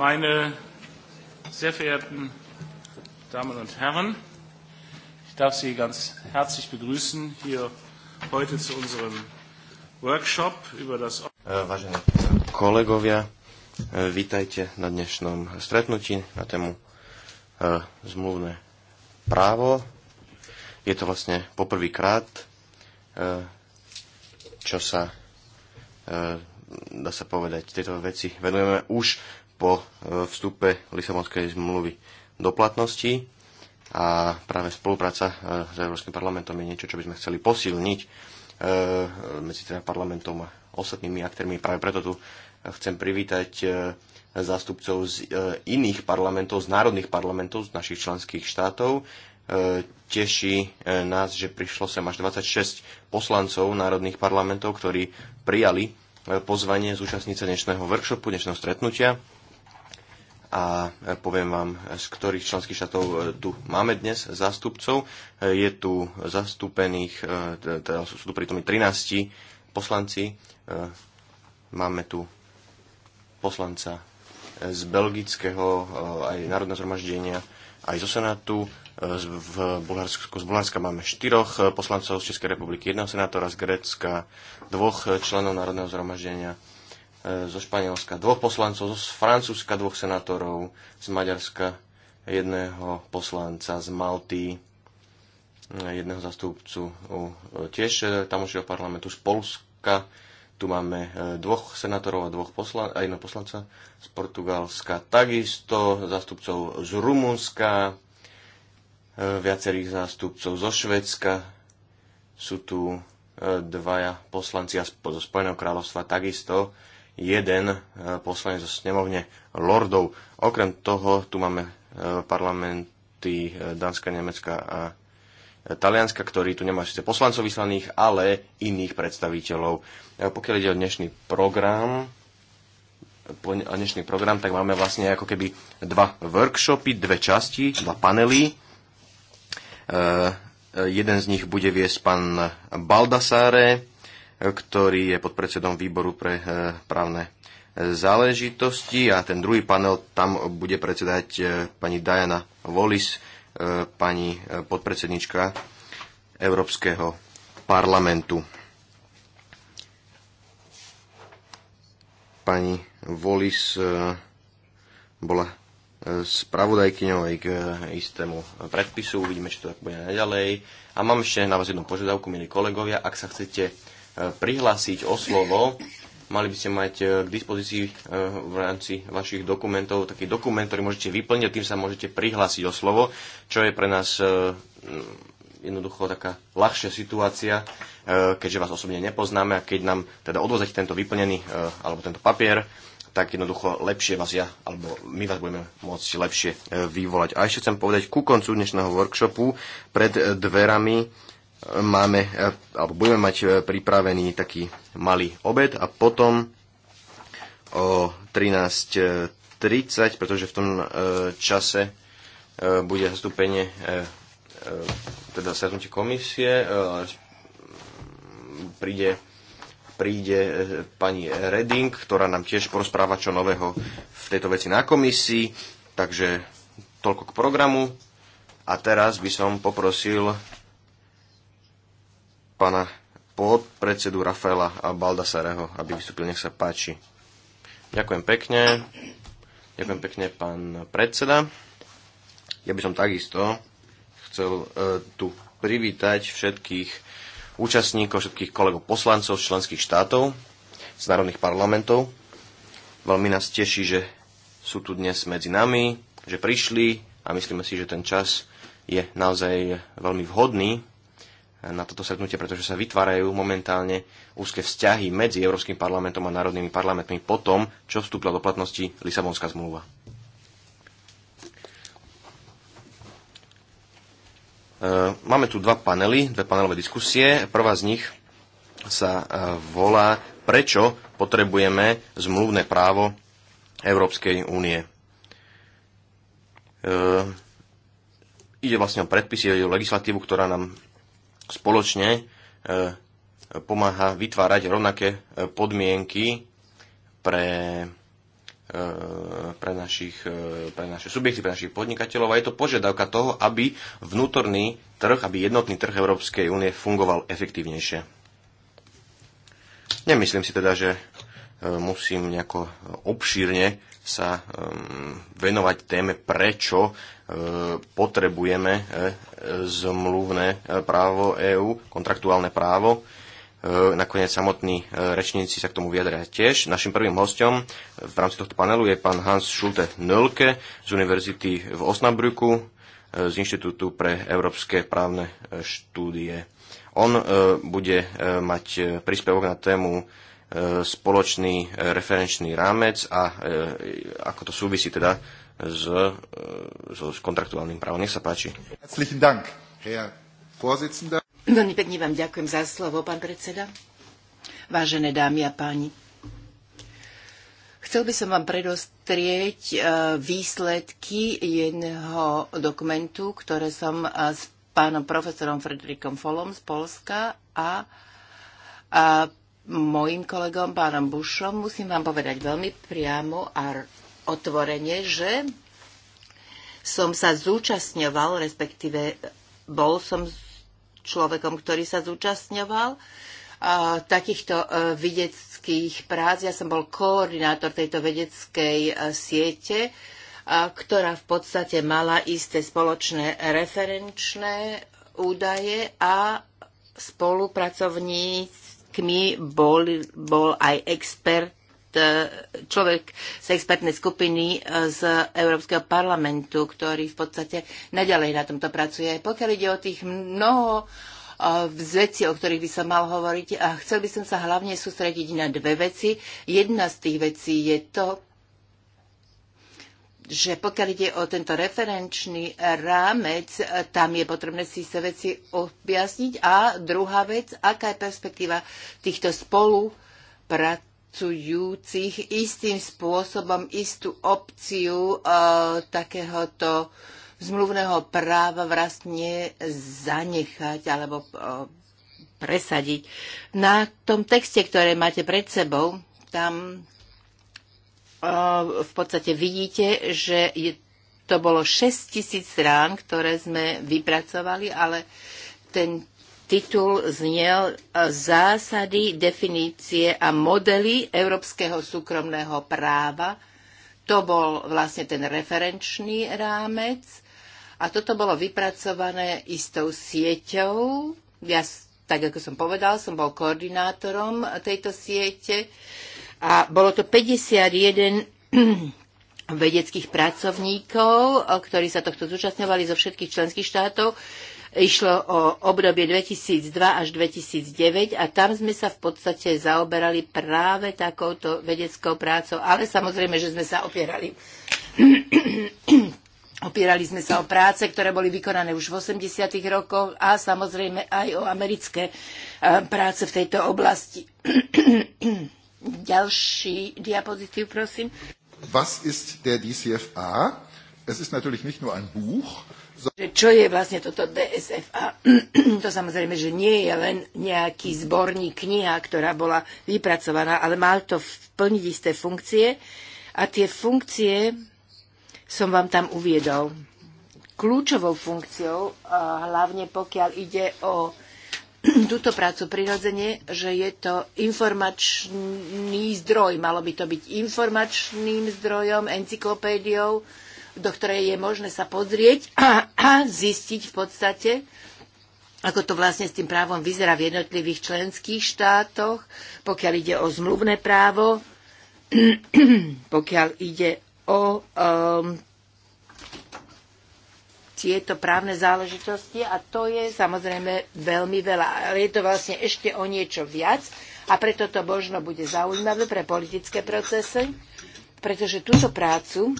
meine sehr verehrten Damen und Herren, ich darf Sie ganz herzlich begrüßen hier heute zu unserem Workshop über das. Äh, Vážení kolegovia, äh, vítajte na dnešnom stretnutí na tému äh, zmluvné právo. Je to vlastne poprvýkrát, čo sa dá sa povedať, tieto veci venujeme. Už po e, vstupe Lisabonskej zmluvy do platnosti a práve spolupráca e, s Európskym parlamentom je niečo, čo by sme chceli posilniť e, medzi teda parlamentom a ostatnými aktérmi. Práve preto tu chcem privítať zástupcov z iných parlamentov, z národných parlamentov, z našich členských štátov. Teší nás, že prišlo sem až 26 poslancov národných parlamentov, ktorí prijali pozvanie zúčastnice dnešného workshopu, dnešného stretnutia a poviem vám, z ktorých členských štátov e, tu máme dnes zástupcov. E, je tu zastúpených, teda sú tu pritom 13 poslanci. Máme tu poslanca z belgického aj národného zhromaždenia, aj zo Senátu. V Bulharsku, z Bulharska máme štyroch poslancov z Českej republiky, jedného senátora z Grécka, dvoch členov národného zhromaždenia zo Španielska dvoch poslancov, z Francúzska dvoch senátorov, z Maďarska jedného poslanca, z Malty jedného zastupcu tiež e, tamošieho parlamentu, z Polska tu máme e, dvoch senátorov a dvoch poslan- a jedného poslanca z Portugalska, takisto zástupcov z Rumunska, e, viacerých zástupcov zo Švedska, sú tu dvaja poslanci a zo Spojeného kráľovstva takisto jeden eh, poslanec zo snemovne lordov. Okrem toho tu máme eh, parlamenty eh, Dánska, Nemecka a Talianska, ktorý tu nemá síce poslancov vyslaných, ale iných predstaviteľov. Pokiaľ ide o dnešný program, o dnešný program, tak máme vlastne ako keby dva workshopy, dve časti, dva panely. E, jeden z nich bude viesť pán Baldasáre, ktorý je predsedom výboru pre e, právne e, záležitosti a ten druhý panel tam bude predsedať e, pani Diana Wallis, pani podpredsednička Európskeho parlamentu. Pani Wallis bola spravodajkyňou aj k istému predpisu. Uvidíme, či to tak bude naďalej. A mám ešte na vás jednu požiadavku, milí kolegovia. Ak sa chcete prihlásiť o slovo, mali by ste mať e, k dispozícii e, v rámci vašich dokumentov taký dokument, ktorý môžete vyplniť, tým sa môžete prihlásiť o slovo, čo je pre nás e, jednoducho taká ľahšia situácia, keďže vás osobne nepoznáme a keď nám teda odvozať tento vyplnený alebo tento papier, tak jednoducho lepšie vás ja, alebo my vás budeme môcť lepšie vyvolať. A ešte chcem povedať, ku koncu dnešného workshopu pred dverami máme, alebo budeme mať e, pripravený taký malý obed a potom o 13.30, pretože v tom e, čase e, bude zastúpenie teda stretnutie komisie, príde, príde pani Reding, ktorá nám tiež porozpráva čo nového v tejto veci na komisii, takže toľko k programu. A teraz by som poprosil pána podpredsedu Rafaela a Baldasareho, aby vystúpil, nech sa páči. Ďakujem pekne. Ďakujem pekne, pán predseda. Ja by som takisto chcel e, tu privítať všetkých účastníkov, všetkých kolegov poslancov z členských štátov, z národných parlamentov. Veľmi nás teší, že sú tu dnes medzi nami, že prišli a myslíme si, že ten čas je naozaj veľmi vhodný na toto stretnutie, pretože sa vytvárajú momentálne úzke vzťahy medzi Európskym parlamentom a národnými parlamentmi po tom, čo vstúpila do platnosti Lisabonská zmluva. E, máme tu dva panely, dve panelové diskusie. Prvá z nich sa e, volá Prečo potrebujeme zmluvné právo Európskej únie? E, ide vlastne o predpisy, o legislatívu, ktorá nám spoločne e, pomáha vytvárať rovnaké e, podmienky pre, e, pre, našich, pre naše subjekty, pre našich podnikateľov a je to požiadavka toho, aby vnútorný trh, aby jednotný trh Európskej únie fungoval efektívnejšie. Nemyslím si teda, že musím nejako obšírne sa venovať téme, prečo potrebujeme zmluvné e, právo EÚ, kontraktuálne právo. E, nakoniec samotní e, rečníci sa k tomu vyjadria tiež. Našim prvým hostom v rámci tohto panelu je pán Hans Schulte Nölke z Univerzity v Osnabrücku z Inštitútu pre európske právne štúdie. On bude mať príspevok na tému spoločný referenčný rámec a ako to súvisí teda s, e, s kontraktuálnym právom. Nech sa páči. Veľmi pekne vám ďakujem za slovo, pán predseda. Vážené dámy a páni, Chcel by som vám predostrieť e, výsledky jedného dokumentu, ktoré som e, s pánom profesorom Frederikom Folom z Polska a, a mojim kolegom pánom Bušom. Musím vám povedať veľmi priamo a otvorene, že som sa zúčastňoval, respektíve bol som človekom, ktorý sa zúčastňoval takýchto e, vedeckých prác. Ja som bol koordinátor tejto vedeckej e, siete, ktorá v podstate mala isté spoločné referenčné údaje a spolupracovníkmi bol, bol aj expert E, človek z expertnej skupiny e, z Európskeho parlamentu, ktorý v podstate naďalej na tomto pracuje. Pokiaľ ide o tých mnoho e, veci, o ktorých by som mal hovoriť, a chcel by som sa hlavne sústrediť na dve veci. Jedna z tých vecí je to, že pokiaľ ide o tento referenčný rámec, tam je potrebné si sa veci objasniť. A druhá vec, aká je perspektíva týchto spolu pracujúcich istým spôsobom istú opciu e, takéhoto zmluvného práva vlastne zanechať alebo e, presadiť. Na tom texte, ktoré máte pred sebou, tam e, v podstate vidíte, že je, to bolo 6 tisíc strán, ktoré sme vypracovali, ale ten titul zniel e, Zásady, definície a modely európskeho súkromného práva. To bol vlastne ten referenčný rámec a toto bolo vypracované istou sieťou. Ja, tak ako som povedal, som bol koordinátorom tejto siete a bolo to 51 vedeckých pracovníkov, ktorí sa tohto zúčastňovali zo všetkých členských štátov. Išlo o obdobie 2002 až 2009 a tam sme sa v podstate zaoberali práve takouto vedeckou prácou, ale samozrejme, že sme sa opierali Opierali sme sa o práce, ktoré boli vykonané už v 80. rokoch a samozrejme aj o americké e, práce v tejto oblasti. Ďalší diapozitív, prosím. Was ist der DCFA? Es ist natürlich nicht nur ein Buch, čo je vlastne toto DSF? A to samozrejme, že nie je len nejaký zborník kniha, ktorá bola vypracovaná, ale mal to plniť isté funkcie. A tie funkcie som vám tam uviedol. Kľúčovou funkciou, hlavne pokiaľ ide o túto prácu prirodzene, že je to informačný zdroj. Malo by to byť informačným zdrojom, encyklopédiou, do ktorej je možné sa pozrieť a, a zistiť v podstate, ako to vlastne s tým právom vyzerá v jednotlivých členských štátoch, pokiaľ ide o zmluvné právo, pokiaľ ide o um, tieto právne záležitosti a to je samozrejme veľmi veľa. Ale je to vlastne ešte o niečo viac a preto to možno bude zaujímavé pre politické procesy, pretože túto prácu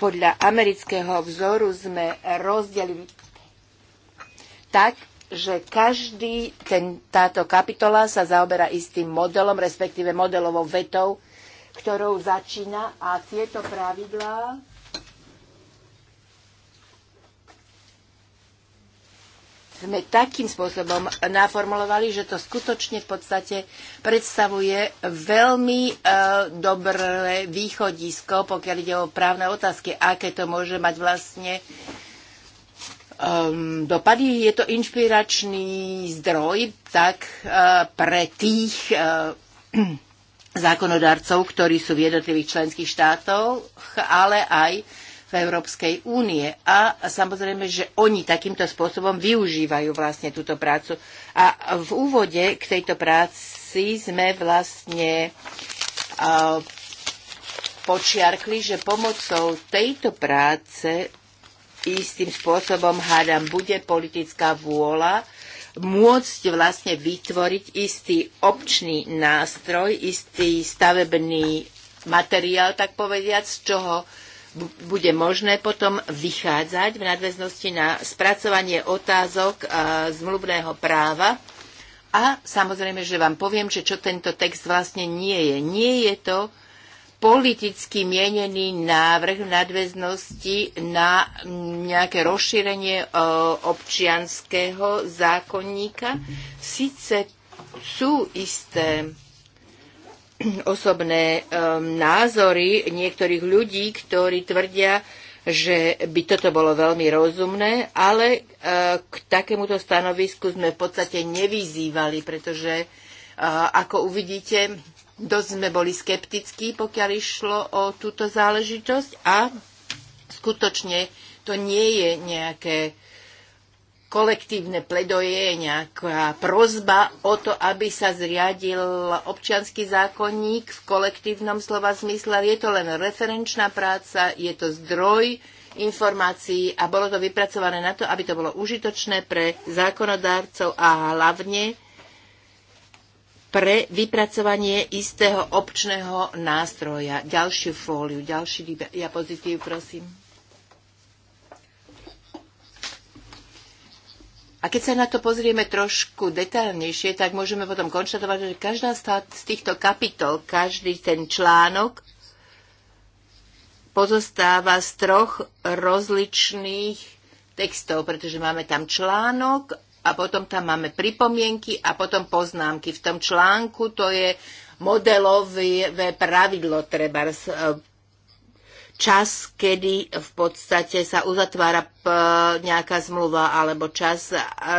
podľa amerického vzoru sme rozdelili tak, že každý ten, táto kapitola sa zaoberá istým modelom, respektíve modelovou vetou, ktorou začína a tieto pravidlá sme takým spôsobom naformulovali, že to skutočne v podstate predstavuje veľmi e, dobré východisko, pokiaľ ide o právne otázky, aké to môže mať vlastne um, dopady. Je to inšpiračný zdroj tak uh, pre tých uh, zákonodarcov, ktorí sú v jednotlivých členských štátoch, ale aj v Európskej únie. A samozrejme, že oni takýmto spôsobom využívajú vlastne túto prácu. A v úvode k tejto práci sme vlastne počiarkli, že pomocou tejto práce istým spôsobom, hádam, bude politická vôľa môcť vlastne vytvoriť istý občný nástroj, istý stavebný materiál, tak povediať, z čoho bude možné potom vychádzať v nadväznosti na spracovanie otázok e, zmluvného práva. A samozrejme, že vám poviem, že čo tento text vlastne nie je. Nie je to politicky mienený návrh v nadväznosti na nejaké rozšírenie e, občianského zákonníka. Sice sú isté osobné ehm, názory niektorých ľudí, ktorí tvrdia, že by toto bolo veľmi rozumné, ale e, k takémuto stanovisku sme v podstate nevyzývali, pretože e, ako uvidíte, dosť sme boli skeptickí, pokiaľ išlo o túto záležitosť a skutočne to nie je nejaké kolektívne pledoje, nejaká prozba o to, aby sa zriadil občianský zákonník v kolektívnom slova zmysle. Je to len referenčná práca, je to zdroj informácií a bolo to vypracované na to, aby to bolo užitočné pre zákonodárcov a hlavne pre vypracovanie istého občného nástroja. Ďalšiu fóliu, ďalší diapozitív, prosím. A keď sa na to pozrieme trošku detaľnejšie, tak môžeme potom konštatovať, že každá z týchto kapitol, každý ten článok pozostáva z troch rozličných textov, pretože máme tam článok a potom tam máme pripomienky a potom poznámky. V tom článku to je modelové pravidlo treba eh, čas, kedy v podstate sa uzatvára nejaká zmluva alebo čas,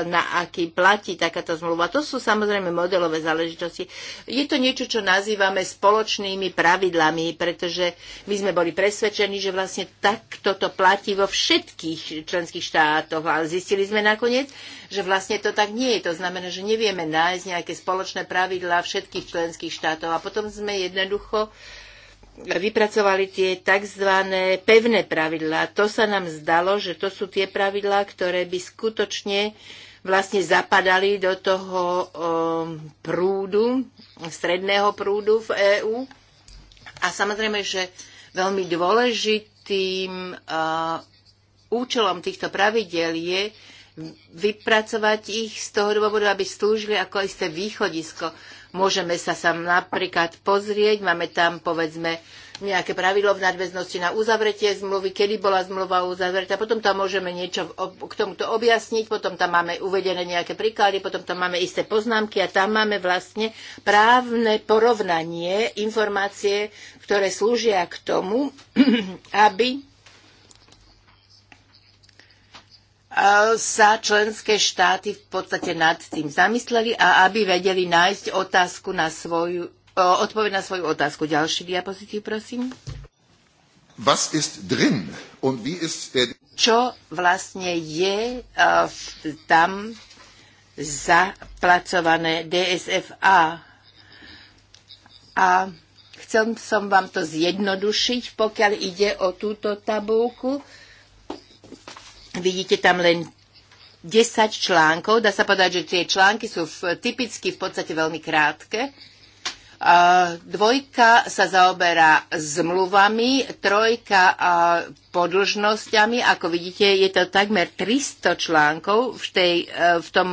na aký platí takáto zmluva. To sú samozrejme modelové záležitosti. Je to niečo, čo nazývame spoločnými pravidlami, pretože my sme boli presvedčení, že vlastne takto to platí vo všetkých členských štátoch, ale zistili sme nakoniec, že vlastne to tak nie je. To znamená, že nevieme nájsť nejaké spoločné pravidlá všetkých členských štátov a potom sme jednoducho uh, vypracovali tie tzv. pevné pravidlá. To sa nám zdalo, že to sú tie pravidlá, ktoré by skutočne vlastne zapadali do toho um, prúdu, stredného prúdu v EÚ. A samozrejme, že veľmi dôležitým uh, účelom týchto pravidel je vypracovať ich z toho dôvodu, aby slúžili ako isté východisko Môžeme sa sa napríklad pozrieť, máme tam povedzme nejaké pravidlo v nadväznosti na uzavretie zmluvy, kedy bola zmluva uzavretá, potom tam môžeme niečo k tomuto objasniť, potom tam máme uvedené nejaké príklady, potom tam máme isté poznámky a tam máme vlastne právne porovnanie informácie, ktoré slúžia k tomu, aby sa členské štáty v podstate nad tým zamysleli a aby vedeli nájsť otázku na svoju, odpoveď na svoju otázku. Ďalší diapozitív, prosím. Was ist drin und wie ist der... Čo vlastne je uh, tam zaplacované DSFA? A chcel som vám to zjednodušiť, pokiaľ ide o túto tabulku. Uh, Vidíte tam len 10 článkov. Dá sa povedať, že tie články sú v, typicky v podstate veľmi krátke. Dvojka sa zaoberá zmluvami, trojka podlžnosťami. Ako vidíte, je to takmer 300 článkov v, tej, e, v tom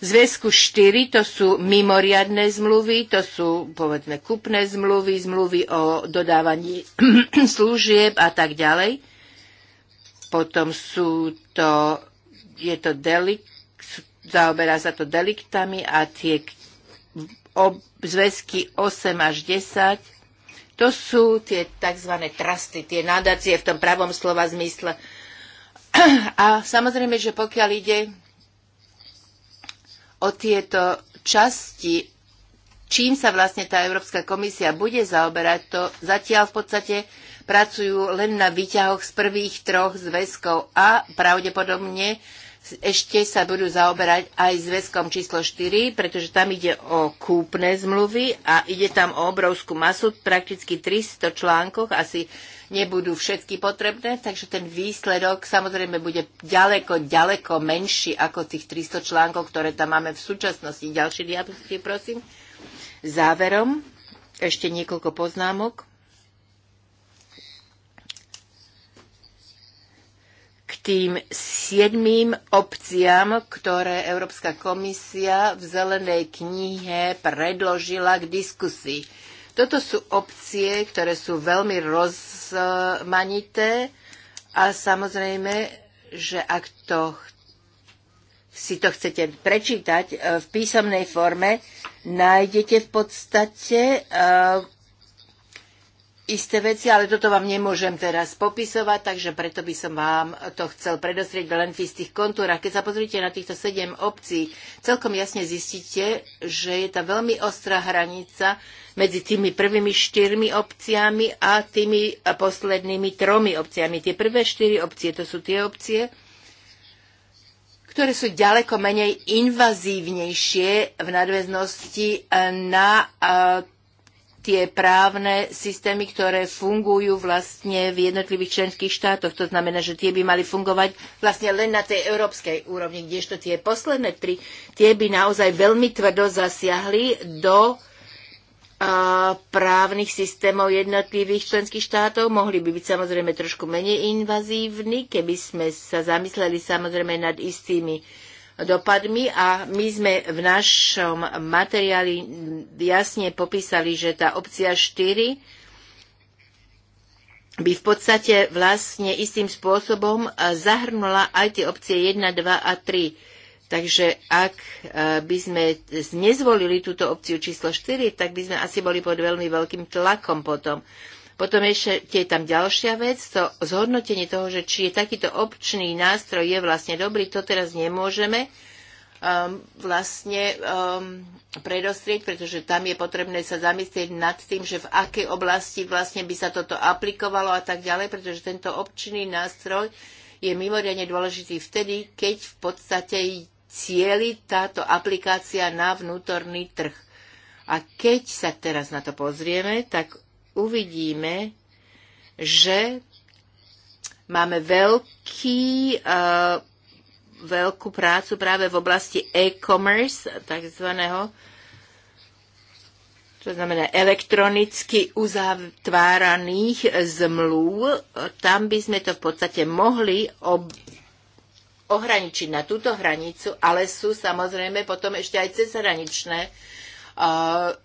Zväzku 4 to sú mimoriadne zmluvy, to sú povedzme kupné zmluvy, zmluvy o dodávaní služieb a tak ďalej potom sú to, je to delik, zaoberá sa to deliktami a tie ob, zväzky 8 až 10, to sú tie tzv. trusty, tie nadácie v tom pravom slova zmysle. A samozrejme, že pokiaľ ide o tieto časti, čím sa vlastne tá Európska komisia bude zaoberať, to zatiaľ v podstate pracujú len na výťahoch z prvých troch zväzkov a pravdepodobne ešte sa budú zaoberať aj zväzkom číslo 4, pretože tam ide o kúpne zmluvy a ide tam o obrovskú masu, prakticky 300 článkoch, asi nebudú všetky potrebné, takže ten výsledok samozrejme bude ďaleko, ďaleko menší ako tých 300 článkov, ktoré tam máme v súčasnosti. Ďalší diapozitív, prosím. Záverom ešte niekoľko poznámok. k tým siedmým obciam, ktoré Európska komisia v zelenej knihe predložila k diskusii. Toto sú obcie, ktoré sú veľmi rozmanité a samozrejme, že ak to si to chcete prečítať eh, v písomnej forme, nájdete v podstate eh, isté veci, ale toto vám nemôžem teraz popisovať, takže preto by som vám to chcel predostrieť len v istých kontúrach. Keď sa pozrite na týchto sedem obcí, celkom jasne zistíte, že je tá veľmi ostrá hranica medzi tými prvými štyrmi obciami a tými poslednými tromi obciami. Tie prvé štyri obcie, to sú tie obcie, ktoré sú ďaleko menej invazívnejšie v nadväznosti na eh, tie právne systémy, ktoré fungujú vlastne v jednotlivých členských štátoch. To znamená, že tie by mali fungovať vlastne len na tej európskej úrovni, kdežto tie posledné tri, tie by naozaj veľmi tvrdo zasiahli do právnych systémov jednotlivých členských štátov. Mohli by byť samozrejme trošku menej invazívni, keby sme sa zamysleli samozrejme nad istými dopadmi a my sme v našom materiáli jasne popísali, že tá opcia 4 by v podstate vlastne istým spôsobom e, zahrnula aj tie opcie 1, 2 a 3. Takže ak e, by sme nezvolili túto opciu číslo 4, tak by sme asi boli pod veľmi veľkým tlakom potom. Potom ešte je tam ďalšia vec, to zhodnotenie toho, že či je takýto občný nástroj je vlastne dobrý, to teraz nemôžeme um, vlastne um, predostrieť, pretože tam je potrebné sa zamyslieť nad tým, že v akej oblasti vlastne by sa toto aplikovalo a tak ďalej, pretože tento občinný nástroj je mimoriadne dôležitý vtedy, keď v podstate cieli táto aplikácia na vnútorný trh. A keď sa teraz na to pozrieme, tak uvidíme, že máme veľký, uh, veľkú prácu práve v oblasti e-commerce, takzvaného, to znamená elektronicky uzatváraných zmluv. Tam by sme to v podstate mohli ob- ohraničiť na túto hranicu, ale sú samozrejme potom ešte aj cezhraničné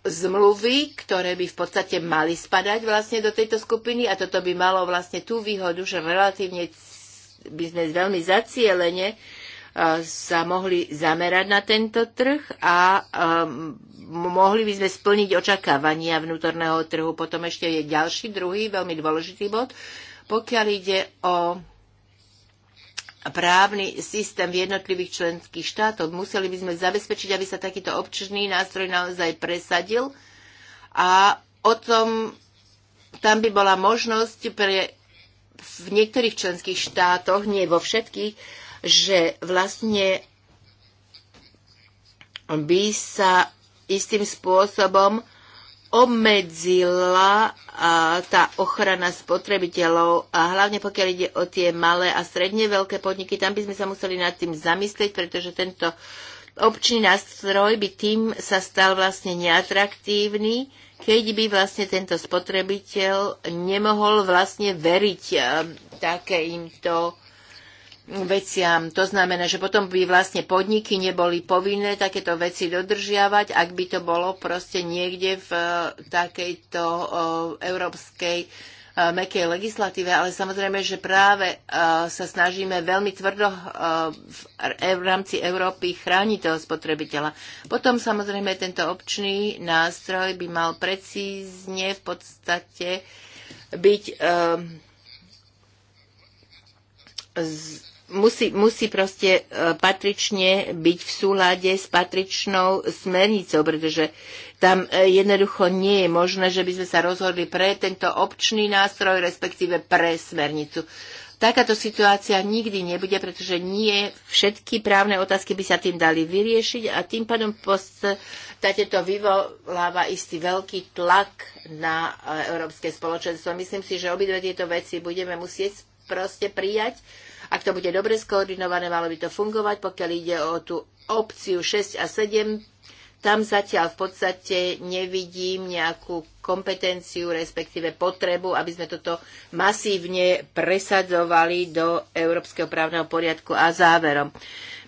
zmluvy, ktoré by v podstate mali spadať vlastne do tejto skupiny a toto by malo vlastne tú výhodu, že relatívne by sme veľmi zacielene sa mohli zamerať na tento trh a um, mohli by sme splniť očakávania vnútorného trhu. Potom ešte je ďalší, druhý veľmi dôležitý bod. Pokiaľ ide o právny systém v jednotlivých členských štátoch. Museli by sme zabezpečiť, aby sa takýto občný nástroj naozaj presadil a o tom tam by bola možnosť pre v niektorých členských štátoch, nie vo všetkých, že vlastne by sa istým spôsobom obmedzila tá ochrana spotrebiteľov a hlavne pokiaľ ide o tie malé a stredne veľké podniky, tam by sme sa museli nad tým zamyslieť, pretože tento občný nástroj by tým sa stal vlastne neatraktívny, keď by vlastne tento spotrebiteľ nemohol vlastne veriť takýmto veciam. To znamená, že potom by vlastne podniky neboli povinné takéto veci dodržiavať, ak by to bolo proste niekde v eh, takejto eh, európskej eh, mekej legislatíve, ale samozrejme, že práve sa snažíme veľmi tvrdo v rámci Európy chrániť toho spotrebiteľa. Potom samozrejme tento občný nástroj by mal precízne v podstate byť musí, musí proste e, patrične byť v súlade s patričnou smernicou, pretože tam e, jednoducho nie je možné, že by sme sa rozhodli pre tento občný nástroj, respektíve pre smernicu. Takáto situácia nikdy nebude, pretože nie všetky právne otázky by sa tým dali vyriešiť a tým pádom v podstate to vyvoláva istý veľký tlak na e, európske spoločenstvo. Myslím si, že obidve tieto veci budeme musieť proste prijať ak to bude dobre skoordinované, malo by to fungovať, pokiaľ ide o tú opciu 6 a 7, tam zatiaľ v podstate nevidím nejakú kompetenciu, respektíve potrebu, aby sme toto masívne presadzovali do európskeho právneho poriadku a záverom.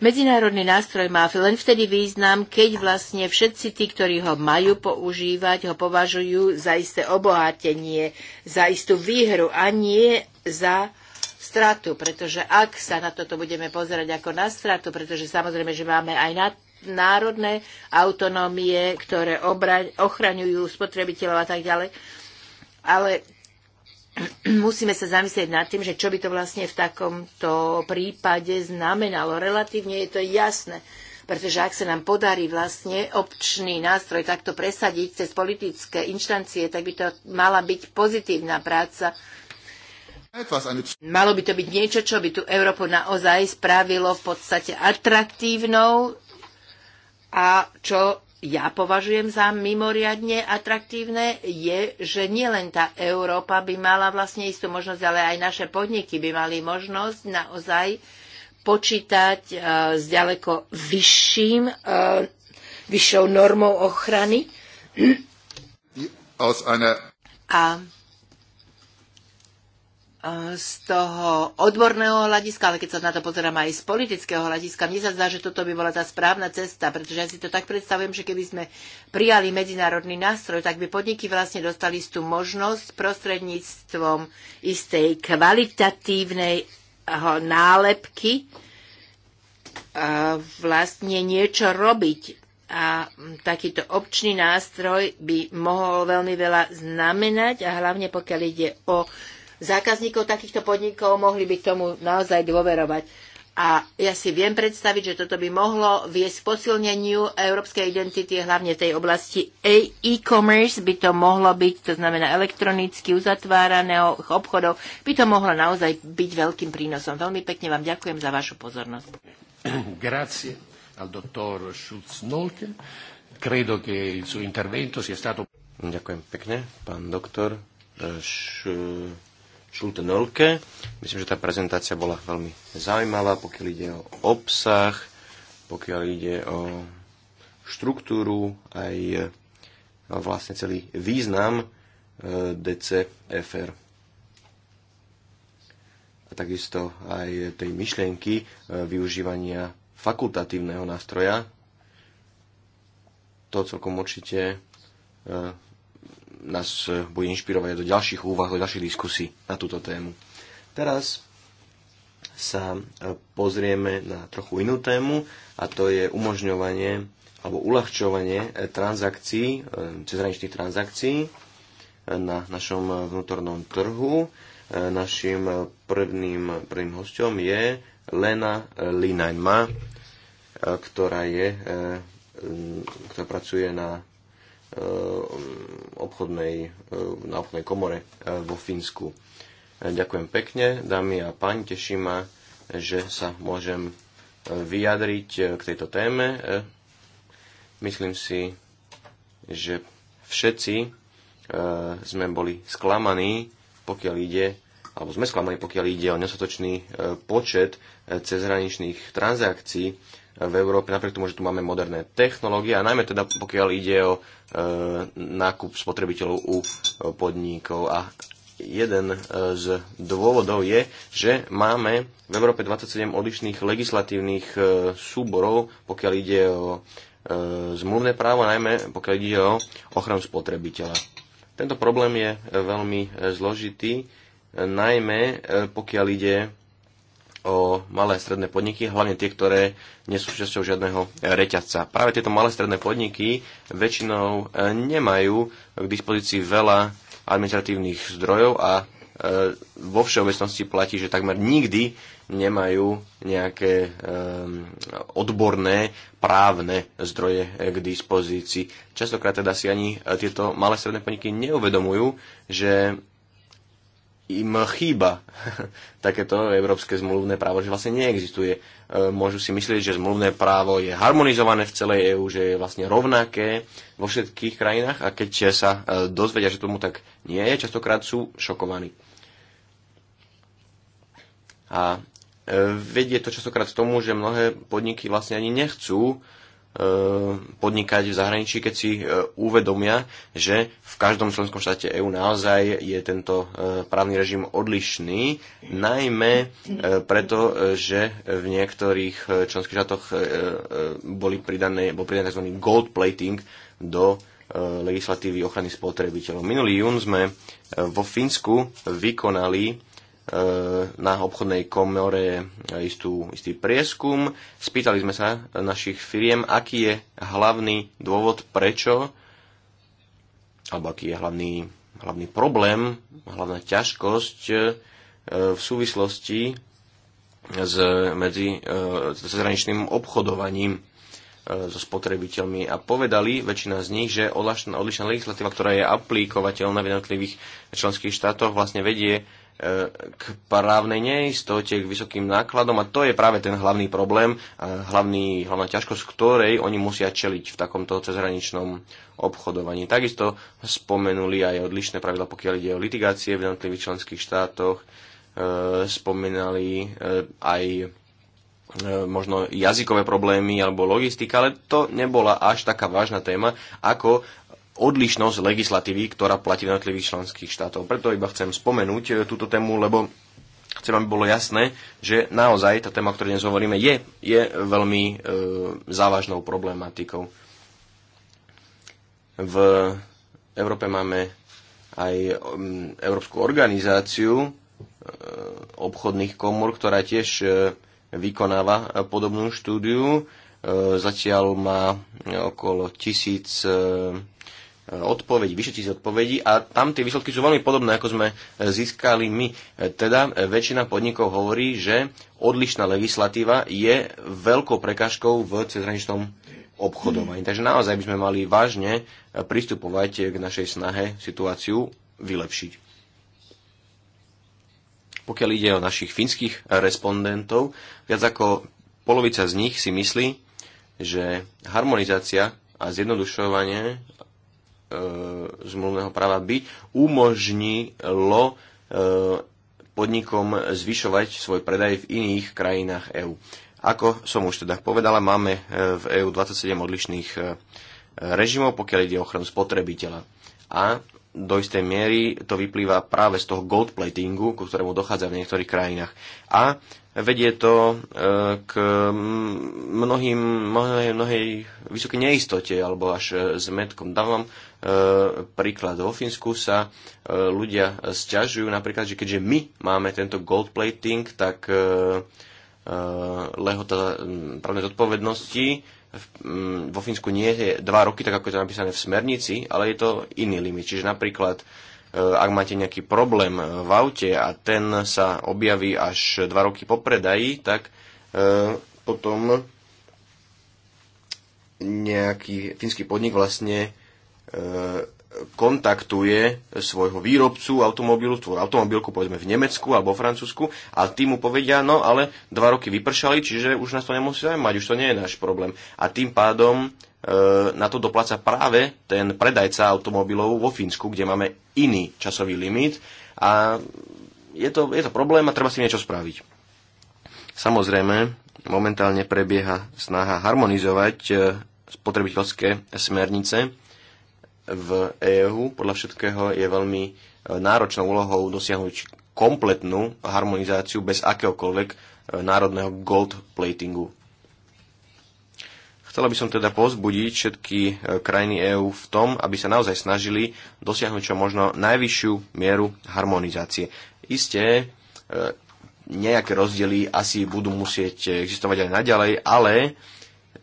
Medzinárodný nástroj má len vtedy význam, keď vlastne všetci tí, ktorí ho majú používať, ho považujú za isté obohatenie, za istú výhru a nie za stratu, pretože ak sa na toto budeme pozerať ako na stratu, pretože samozrejme, že máme aj na národné autonómie, ktoré obraň, ochraňujú spotrebiteľov a tak ďalej. Ale musíme sa zamyslieť nad tým, že čo by to vlastne v takomto prípade znamenalo. Relatívne je to jasné, pretože ak sa nám podarí vlastne občný nástroj takto presadiť cez politické inštancie, tak by to mala byť pozitívna práca Malo by to byť niečo, čo by tu Európu naozaj spravilo v podstate atraktívnou a čo ja považujem za mimoriadne atraktívne, je, že nielen tá Európa by mala vlastne istú možnosť, ale aj naše podniky by mali možnosť naozaj počítať uh, s ďaleko vyšším, uh, vyššou normou ochrany. A z toho odborného hľadiska, ale keď sa na to pozerám aj z politického hľadiska, mne sa zdá, že toto by bola tá správna cesta, pretože ja si to tak predstavujem, že keby sme prijali medzinárodný nástroj, tak by podniky vlastne dostali tú možnosť prostredníctvom istej kvalitatívnej nálepky vlastne niečo robiť. A takýto občný nástroj by mohol veľmi veľa znamenať a hlavne pokiaľ ide o zákazníkov takýchto podnikov mohli by tomu naozaj dôverovať. A ja si viem predstaviť, že toto by mohlo viesť k posilneniu európskej identity, hlavne tej oblasti e- e-commerce by to mohlo byť, to znamená elektronicky uzatváraného obchodov, by to mohlo naozaj byť veľkým prínosom. Veľmi pekne vám ďakujem za vašu pozornosť. Grazie al dottor Schulz-Nolke. Credo che il suo intervento sia stato... Ďakujem pekne, pán doktor. Šulte Nolke. Myslím, že tá prezentácia bola veľmi zaujímavá, pokiaľ ide o obsah, pokiaľ ide o štruktúru, aj e, vlastne celý význam e, DCFR. A takisto aj tej myšlienky e, využívania fakultatívneho nástroja. To celkom určite nás eh, bude inšpirovať do ďalších úvah, do ďalších diskusí na túto tému. Teraz sa eh, pozrieme na trochu inú tému a to je umožňovanie alebo uľahčovanie eh, transakcií, cezhraničných transakcií na našom vnútornom trhu. Našim prvným, prvným hostom je Lena Linajma, ktorá je ktorá pracuje na Eh, obchodnej, eh, na obchodnej komore eh, vo Fínsku. Ďakujem pekne, dámy a páni, teší ma, že sa môžem vyjadriť k tejto téme. Myslím si, že všetci sme boli sklamaní, pokiaľ ide alebo sme sklamaní, pokiaľ ide o nesatočný počet cezhraničných transakcií, v Európe, napriek tomu, že tu máme moderné technológie a najmä teda pokiaľ ide o e, nákup spotrebiteľov u e, podnikov. A jeden e, z dôvodov je, že máme v Európe 27 odlišných legislatívnych e, súborov, pokiaľ ide o e, zmluvné právo, najmä pokiaľ ide o ochranu spotrebiteľa. Tento problém je e, veľmi zložitý, najmä pokiaľ ide o malé a stredné podniky, hlavne tie, ktoré nie sú súčasťou žiadneho e, reťazca. Práve tieto malé a stredné podniky väčšinou e, nemajú k dispozícii veľa administratívnych zdrojov a e, vo všeobecnosti platí, že takmer nikdy nemajú nejaké odborné právne zdroje k dispozícii. Častokrát teda si ani tieto malé stredné podniky neuvedomujú, že im chýba takéto európske zmluvné právo, že vlastne neexistuje. E, môžu si myslieť, že zmluvné právo je harmonizované v celej EÚ, že je vlastne rovnaké vo všetkých krajinách a keď sa e, dozvedia, že tomu tak nie je, častokrát sú šokovaní. A e, vedie to častokrát k tomu, že mnohé podniky vlastne ani nechcú E, podnikať v zahraničí, keď si e, uvedomia, že v každom členskom štáte EÚ naozaj je tento e, právny režim odlišný, najmä preto, že v niektorých členských štátoch boli pridané, bol pridaný tzv. gold plating do legislatívy ochrany spotrebiteľov. Minulý jún sme vo Fínsku vykonali Eh, na obchodnej komore istú, istý prieskum. Spýtali sme sa našich firiem, aký je hlavný dôvod, prečo, alebo aký je hlavný, hlavný problém, hlavná ťažkosť eh, v súvislosti s medzi eh, zahraničným obchodovaním so spotrebiteľmi a povedali väčšina z nich, že odlišná legislatíva, ktorá je aplikovateľná v jednotlivých členských štátoch, vlastne vedie k právnej neistote, k vysokým nákladom a to je práve ten hlavný problém, hlavný, hlavná ťažkosť, ktorej oni musia čeliť v takomto cezhraničnom obchodovaní. Takisto spomenuli aj odlišné pravidla, pokiaľ ide o litigácie v jednotlivých členských štátoch, e, spomínali e, aj e, možno jazykové problémy alebo logistika, ale to nebola až taká vážna téma, ako odlišnosť legislatívy, ktorá platí v jednotlivých členských štátov. Preto iba chcem spomenúť e, túto tému, lebo chcem, aby bolo jasné, že naozaj tá téma, o ktorej dnes hovoríme, je, je veľmi e, závažnou problematikou. V Európe máme aj mm, Európsku organizáciu e, obchodných komor, ktorá tiež e, vykonáva podobnú štúdiu. Zatiaľ má okolo tisíc odpovedí, vyše tisíc odpovedí a tam tie výsledky sú veľmi podobné, ako sme e, získali my. E, teda e, väčšina podnikov hovorí, že odlišná legislatíva je veľkou prekážkou v cezhraničnom obchodovaní. Takže naozaj by sme mali vážne pristupovať k našej snahe situáciu vylepšiť. Pokiaľ ide o našich finských respondentov, viac ako polovica z nich si myslí, že harmonizácia a zjednodušovanie E, zmluvného práva by umožnilo e, podnikom zvyšovať svoj predaj v iných krajinách EÚ. Ako som už teda povedala, máme e, v EÚ 27 odlišných režimov, pokiaľ ide o ochranu spotrebiteľa. A do istej miery to vyplýva práve z toho gold platingu, ku ktorému dochádza v niektorých krajinách. A vedie to k mnohým, mnohej, mnohej vysokej neistote alebo až zmetkom. Dávam vám Eh, príklad vo Fínsku sa eh, ľudia sťažujú napríklad, že keďže my máme tento gold plating, tak eh, lehota hm, právnej zodpovednosti hm, vo Fínsku nie je 2 roky, tak ako je to napísané v smernici, ale je to iný limit. Čiže napríklad, ak máte nejaký problém v aute a ten sa objaví až 2 roky po predaji, tak potom nejaký fínsky podnik vlastne E, kontaktuje svojho výrobcu automobilu, svoju automobilku povedzme v Nemecku alebo v Francúzsku a tí mu povedia, no ale dva roky vypršali, čiže už nás to nemusí zaujímať, už to nie je náš problém. A tým pádom e, na to dopláca práve ten predajca automobilov vo Fínsku, kde máme iný časový limit a je to, je to problém a treba si niečo spraviť. Samozrejme, momentálne prebieha snaha harmonizovať e, spotrebiteľské smernice, v EÚ podľa všetkého je veľmi e, náročnou úlohou dosiahnuť kompletnú harmonizáciu bez akéhokoľvek e, národného gold platingu. Chcela by som teda pozbudiť všetky e, krajiny EÚ v tom, aby sa naozaj snažili dosiahnuť čo možno najvyššiu mieru harmonizácie. Isté, nejaké rozdiely asi budú musieť existovať aj naďalej, ale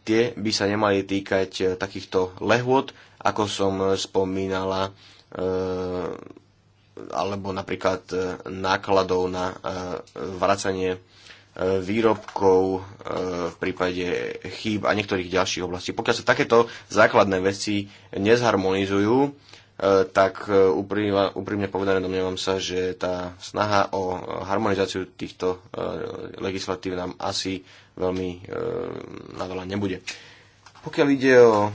tie by sa nemali týkať takýchto lehôd, ako som spomínala, eh, alebo napríklad eh, nákladov na eh, vracanie výrobkov v prípade chýb a niektorých ďalších oblastí. Pokiaľ sa takéto základné veci nezharmonizujú, tak úprimne povedané domnievam sa, že tá snaha o harmonizáciu týchto legislatív nám asi veľmi na veľa nebude. Pokiaľ ide o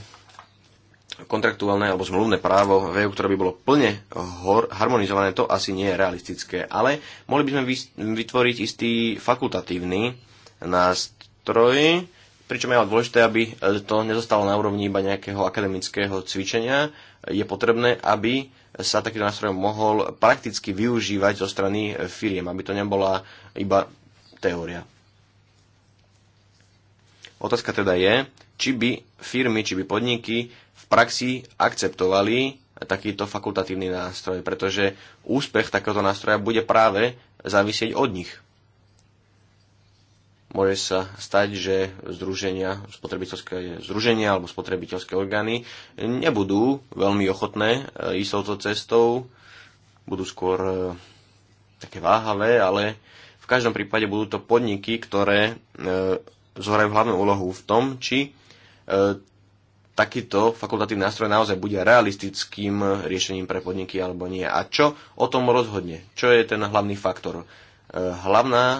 kontraktuálne alebo zmluvné právo v EU, ktoré by bolo plne harmonizované, to asi nie je realistické. Ale mohli by sme vytvoriť istý fakultatívny nástroj, pričom je ale dôležité, aby to nezostalo na úrovni iba nejakého akademického cvičenia. Je potrebné, aby sa takýto nástroj mohol prakticky využívať zo strany firiem, aby to nebola iba teória. Otázka teda je, či by firmy, či by podniky praxi akceptovali takýto fakultatívny nástroj, pretože úspech takéhoto nástroja bude práve závisieť od nich. Môže sa stať, že združenia, spotrebiteľské združenia alebo spotrebiteľské orgány nebudú veľmi ochotné e, ísť touto cestou, budú skôr e, také váhavé, ale v každom prípade budú to podniky, ktoré e, zohrajú hlavnú úlohu v tom, či takýto fakultatívny nástroj naozaj bude realistickým riešením pre podniky alebo nie. A čo o tom rozhodne? Čo je ten hlavný faktor? E, hlavná e,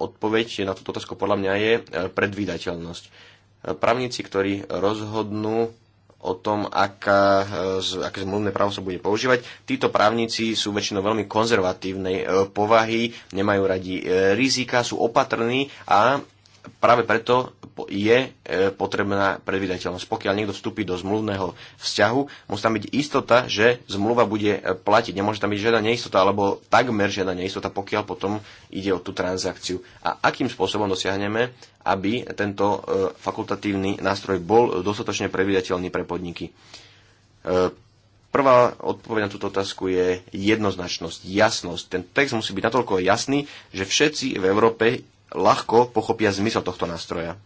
odpoveď na túto otázku podľa mňa je e, predvídateľnosť. Právnici, ktorí rozhodnú o tom, aká, aké zmluvné právo sa bude používať. Títo právnici sú väčšinou veľmi konzervatívnej povahy, nemajú radi rizika, sú opatrní a práve preto je e, potrebná predvydateľnosť. Pokiaľ niekto vstúpi do zmluvného vzťahu, musí tam byť istota, že zmluva bude e, platiť. Nemôže tam byť žiadna neistota, alebo takmer žiadna neistota, pokiaľ potom ide o tú transakciu. A akým spôsobom dosiahneme, aby tento e, fakultatívny nástroj bol dostatočne predvydateľný pre podniky? Prvá odpoveď na túto otázku je jednoznačnosť, jasnosť. Ten text musí byť natoľko jasný, že všetci v Európe ľahko pochopia zmysel tohto nástroja.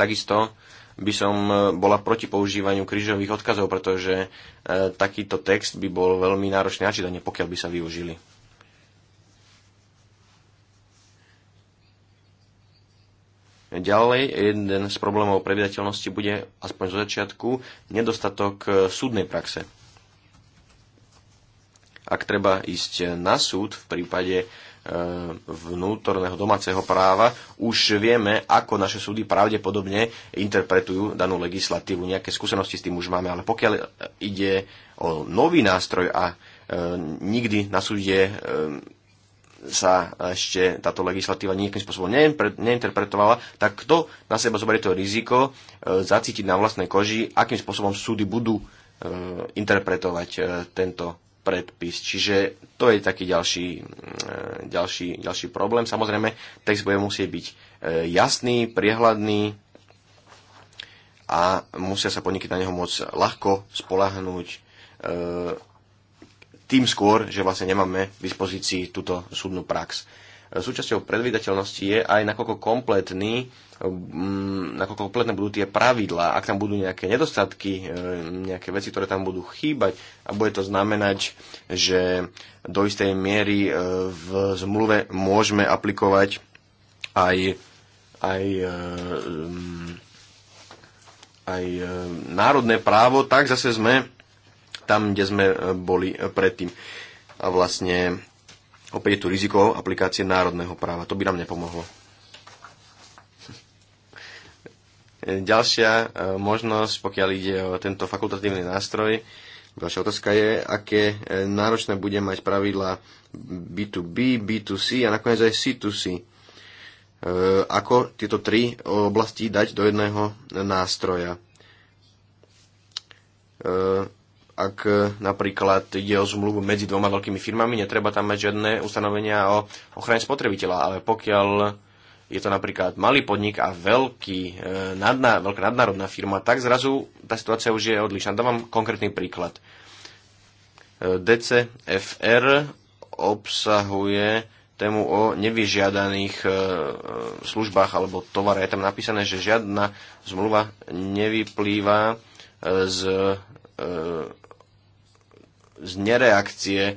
Takisto by som e, bola proti používaniu krížových odkazov, pretože e, takýto text by bol veľmi náročný na čítanie, pokiaľ by sa využili. Ďalej, jeden z problémov predvydateľnosti bude, aspoň zo začiatku, nedostatok e, súdnej praxe. Ak treba ísť na súd v prípade vnútorného domáceho práva, už vieme, ako naše súdy pravdepodobne interpretujú danú legislatívu. Nejaké skúsenosti s tým už máme, ale pokiaľ ide o nový nástroj a e, nikdy na súde e, sa ešte táto legislatíva nejakým spôsobom neinterpretovala, tak kto na seba zoberie to riziko e, zacítiť na vlastnej koži, akým spôsobom súdy budú interpretovať tento predpis. Čiže to je taký ďalší, mm, e, ďalší, ďalší problém. Samozrejme, text bude musieť byť e, jasný, priehľadný a musia sa podniky na neho môcť ľahko spolahnúť e, tým skôr, že vlastne nemáme v dispozícii túto súdnu prax súčasťou predvydateľnosti je aj nakoľko kompletný mm, nakoľko kompletné budú tie pravidlá, ak tam budú nejaké nedostatky, e, nejaké veci, ktoré tam budú chýbať a bude to znamenať, že do istej miery e, v zmluve môžeme aplikovať aj, aj, e, mm, aj národné právo, tak zase sme tam, kde sme boli predtým. A vlastne Opäť je tu riziko aplikácie národného práva. To by nám nepomohlo. Ďalšia e, možnosť, pokiaľ ide o tento fakultatívny nástroj, ďalšia otázka je, aké e, náročné bude mať pravidla B2B, B2C a nakoniec aj C2C. E, ako tieto tri oblasti dať do jedného nástroja? ak e, napríklad ide o zmluvu medzi dvoma veľkými firmami, netreba tam mať žiadne ustanovenia o ochrane spotrebiteľa, ale pokiaľ je to napríklad malý podnik a veľký, e, nadná, veľká nadnárodná firma, tak zrazu tá situácia už je odlišná. Dávam konkrétny príklad. E, DCFR obsahuje tému o nevyžiadaných službách alebo tovare. Je tam napísané, že žiadna zmluva nevyplýva z z nereakcie e,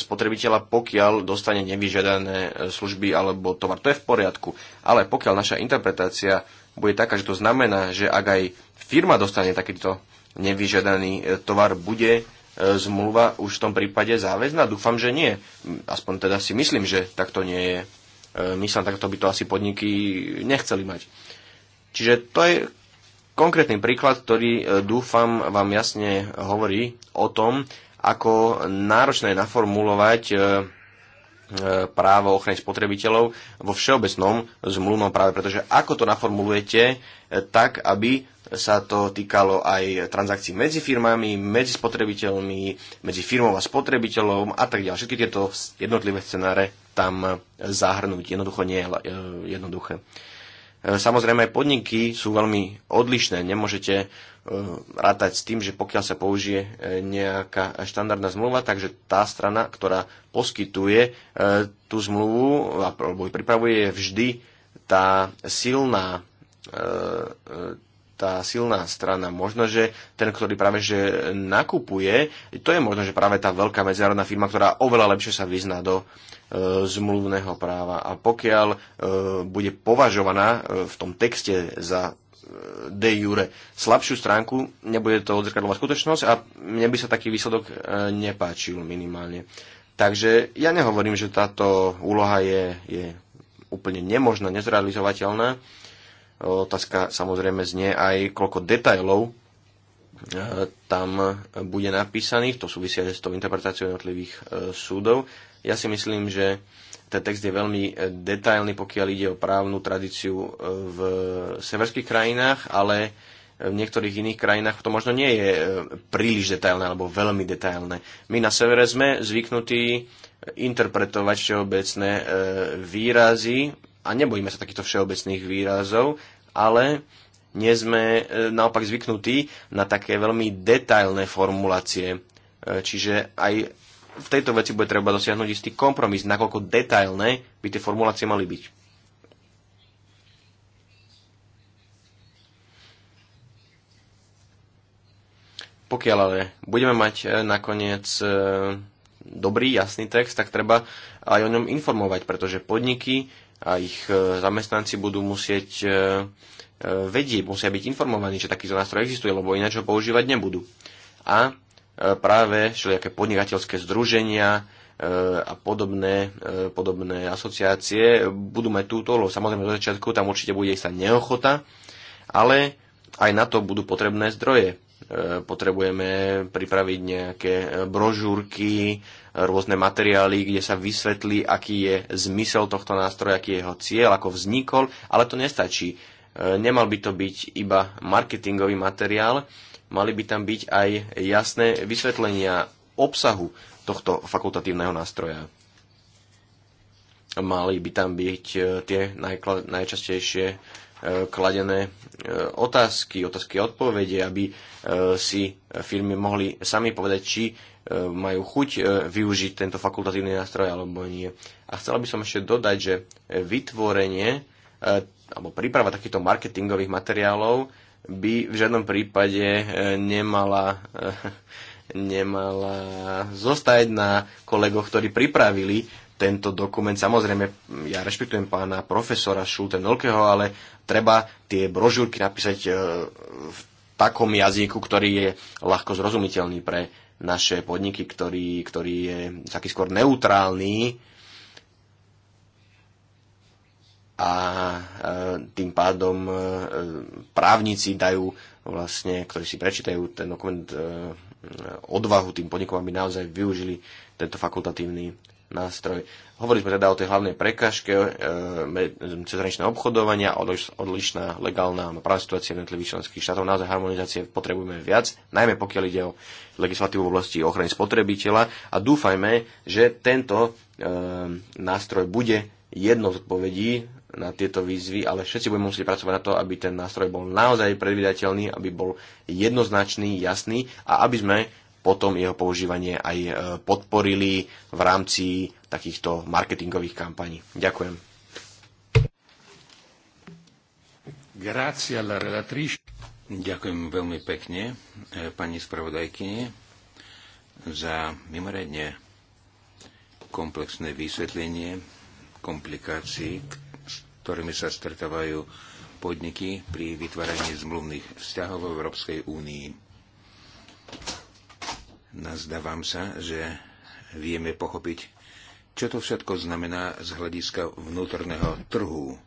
spotrebiteľa, pokiaľ dostane nevyžiadané e, služby alebo tovar. To je v poriadku. Ale pokiaľ naša interpretácia bude taká, že to znamená, že ak aj firma dostane takýto nevyžiadaný e, tovar, bude zmluva už v tom prípade záväzná? Dúfam, že nie. Aspoň teda si myslím, že takto nie je. Myslím, takto by to asi podniky nechceli mať. Čiže to je konkrétny príklad, ktorý dúfam vám jasne hovorí o tom, ako náročné naformulovať e, e, právo ochrany spotrebiteľov vo všeobecnom zmluvnom práve, pretože ako to naformulujete e, tak, aby sa to týkalo aj transakcií medzi firmami, medzi spotrebiteľmi, medzi firmou a spotrebiteľom a tak ďalej. Všetky tieto jednotlivé scenáre tam zahrnúť. Jednoducho nie je jednoduché. Samozrejme, podniky sú veľmi odlišné. Nemôžete Eh, rátať s tým, že pokiaľ sa použije eh, nejaká štandardná zmluva, takže tá strana, ktorá poskytuje eh, tú zmluvu alebo pripravuje, je vždy tá silná tá silná strana. Možno, že ten, ktorý práve že nakupuje, to je možno, že práve tá veľká medzinárodná firma, ktorá oveľa lepšie sa vyzná do e, zmluvného práva. A pokiaľ e, bude považovaná e, v tom texte za de jure slabšiu stránku, nebude to odzrkadlovať skutočnosť a mne by sa taký výsledok e, nepáčil minimálne. Takže ja nehovorím, že táto úloha je, je úplne nemožná, nezrealizovateľná. E, otázka samozrejme znie aj, koľko detajlov e, tam bude napísaných, to súvisia s tou interpretáciou jednotlivých súdov. Ja si myslím, že ten text je veľmi e, detailný, pokiaľ ide o právnu tradíciu e, v severských krajinách, ale v niektorých iných krajinách to možno nie je e, príliš detailné alebo veľmi detailné. My na severe sme zvyknutí interpretovať všeobecné výrazy a nebojíme sa takýchto všeobecných výrazov, ale nie sme naopak zvyknutí na také veľmi detailné formulácie. Čiže aj v tejto veci bude treba dosiahnuť istý kompromis, nakoľko detailné by tie formulácie mali byť. Pokiaľ ale budeme mať eh, nakoniec eh, dobrý, jasný text, tak treba aj o ňom informovať, pretože podniky a ich eh, zamestnanci budú musieť vedieť, musia byť informovaní, že takýto nástroj existuje, lebo ináč ho používať nebudú. A E, práve všelijaké podnikateľské združenia e, a podobné, e, podobné asociácie budú mať túto úlohu. Samozrejme, do začiatku tam určite bude sa neochota, ale aj na to budú potrebné zdroje. Potrebujeme pripraviť nejaké brožúrky, rôzne materiály, kde sa vysvetlí, aký je zmysel tohto nástroja, aký je jeho cieľ, ako vznikol, ale to nestačí. Nemal by to byť iba marketingový materiál, mali by tam byť aj jasné vysvetlenia obsahu tohto fakultatívneho nástroja. Mali by tam byť e, tie najčastejšie e, kladené e, otázky, otázky a odpovede, aby si firmy mohli sami povedať, či majú chuť využiť tento fakultatívny nástroj alebo nie. A chcela by som ešte dodať, že vytvorenie alebo príprava takýchto marketingových materiálov by v žiadnom prípade e, nemala, e, nemala zostať na kolegoch, ktorí pripravili tento dokument. Samozrejme, ja rešpektujem pána profesora Šulte-Nolkeho, ale treba tie brožúrky napísať e, v takom jazyku, ktorý je ľahko zrozumiteľný pre naše podniky, ktorý, ktorý je taký skôr neutrálny, a e, tým pádom e, právnici dajú vlastne, ktorí si prečítajú ten dokument e, odvahu tým podnikom, aby naozaj využili tento fakultatívny nástroj. Hovorili sme teda o tej hlavnej prekažke e, cezhraničného obchodovania, odlišná legálna právna situácia jednotlivých členských štátov. Naozaj harmonizácie potrebujeme viac, najmä pokiaľ ide o legislatívu v oblasti ochrany spotrebiteľa a dúfajme, že tento e, nástroj bude jednou z odpovedí na tieto výzvy, ale všetci budeme musieť pracovať na to, aby ten nástroj bol naozaj predvydateľný, aby bol jednoznačný, jasný a aby sme potom jeho používanie aj e, podporili v rámci takýchto marketingových kampaní. Ďakujem. Ďakujem veľmi pekne e, pani spravodajkyni za mimoriadne komplexné vysvetlenie komplikácií, ktorými sa stretávajú podniky pri vytváraní zmluvných vzťahov v Európskej únii. Nazdávam sa, že vieme pochopiť, čo to všetko znamená z hľadiska vnútorného trhu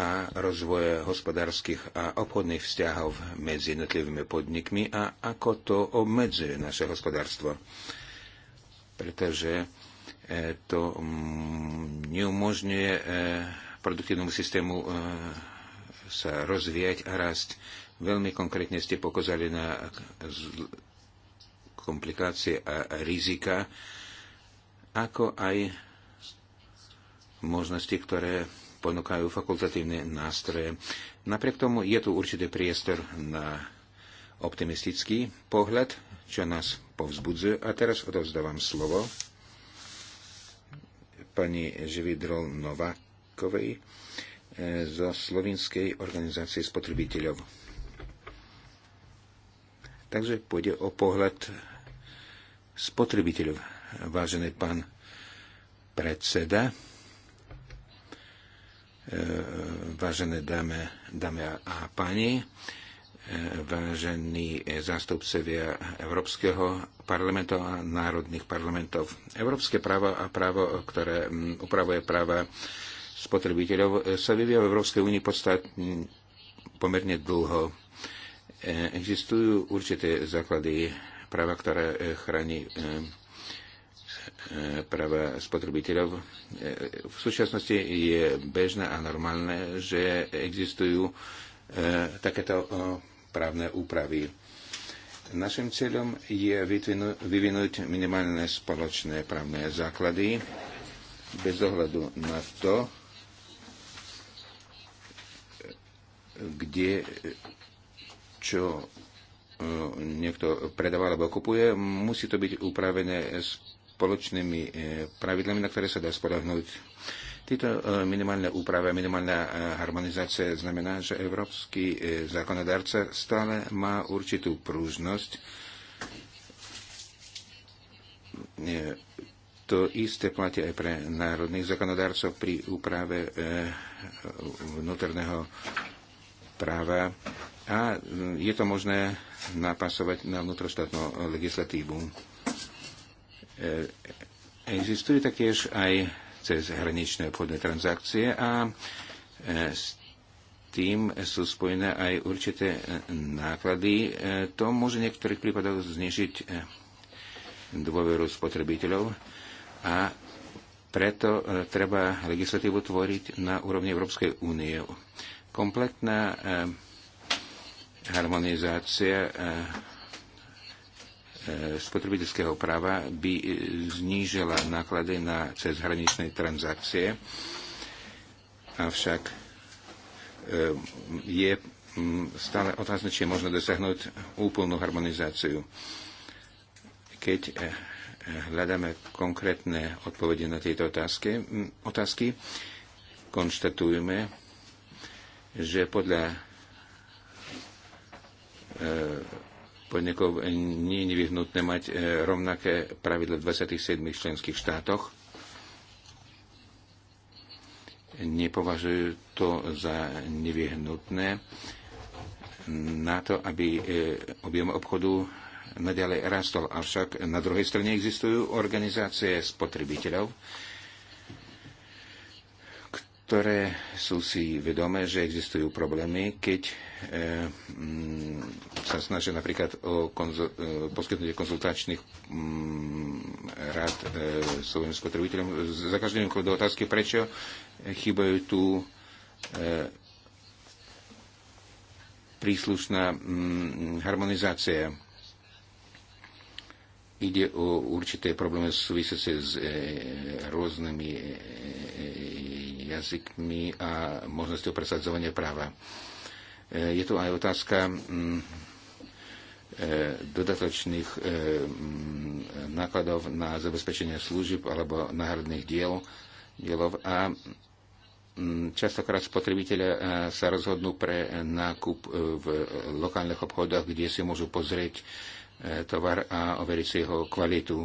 a rozvoja hospodárskych a obchodných vzťahov medzi jednotlivými podnikmi a ako to obmedzuje naše hospodárstvo. Pretože E, to mm, neumožňuje e, produktívnemu systému e, sa rozvíjať a rásť. Veľmi konkrétne ste pokazali na komplikácie a rizika, ako aj možnosti, ktoré ponúkajú fakultatívne nástroje. Napriek tomu je tu určitý priestor na optimistický pohľad, čo nás povzbudzuje. A teraz odovzdávam slovo pani Žividrol Novákovej e, zo Slovinskej organizácie spotrebiteľov. Takže pôjde o pohľad spotrebiteľov, vážený pán predseda, e, vážené dáme, dáme a páni vážení zástupcevia Európskeho parlamentu a národných parlamentov. Európske právo a právo, ktoré mm, upravuje práva spotrebiteľov, sa vyvíja v Európskej únii podstatne pomerne dlho. E, existujú určité základy práva, ktoré e, chráni e, práva spotrebiteľov. V súčasnosti je bežné a normálne, že existujú takéto právne úpravy. Našim cieľom je vyvinúť minimálne spoločné právne základy bez ohľadu na to, kde čo e, niekto predáva alebo kupuje, musí to byť upravené spoločnými e, pravidlami, na ktoré sa dá spolahnúť tieto e, minimálne úprava, minimálna e, harmonizácia znamená, že európsky e, zákonodárca stále má určitú prúžnosť. To isté platí aj pre národných zákonodárcov pri úprave vnútorného práva a je to možné napasovať na vnútroštátnu legislatívu. Existuje taktiež aj cez hraničné obchodné transakcie a e, s tým sú spojené aj určité e, náklady. E, to môže v niektorých prípadoch znižiť dôveru spotrebiteľov a preto treba legislatívu tvoriť na úrovni Európskej únie. Kompletná harmonizácia E, spotrebiteľského práva by e, znížila náklady na cezhraničné transakcie, avšak e, je stále otázne, či je možno dosiahnuť úplnú harmonizáciu. Keď hľadáme konkrétne odpovede na tieto otázky, otázky konštatujeme, že podľa podnikov e, nie je nevyhnutné mať e, rovnaké pravidla v 27 členských štátoch. Nepovažujú to za nevyhnutné na to, aby e, objem obchodu nadalej rastol. Avšak na druhej strane existujú organizácie spotrebiteľov, ktoré sú si vedomé, že existujú problémy, keď e, m, mm, sa snažia napríklad o konzo, e, poskytnutie konzultačných mm, rád e, svojim spotrebiteľom. Za každým do otázky, prečo chýbajú tu e, príslušná m, mm, harmonizácia ide o určité problémy súvisiace s e, rôznymi e, e, jazykmi a možnosťou presadzovania práva. E, je tu aj otázka m, mm, e, dodatočných e, m, mm, nákladov na zabezpečenie služieb alebo náhradných diel, dielov a mm, častokrát spotrebitelia e, sa rozhodnú pre nákup e, v lokálnych obchodoch, kde si môžu pozrieť E, tovar a overiť si jeho kvalitu.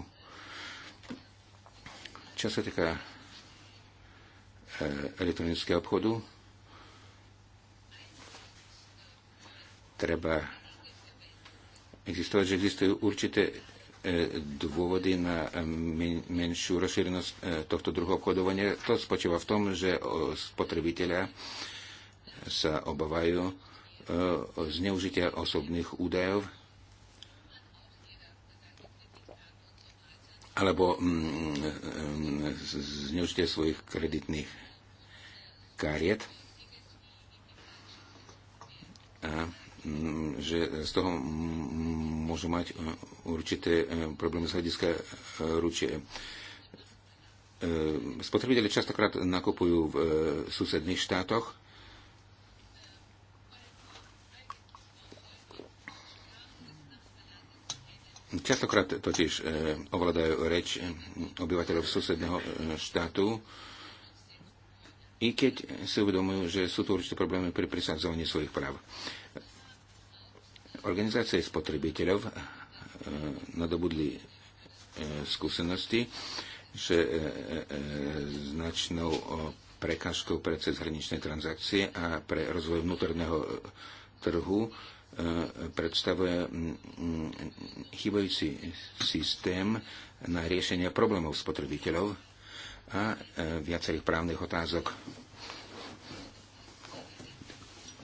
Čo sa týka e, elektronického obchodu, treba existovať, že existujú určité e, dôvody na menšiu rozšírenosť tohto druhu obchodovania. To spočíva v tom, že spotrebitelia sa obávajú zneužitia osobných údajov alebo mm, mm, mm, zneužitie svojich kreditných kariet a že z toho môžu mať e, určité e, problémy z hľadiska e, ručie. Spotrebiteľe častokrát nakupujú v susedných štátoch Častokrát totiž e, ovládajú reč e, obyvateľov susedného e, štátu, i keď si uvedomujú, že sú tu určité problémy pri prisadzovaní svojich práv. Organizácie spotrebiteľov e, nadobudli e, skúsenosti, že e, e, značnou prekážkou pre cezhraničné transakcie a pre rozvoj vnútorného e, trhu e, predstavuje mm, mm, chybajúci systém na riešenie problémov spotrebiteľov a e, viacerých právnych otázok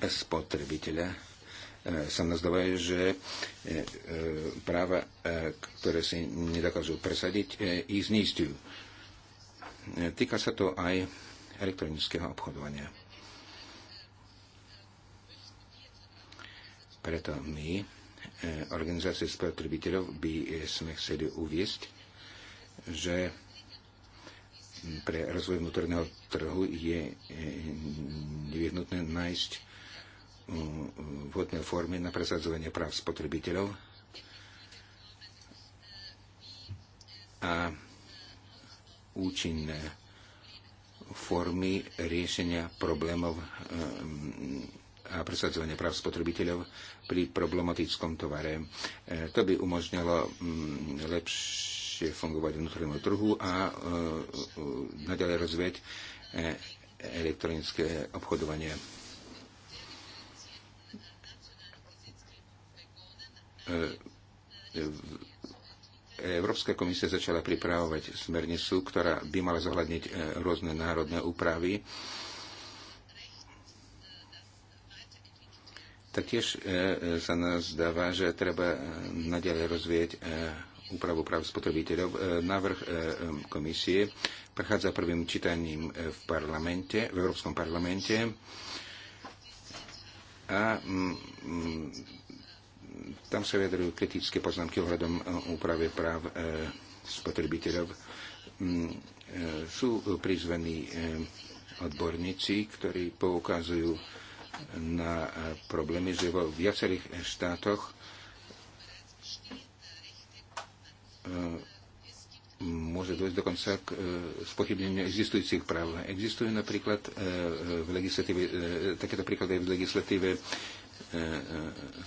spotrebiteľa e, sa nazdávajú, že e, práva, ktoré si nedokážu presadiť, ich znistujú. Týka sa to aj elektronického obchodovania. Preto my, e, organizácie spotrebiteľov, by e, sme chceli uviesť, že pre rozvoj vnútorného trhu je e, nevyhnutné nájsť vhodné formy na presadzovanie práv spotrebiteľov a účinné formy riešenia problémov a presadzovanie práv spotrebiteľov pri problematickom tovare. E, to by umožnilo mm, lepšie fungovať vnútornému trhu a e, e, nadalej rozvieť elektronické obchodovanie. Európska komisia začala pripravovať smernicu, ktorá by mala zohľadniť rôzne národné úpravy Taktiež e, e, sa nás dáva, že treba e, naďalej rozvieť úpravu práv spotrebiteľov. Návrh komisie prechádza prvým čítaním v parlamente, v Európskom parlamente a mm, mm, tam sa vyjadrujú kritické poznámky ohľadom úpravy práv spotrebiteľov. Mm, sú prizvení odborníci, ktorí poukazujú na eh, problémy, že vo viacerých eh, štátoch eh, môže dôjsť dokonca k spochybneniu existujúcich práv. Existuje napríklad v legislatíve, takéto príklady v legislatíve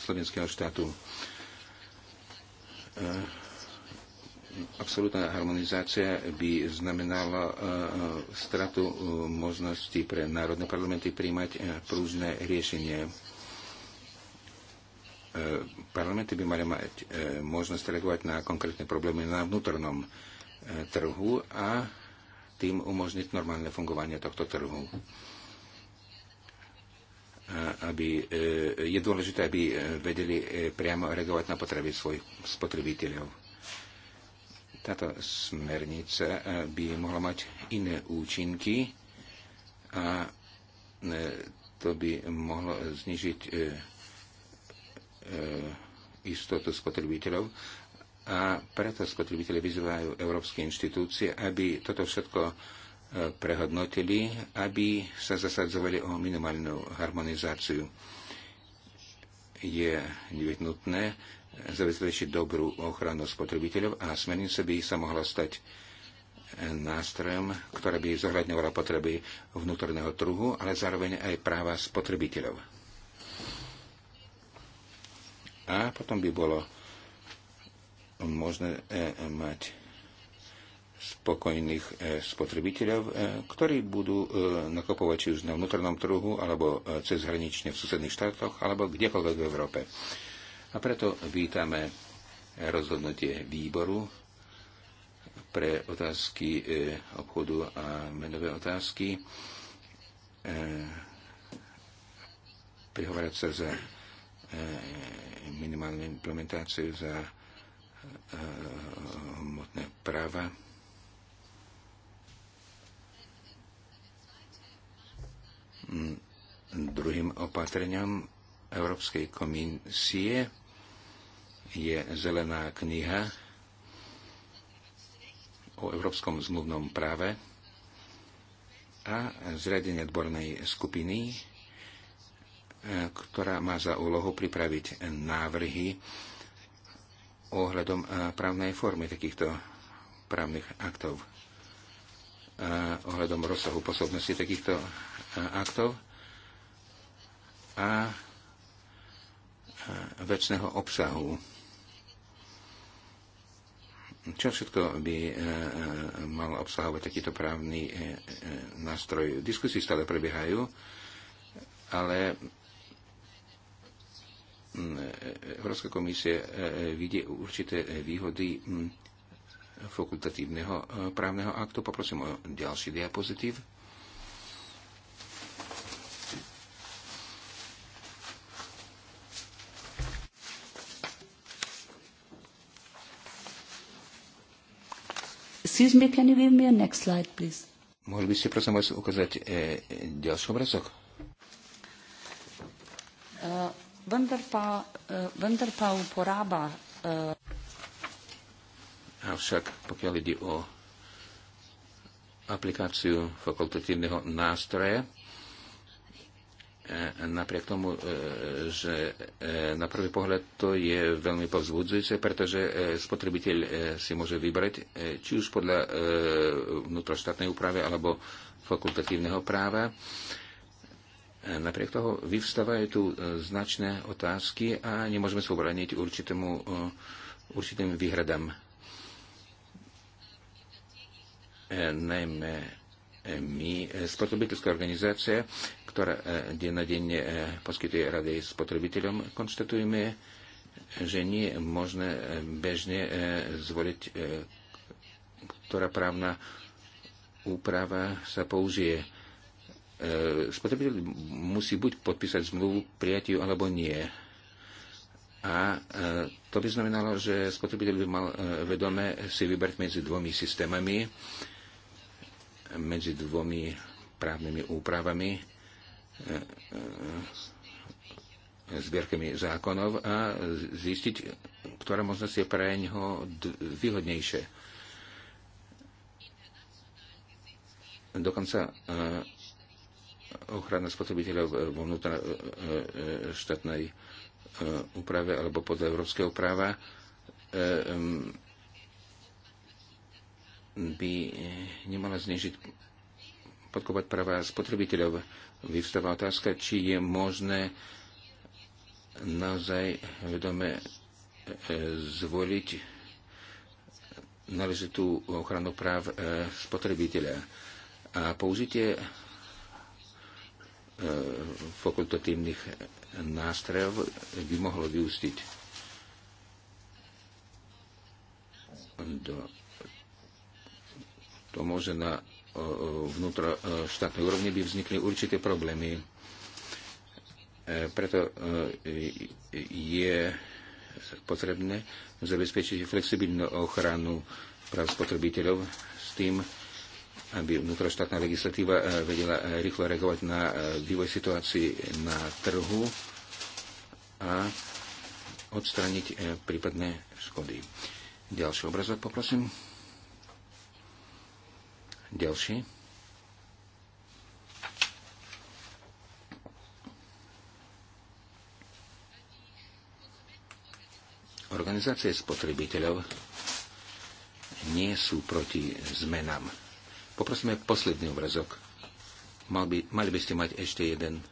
slovenského štátu absolútna harmonizácia by znamenala e, e, stratu e, možnosti pre národné parlamenty príjmať prúzne riešenie. Parlamenty by mali mať možnosť reagovať na konkrétne problémy na vnútornom trhu a tým umožniť normálne fungovanie tohto trhu aby, je dôležité, aby vedeli priamo reagovať na potreby svojich spotrebiteľov. Táto smernica eh, by mohla mať iné účinky a eh, to by mohlo znižiť eh, istotu spotrebiteľov a preto spotrebiteľe vyzývajú európske inštitúcie, aby toto všetko prehodnotili, aby sa zasadzovali o minimálnu harmonizáciu. Je nevyhnutné zabezpečiť dobrú ochranu spotrebiteľov a smernica by sa mohla stať nástrojom, ktoré by zohľadňovala potreby vnútorného trhu, ale zároveň aj práva spotrebiteľov. A potom by bolo možné e, mať spokojných e, spotrebiteľov, e, ktorí budú nakupovať či už na vnútornom trhu, alebo cez hranične v susedných štátoch, alebo kdekoľvek v Európe. A preto vítame rozhodnutie výboru pre otázky e, obchodu a menové otázky. E, prihovárať sa za e, minimálnu implementáciu za hmotné práva. Mm, druhým opatreniam Európskej komisie je zelená kniha o európskom zmluvnom práve a zriadenie odbornej skupiny, e, ktorá má za úlohu pripraviť návrhy ohľadom e, právnej formy takýchto právnych aktov, e, ohľadom rozsahu posobnosti takýchto aktov a väčšného obsahu. Čo všetko by e, e, mal obsahovať takýto právny e, nástroj? Diskusie stále prebiehajú, ale Európska komisie vidie určité výhody fakultatívneho právneho aktu. Poprosím o ďalší diapozitív. Excuse me, can you give me a next slide, please? Mohli by ste prosím vás ukázať e, e, ďalší obrazok? Uh, eh, vendar, pa, uh, eh, vendar pa uporaba... Uh... Eh. Avšak pokiaľ ide o aplikáciu fakultatívneho nástroja, E, napriek tomu, e, že e, na prvý pohľad to je veľmi povzbudzujúce, pretože spotrebiteľ si môže vybrať či už podľa vnútroštátnej úpravy alebo fakultatívneho práva. Napriek toho vyvstávajú tu značné otázky a nemôžeme sa obraniť určitému, určitým výhradám. Najmä my, e, spotrebiteľská organizácia, ktorá e, dennodenne e, poskytuje rady spotrebiteľom, konštatujeme, že nie je možné bežne zvoliť, ktorá právna úprava sa použije. Spotrebiteľ musí buď podpísať zmluvu prijatiu alebo nie. A to by znamenalo, že spotrebiteľ by mal vedome si vybrať medzi dvomi systémami medzi dvomi právnymi úpravami, e, e, zbierkami zákonov a zistiť, ktorá možnosť je pre ňoho výhodnejšie. Dokonca e, ochrana spotrebiteľov vo vnútra štátnej úprave alebo podľa európskeho práva by eh, nemala znižiť podkopať práva spotrebiteľov. Vyvstáva otázka, či je možné naozaj vedome eh, zvoliť náležitú ochranu práv eh, spotrebiteľa. A použitie fakultatívnych nástrojov by mohlo vyústiť do to môže na vnútroštátnej úrovni, by vznikli určité problémy. E, preto e, je potrebné zabezpečiť flexibilnú ochranu práv spotrebiteľov s tým, aby vnútroštátna legislatíva e, vedela rýchlo reagovať na vývoj situácii na trhu a odstrániť prípadné škody. Ďalší obrazok poprosím. Ďalší. Organizácie spotrebiteľov nie sú proti zmenám. Poprosíme posledný obrazok. Mal by, mali by ste mať ešte jeden, e,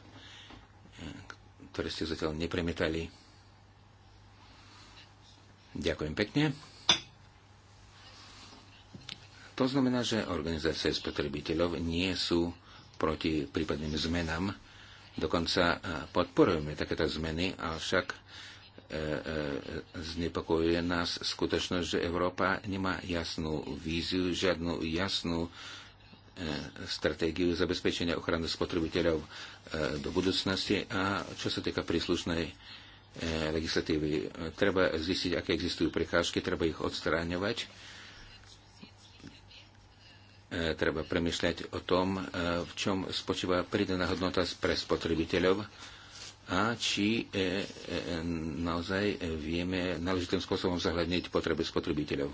ktorý ste zatiaľ nepremietali. Ďakujem pekne. To znamená, že organizácie spotrebiteľov nie sú proti prípadným zmenám, dokonca e, podporujeme takéto zmeny, avšak e, e, znepokojuje nás skutočnosť, že Európa nemá jasnú víziu, žiadnu jasnú stratégiu zabezpečenia ochrany spotrebiteľov do budúcnosti a čo sa týka príslušnej legislatívy. Treba zistiť, aké existujú prekážky, treba ich odstráňovať E, treba premyšľať o tom, e, v čom spočíva pridaná hodnota pre spotrebiteľov a či e, naozaj vieme náležitým spôsobom zahľadniť potreby spotrebiteľov.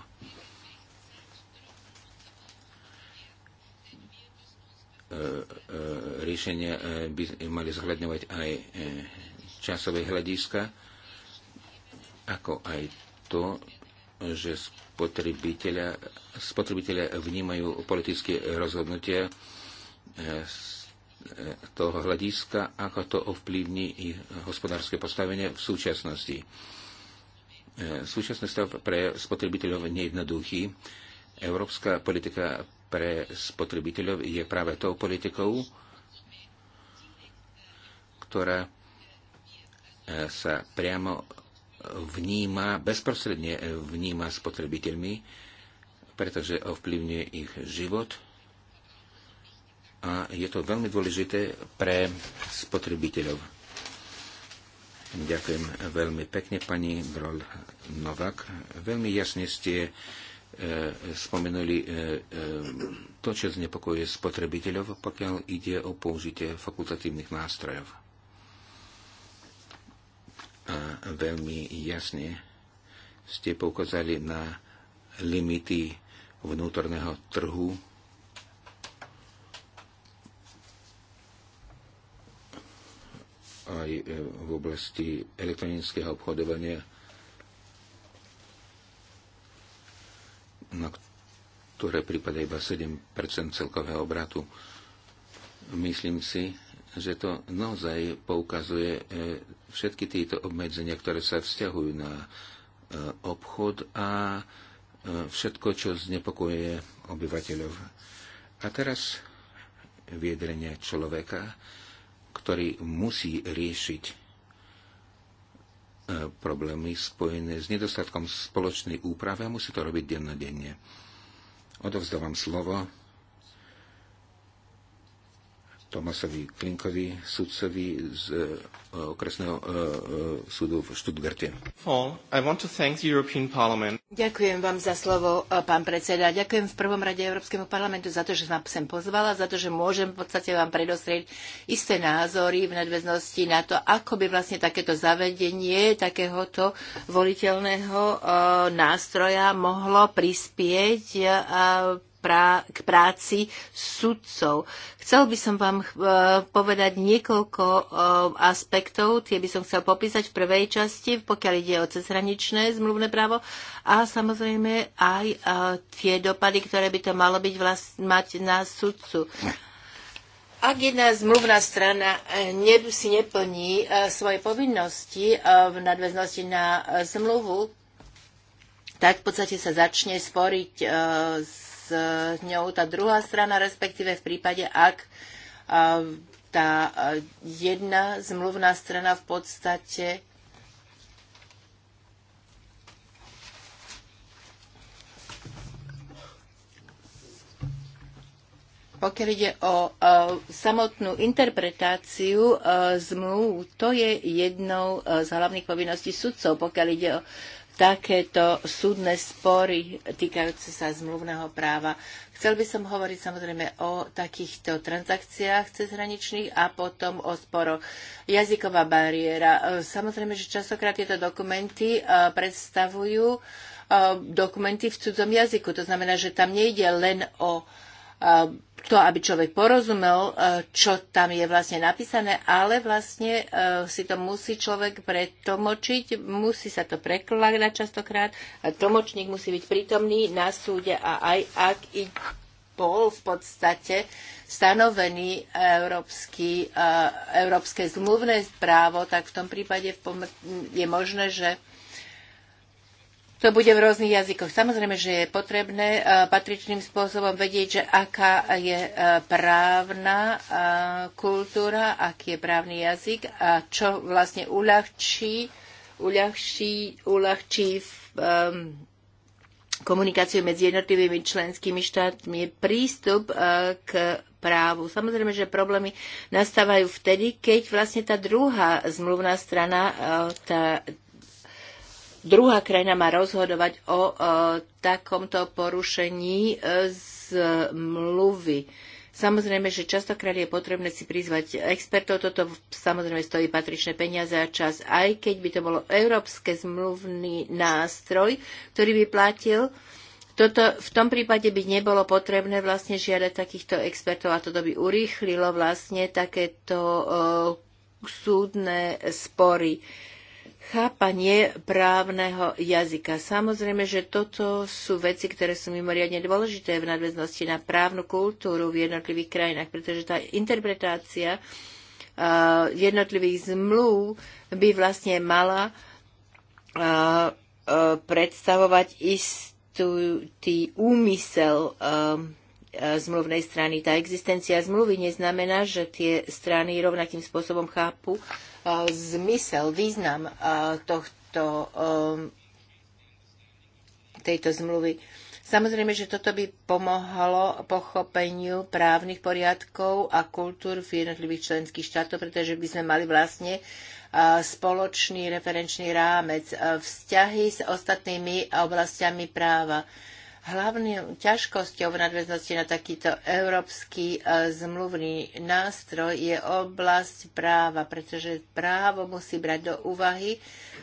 Riešenia by mali zohľadňovať aj časové hľadiska, ako aj to, že spotrebitelia, vnímajú politické rozhodnutia e, z toho hľadiska, ako to ovplyvní ich hospodárske postavenie v súčasnosti. E, súčasný stav pre spotrebiteľov nejednoduchý. Európska politika pre spotrebiteľov je práve tou politikou, ktorá e, sa priamo vníma, bezprostredne vníma spotrebiteľmi, pretože ovplyvňuje ich život a je to veľmi dôležité pre spotrebiteľov. Ďakujem veľmi pekne, pani Brol Novak. Veľmi jasne ste e, spomenuli e, e, to, čo znepokojuje spotrebiteľov, pokiaľ ide o použitie fakultatívnych nástrojov a veľmi jasne ste poukázali na limity vnútorného trhu aj e, v oblasti elektronického obchodovania, na ktoré prípada iba 7 celkového obratu. Myslím si, že to naozaj poukazuje e, všetky tieto obmedzenia, ktoré sa vzťahujú na e, obchod a e, všetko, čo znepokojuje obyvateľov. A teraz viedrenie človeka, ktorý musí riešiť problémy spojené s nedostatkom spoločnej úpravy a musí to robiť dennodenne. Odovzdávam slovo Tomasovi Klinkovi, sudcovi z e, okresného e, e, súdu v Štutgarte. Ďakujem vám za slovo, pán predseda. Ďakujem v prvom rade Európskemu parlamentu za to, že ma sem pozvala, za to, že môžem v podstate vám predostrieť isté názory v nadväznosti na to, ako by vlastne takéto zavedenie takéhoto voliteľného nástroja mohlo prispieť prá- k práci sudcov. Chcel by som vám eh, povedať niekoľko eh, aspektov, tie by som chcel popísať v prvej časti, pokiaľ ide o cezhraničné zmluvné právo a samozrejme aj eh, tie dopady, ktoré by to malo byť vlast- mať na sudcu ak jedna zmluvná strana si neplní svoje povinnosti v nadväznosti na zmluvu, tak v podstate sa začne sporiť s s ňou tá druhá strana, respektíve v prípade, ak tá jedna zmluvná strana v podstate pokiaľ ide o samotnú interpretáciu zmluv, to je jednou z hlavných povinností sudcov, pokiaľ ide o takéto súdne spory týkajúce sa zmluvného práva. Chcel by som hovoriť samozrejme o takýchto transakciách cezhraničných a potom o sporoch. Jazyková bariéra. E, samozrejme, že častokrát tieto dokumenty e, predstavujú e, dokumenty v cudzom jazyku. To znamená, že tam nejde len o E, to, aby človek porozumel, e, čo tam je vlastne napísané, ale vlastne e, si to musí človek pretomočiť, musí sa to prekladať častokrát. Tlmočník musí byť prítomný na súde a aj ak i bol v podstate stanovený európsky, európske zmluvné právo, tak v tom prípade je možné, že to bude v rôznych jazykoch. Samozrejme, že je potrebné e, patričným spôsobom vedieť, že aká je e, právna e, kultúra, aký je právny jazyk a čo vlastne uľahčí, uľahčí, uľahčí v, um, komunikáciu medzi jednotlivými členskými štátmi je prístup k právu. Samozrejme, že problémy nastávajú vtedy, keď vlastne tá druhá zmluvná strana, tá, druhá krajina má rozhodovať o, e, takomto porušení e, zmluvy. Samozrejme, že častokrát je potrebné si prizvať expertov, toto samozrejme stojí patričné peniaze a čas, aj keď by to bolo európske zmluvný nástroj, ktorý by platil, toto, v tom prípade by nebolo potrebné vlastne žiadať takýchto expertov a toto by urýchlilo vlastne takéto uh, súdne spory. Uh, chápanie právneho jazyka. Samozrejme, že toto sú veci, ktoré sú mimoriadne dôležité v nadväznosti na právnu kultúru v jednotlivých krajinách, pretože tá interpretácia jednotlivých zmluv by vlastne mala predstavovať istý úmysel zmluvnej strany. Tá existencia zmluvy neznamená, že tie strany rovnakým spôsobom chápu e, zmysel, význam e, tohto, e, tejto zmluvy. Samozrejme, že toto by pomohlo pochopeniu právnych poriadkov a kultúr v jednotlivých členských štátoch, pretože by sme mali vlastne spoločný referenčný rámec, vzťahy s ostatnými oblastiami práva Hlavnou ťažkosťou v nadväznosti na takýto európsky e, zmluvný nástroj je oblasť práva, pretože právo musí brať do úvahy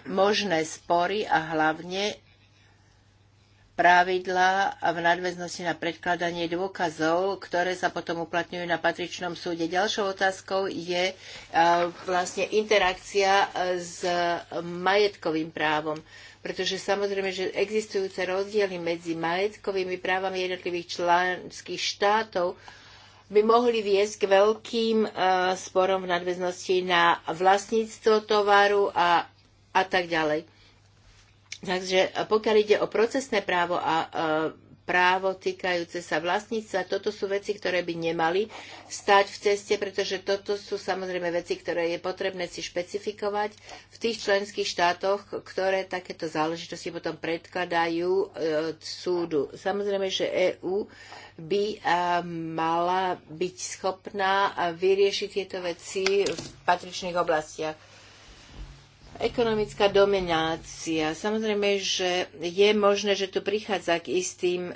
možné spory a hlavne pravidlá v nadväznosti na predkladanie dôkazov, ktoré sa potom uplatňujú na patričnom súde. Ďalšou otázkou je e, vlastne interakcia e, s majetkovým právom pretože samozrejme, že existujúce rozdiely medzi majetkovými právami jednotlivých členských štátov by mohli viesť k veľkým uh, sporom v nadväznosti na vlastníctvo tovaru a, a tak ďalej. Takže e, pokiaľ ide o procesné právo a uh, právo týkajúce sa vlastníctva. Toto sú veci, ktoré by nemali stať v ceste, pretože toto sú samozrejme veci, ktoré je potrebné si špecifikovať v tých členských štátoch, ktoré takéto záležitosti potom predkladajú e, súdu. Samozrejme, že EÚ by e, mala byť schopná e, vyriešiť tieto veci v patričných oblastiach. Ekonomická dominácia. Samozrejme, že je možné, že tu prichádza k istým uh,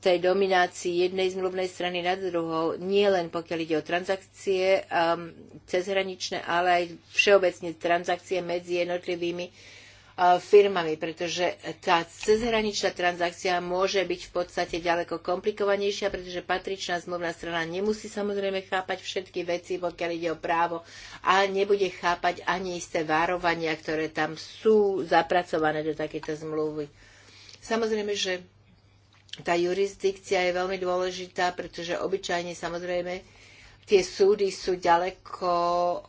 tej dominácii jednej zmluvnej strany nad druhou, nie len pokiaľ ide o transakcie eh, cezhraničné, ale aj všeobecne transakcie medzi jednotlivými firmami, pretože tá cezhraničná transakcia môže byť v podstate ďaleko komplikovanejšia, pretože patričná zmluvná strana nemusí samozrejme chápať všetky veci, pokiaľ ide o právo a nebude chápať ani isté varovania, ktoré tam sú zapracované do takéto zmluvy. Samozrejme, že tá jurisdikcia je veľmi dôležitá, pretože obyčajne samozrejme tie súdy sú ďaleko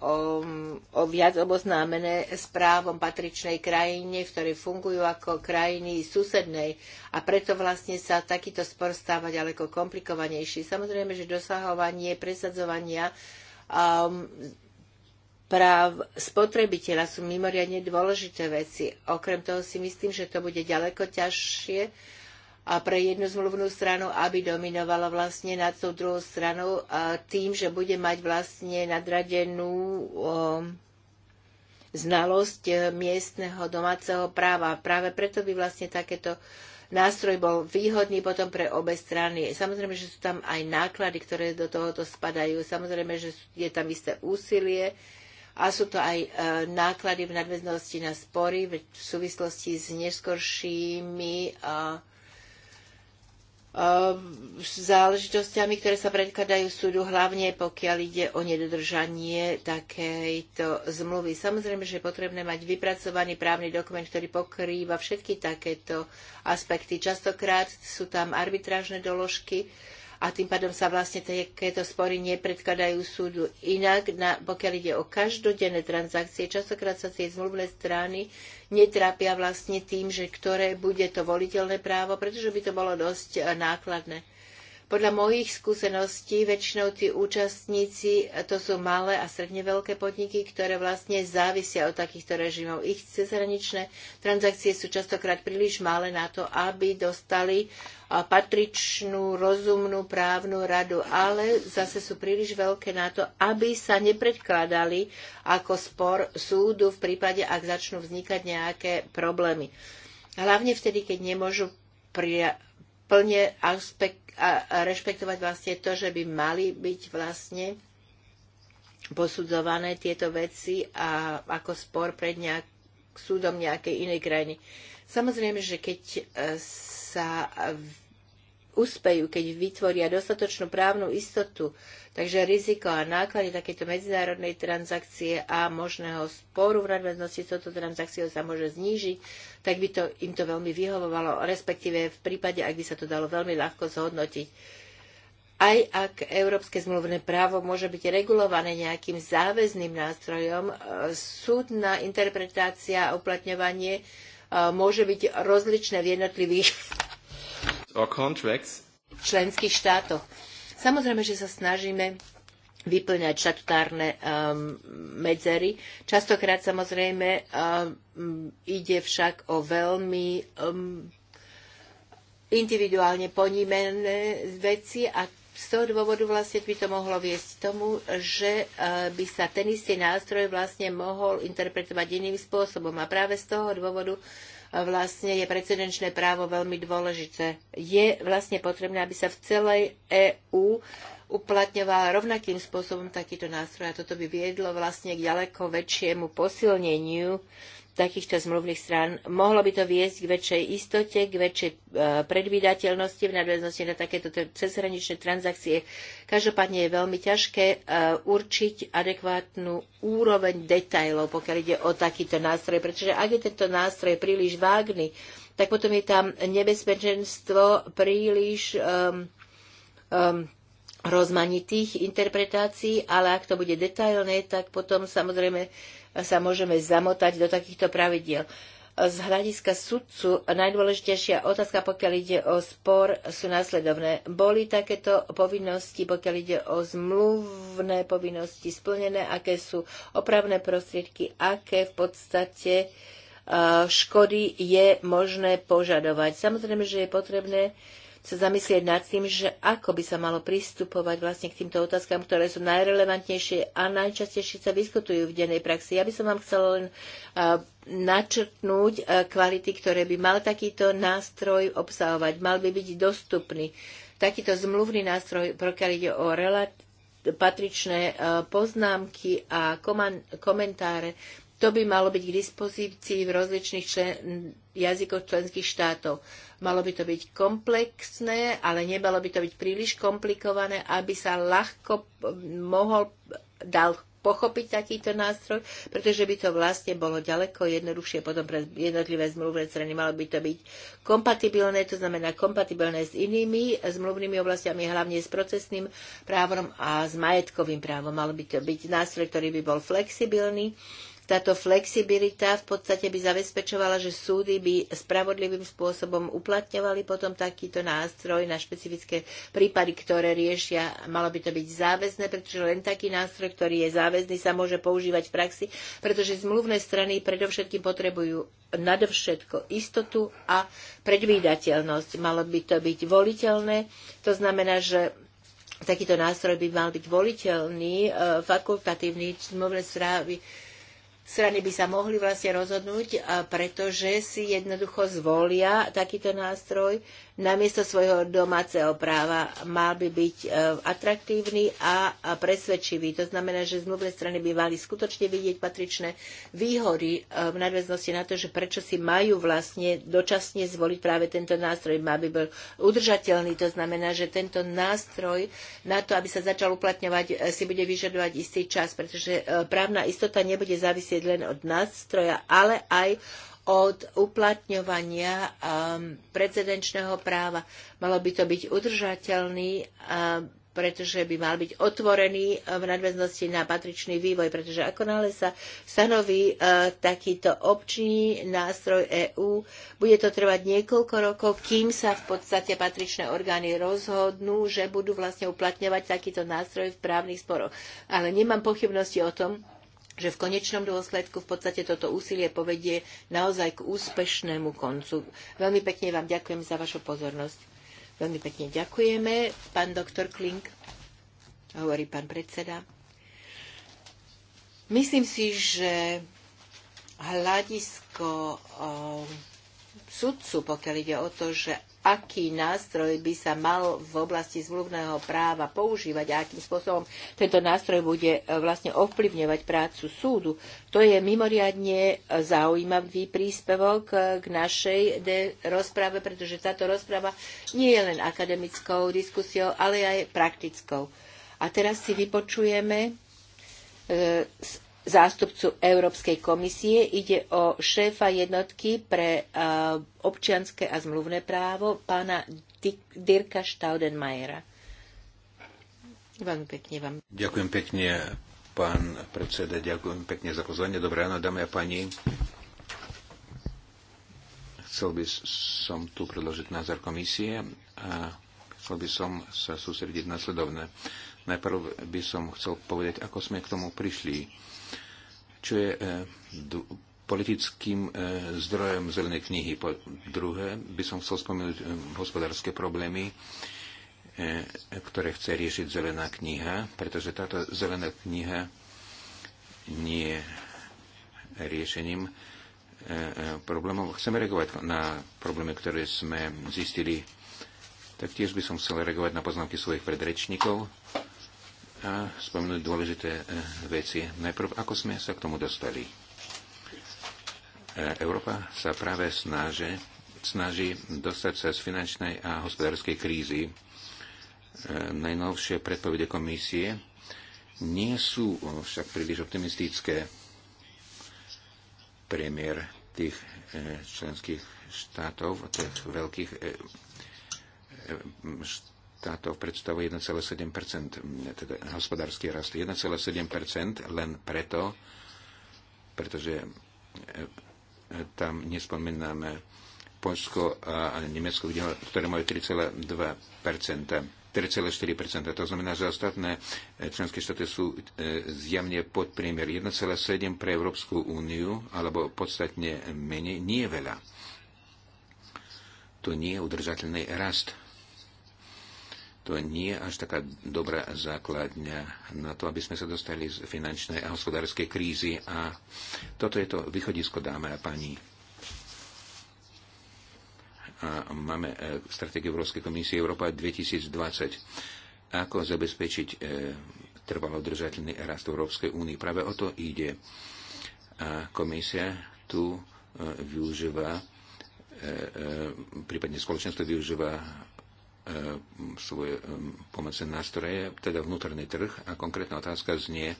o, um, o viac oboznámené s právom patričnej krajine, v ktorej fungujú ako krajiny susednej a preto vlastne sa takýto spor stáva ďaleko komplikovanejší. Samozrejme, že dosahovanie, presadzovania um, práv spotrebiteľa sú mimoriadne dôležité veci. Okrem toho si myslím, že to bude ďaleko ťažšie a pre jednu zmluvnú stranu, aby dominovala vlastne nad tou druhou stranou a tým, že bude mať vlastne nadradenú um, znalosť eh, miestneho domáceho práva. Práve preto by vlastne takéto nástroj bol výhodný potom pre obe strany. Samozrejme, že sú tam aj náklady, ktoré do tohoto spadajú. Samozrejme, že je tam isté úsilie a sú to aj eh, náklady v nadväznosti na spory v súvislosti s neskoršími eh, záležitosťami, ktoré sa predkladajú súdu, hlavne pokiaľ ide o nedodržanie takejto zmluvy. Samozrejme, že je potrebné mať vypracovaný právny dokument, ktorý pokrýva všetky takéto aspekty. Častokrát sú tam arbitrážne doložky, a tým pádom sa vlastne takéto spory nepredkladajú súdu. Inak, na, pokiaľ ide o každodenné transakcie, častokrát sa tie zmluvné strany netrápia vlastne tým, že ktoré bude to voliteľné právo, pretože by to bolo dosť e, nákladné. Podľa mojich skúseností väčšinou tí účastníci to sú malé a stredne veľké podniky, ktoré vlastne závisia od takýchto režimov. Ich cezhraničné transakcie sú častokrát príliš malé na to, aby dostali patričnú, rozumnú právnu radu, ale zase sú príliš veľké na to, aby sa nepredkladali ako spor súdu v prípade, ak začnú vznikať nejaké problémy. Hlavne vtedy, keď nemôžu plne aspekt, a, a rešpektovať vlastne to, že by mali byť vlastne posudzované tieto veci a ako spor pred nejak, súdom nejakej inej krajiny. Samozrejme, že keď e, sa uspejú, keď vytvoria dostatočnú právnu istotu. Takže riziko a náklady takéto medzinárodnej transakcie a možného sporu v nadväznosti s touto transakciou sa môže znížiť, tak by to, im to veľmi vyhovovalo, respektíve v prípade, ak by sa to dalo veľmi ľahko zhodnotiť. Aj ak európske zmluvné právo môže byť regulované nejakým záväzným nástrojom, e, súdna interpretácia a uplatňovanie e, môže byť rozličné v jednotlivých v členských štátoch. Samozrejme, že sa snažíme vyplňať štatutárne um, medzery. Častokrát samozrejme um, ide však o veľmi um, individuálne ponímené veci a z toho dôvodu vlastne by to mohlo viesť tomu, že uh, by sa ten istý nástroj vlastne mohol interpretovať iným spôsobom. A práve z toho dôvodu vlastne je precedenčné právo veľmi dôležité. Je vlastne potrebné, aby sa v celej EÚ uplatňoval rovnakým spôsobom takýto nástroj a toto by viedlo vlastne k ďaleko väčšiemu posilneniu takýchto zmluvných strán. Mohlo by to viesť k väčšej istote, k väčšej e, predvídateľnosti v nadväznosti na takéto cezhraničné transakcie. Každopádne je veľmi ťažké e, určiť adekvátnu úroveň detajlov, pokiaľ ide o takýto nástroj, pretože ak je tento nástroj príliš vágny, tak potom je tam nebezpečenstvo príliš um, um, rozmanitých interpretácií, ale ak to bude detailné, tak potom samozrejme uh, sa môžeme zamotať do takýchto pravidiel. Z hľadiska sudcu najdôležitejšia otázka, pokiaľ ide o spor, sú následovné. Boli takéto povinnosti, pokiaľ ide o zmluvné povinnosti splnené, aké sú opravné prostriedky, aké v podstate e, škody je možné požadovať. Samozrejme, že je potrebné sa zamyslieť nad tým, že ako by sa malo pristupovať vlastne k týmto otázkam, ktoré sú najrelevantnejšie a najčastejšie sa vyskutujú v dennej praxi. Ja by som vám chcela len načrtnúť kvality, ktoré by mal takýto nástroj obsahovať. Mal by byť dostupný. Takýto zmluvný nástroj, pokiaľ ide o relat- patričné poznámky a komentáre. To by malo byť k dispozícii v rozličných člen- jazykoch členských štátov. Malo by to byť komplexné, ale nemalo by to byť príliš komplikované, aby sa ľahko mohol dal pochopiť takýto nástroj, pretože by to vlastne bolo ďaleko jednoduchšie potom pre jednotlivé zmluvné strany. Malo by to byť kompatibilné, to znamená kompatibilné s inými zmluvnými oblastiami, hlavne s procesným právom a s majetkovým právom. Malo by to byť nástroj, ktorý by bol flexibilný táto flexibilita v podstate by zabezpečovala, že súdy by spravodlivým spôsobom uplatňovali potom takýto nástroj na špecifické prípady, ktoré riešia. Malo by to byť záväzné, pretože len taký nástroj, ktorý je záväzný, sa môže používať v praxi, pretože zmluvné strany predovšetkým potrebujú nadovšetko istotu a predvídateľnosť. Malo by to byť voliteľné, to znamená, že takýto nástroj by mal byť voliteľný, eh, fakultatívny, zmluvné strávy strany by sa mohli vlastne rozhodnúť, pretože si jednoducho zvolia takýto nástroj, namiesto svojho domáceho práva mal by byť e, atraktívny a presvedčivý. To znamená, že zmluvné strany by mali skutočne vidieť patričné výhody e, v nadväznosti na to, že prečo si majú vlastne dočasne zvoliť práve tento nástroj. Má by bol udržateľný, to znamená, že tento nástroj na to, aby sa začal uplatňovať, e, si bude vyžadovať istý čas, pretože právna istota nebude závisieť len od nástroja, ale aj od uplatňovania um, precedenčného práva. Malo by to byť udržateľný um, pretože by mal byť otvorený um, v nadväznosti na patričný vývoj, pretože ako nále sa stanoví e, takýto občný nástroj EÚ, bude to trvať niekoľko rokov, kým sa v podstate patričné orgány rozhodnú, že budú vlastne uplatňovať takýto nástroj v právnych sporoch. Ale nemám pochybnosti o tom, že v konečnom dôsledku v podstate toto úsilie povedie naozaj k úspešnému koncu. Veľmi pekne vám ďakujem za vašu pozornosť. Veľmi pekne ďakujeme, pán doktor Klink, hovorí pán predseda. Myslím si, že hľadisko eh, sudcu, pokiaľ ide o to, že aký nástroj by sa mal v oblasti zmluvného práva používať a akým spôsobom tento nástroj bude e, vlastne ovplyvňovať prácu súdu. To je mimoriadne e, zaujímavý príspevok e, k našej rozprave, pretože táto rozprava nie je len akademickou diskusiou, ale aj praktickou. A teraz si vypočujeme zástupcu Európskej komisie. Ide o šéfa jednotky pre eh, občianske a zmluvné právo, pána Dirka Staudenmayera. Veľmi pekne vám. Ďakujem pekne, pán predseda, ďakujem pekne za pozvanie. Dobré ráno, dámy a páni. Chcel by som tu predložiť názor komisie a chcel by som sa sústrediť na sledovné. Najprv by som chcel povedať, ako sme k tomu prišli čo je e, politickým e, zdrojom zelenej knihy. Po druhé, by som chcel spomenúť e, hospodárske problémy, ktoré chce riešiť zelená kniha, pretože táto zelená kniha nie je riešením problémov. Chceme reagovať na problémy, ktoré sme zistili. Taktiež by som chcel reagovať na poznámky svojich predrečníkov a spomenúť dôležité e, veci. Najprv, ako sme sa k tomu dostali. E, Európa sa práve snaží, snaží dostať sa z finančnej a hospodárskej krízy. E, najnovšie predpovede komisie nie sú však príliš optimistické. Premiér tých členských štátov, tých veľkých táto predstavuje 1,7 teda hospodársky rast 1,7 len preto, pretože e, e, tam nespomíname Poľsko a Nemecko, ktoré majú 3,2 3,4 To znamená, že ostatné e, členské štáty sú zjavne pod priemer 1,7 pre Európsku úniu, alebo podstatne menej, nie veľa. To nie je udržateľný rast to nie je až taká dobrá základňa na to, aby sme sa dostali z finančnej a hospodárskej krízy. A toto je to východisko, dáme a pani. A máme e, stratégiu Európskej komisie Európa 2020. Ako zabezpečiť e, trvalo držateľný rast Európskej únie? Práve o to ide. A komisia tu e, využíva prípadne spoločenstvo využíva E, svoje e, pomocné nástroje, teda vnútorný trh. A konkrétna otázka znie,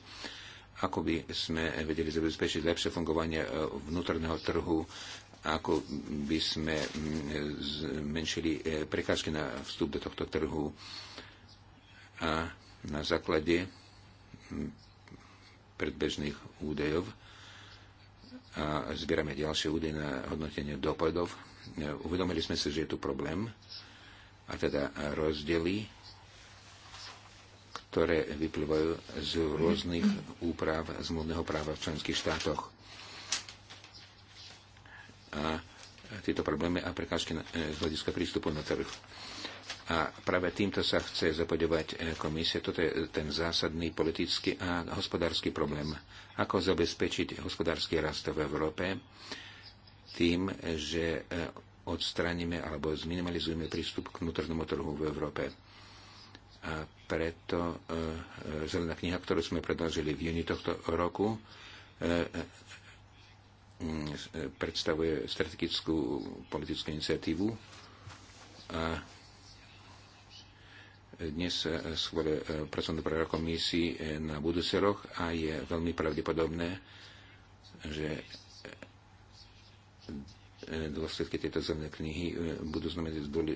ako by sme vedeli zabezpečiť lepšie fungovanie e, vnútorného trhu, ako by sme zmenšili prekážky na vstup do tohto trhu. A na základe predbežných údajov a zbierame ďalšie údaje na hodnotenie dopadov. Uvedomili sme si, že je tu problém a teda rozdiely, ktoré vyplývajú z rôznych úprav zmluvného práva v členských štátoch. A tieto problémy a prekážky e, z hľadiska prístupu na trh. A práve týmto sa chce zapodovať e, komisia. Toto je ten zásadný politický a hospodársky problém. Ako zabezpečiť hospodársky rast v Európe tým, že e, odstraníme alebo zminimalizujeme prístup k vnútornému trhu v Európe. A preto e, e zelená kniha, ktorú sme predložili v júni tohto roku, e, e, e predstavuje strategickú politickú iniciatívu a dnes e, schôle pracovnú pre komisii na budúci rok a je veľmi pravdepodobné, že dôsledky tejto zemné knihy e, budú znamenať e, e,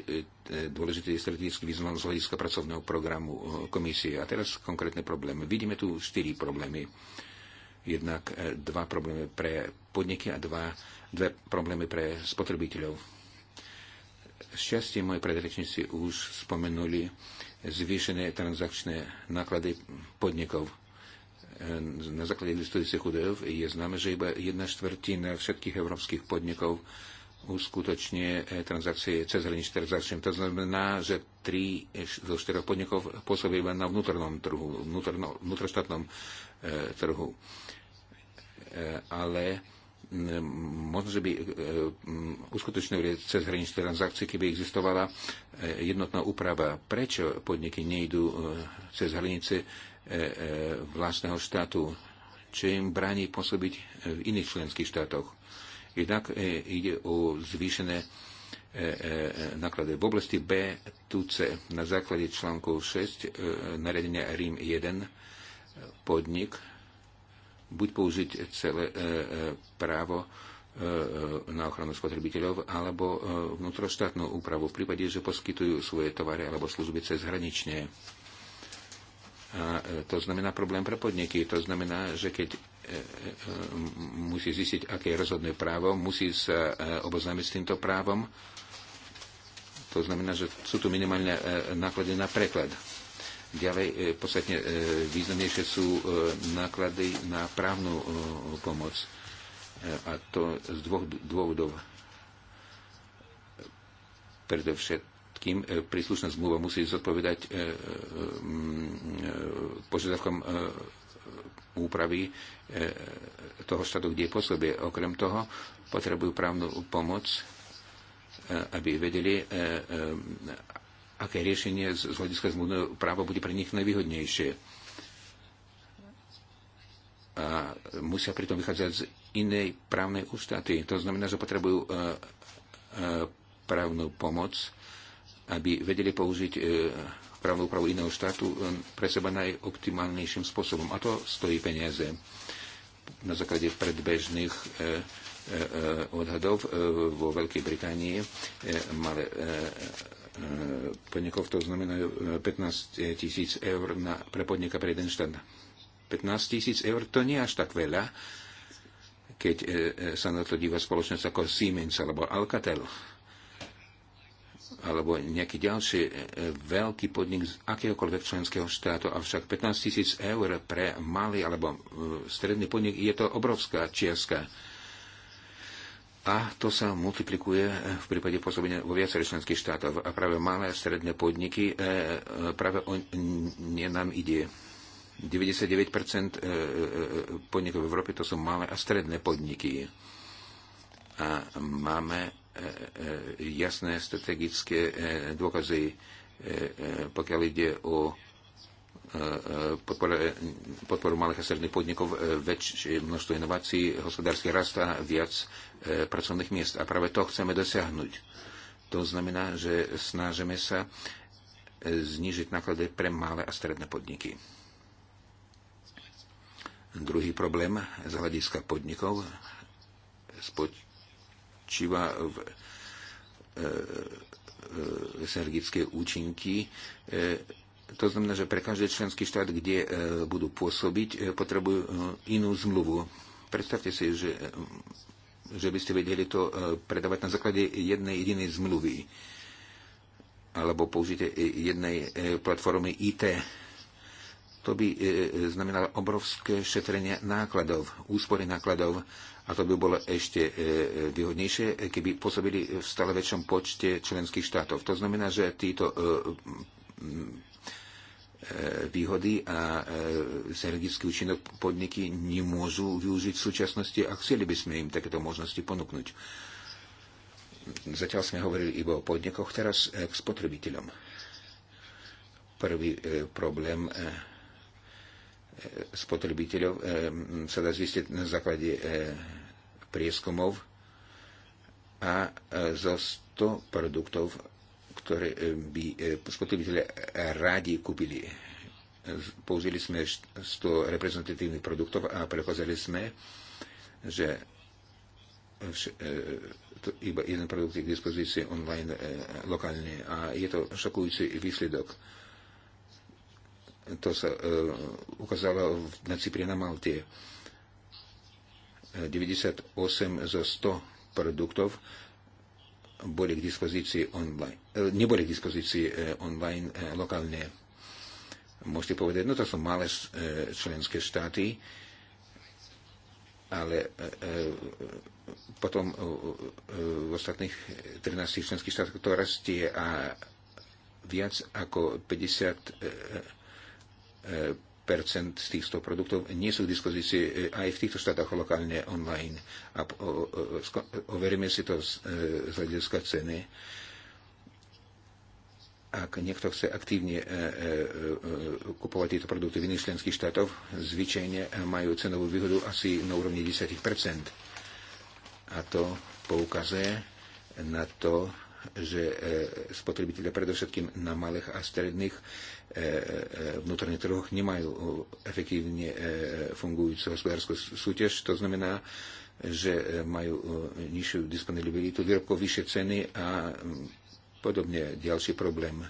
dôležitý strategický význam z hľadiska pracovného programu komisie. A teraz konkrétne problémy. Vidíme tu štyri problémy. Jednak dva problémy pre podniky a dva, dve problémy pre spotrebiteľov. Šťastie moje predrečníci už spomenuli zvýšené transakčné náklady podnikov Eh, na základe listujúcich údajov je známe, že iba jedna štvrtina všetkých európskych podnikov uskutočne eh, transakcie cez hraničné transakcie. To znamená, že tri zo štyroch podnikov pôsobia iba na vnútornom trhu, vnútorno, vnútroštátnom e, trhu. E, ale mm, možno, že by mm, uskutočnili cez hraničné transakcie, keby existovala jednotná úprava. Prečo podniky nejdú cez hranice? E, e, vlastného štátu, čo im bráni pôsobiť v iných členských štátoch. Jednak e, ide o zvýšené náklady. V oblasti B tu c. na základe článkov 6 nariadenia RIM 1 podnik buď použiť celé právo na ochranu spotrebiteľov alebo vnútroštátnu úpravu v prípade, že poskytujú svoje tovary alebo služby cez hranične. A e, to znamená problém pre podniky. To znamená, že keď e, e, musí zistiť, aké je rozhodné právo, musí sa oboznámiť s týmto právom. To znamená, že sú tu minimálne náklady na preklad. Ďalej, podstatne významnejšie sú náklady na právnu pomoc. A to z dvoch dôvodov. Predovšetkým všetkým e, príslušná zmluva musí zodpovedať e, e, požiadavkom úpravy toho štátu, kde pôsobie. Okrem toho potrebujú právnu pomoc, aby vedeli, aké riešenie z hľadiska zmluvného práva bude pre nich najvýhodnejšie. A musia pritom vychádzať z inej právnej ústaty. To znamená, že potrebujú právnu pomoc, aby vedeli použiť e, právnu úpravu iného štátu e, pre seba najoptimálnejším spôsobom. A to stojí peniaze. Na základe predbežných e, odhadov vo Veľkej Británii malé podnikov to znamená 15 tisíc eur na, pre podnika pre jeden štát. 15 tisíc eur to nie až tak veľa, keď sa na to díva spoločnosť ako Siemens alebo Alcatel alebo nejaký ďalší e, veľký podnik z akéhokoľvek členského štátu, avšak 15 tisíc eur pre malý alebo e, stredný podnik je to obrovská čiastka. A to sa multiplikuje e, v prípade pôsobenia vo viacerých členských štátoch. A práve malé a stredné podniky, práve o ne nám ide. 99% podnikov v Európe to sú malé a stredné podniky. A máme E, e, jasné strategické e, dôkazy, pokiaľ ide o podporu, podporu malých a stredných podnikov, väčšie množstvo inovácií, hospodársky rast a viac pracovných miest. A práve to chceme dosiahnuť. To znamená, že snažíme sa znižiť náklady pre malé a stredné podniky. Druhý problém z hľadiska podnikov spod spočíva v e, e, synergické účinky. E, to znamená, že pre každý členský štát, kde budú pôsobiť, potrebujú inú zmluvu. Predstavte si, že, že by ste vedeli to predávať na základe jednej jedinej zmluvy alebo použite jednej platformy IT. To by znamenalo obrovské šetrenie nákladov, úspory nákladov a to by bolo ešte e, e, výhodnejšie, e, keby pôsobili v stále väčšom počte členských štátov. To znamená, že títo výhody a synergický účinok podniky nemôžu využiť v súčasnosti a chceli by sme im takéto možnosti ponúknuť. Zatiaľ sme hovorili iba o podnikoch, teraz k spotrebiteľom. Prvý problém spotrebiteľov eh, sa dá zistiť na základe eh, prieskumov a eh, zo 100 produktov, ktoré by spotrebiteľe radi kúpili. Použili sme 100 reprezentatívnych produktov a prechádzali sme, že iba jeden produkt je k dispozícii online lokálne a je to šokujúci výsledok to sa e, ukázalo na Cypre na Malte. 98 e, zo 100 produktov boli k dispozícii online. E, neboli k dispozícii e, online e, lokálne. Môžete povedať, no to sú malé e, členské štáty, ale e, e, potom e, e v ostatných 13 členských štátoch to rastie a viac ako 50 percent z týchto produktov nie sú k dispozícii e, aj v týchto štátoch lokálne online. A overíme si to e, z, hľadiska ceny. Ak niekto chce aktívne e, kupovať tieto produkty v iných členských štátoch, zvyčajne majú cenovú výhodu asi na úrovni 10 A to poukazuje na to, že e, spotrebitelia predovšetkým na malých a stredných e, e, vnútorných trhoch nemajú efektívne fungujúcu hospodárskú súťaž. To znamená, že majú nižšiu disponibilitu výrobkov, vyššie ceny a podobne ďalší problém.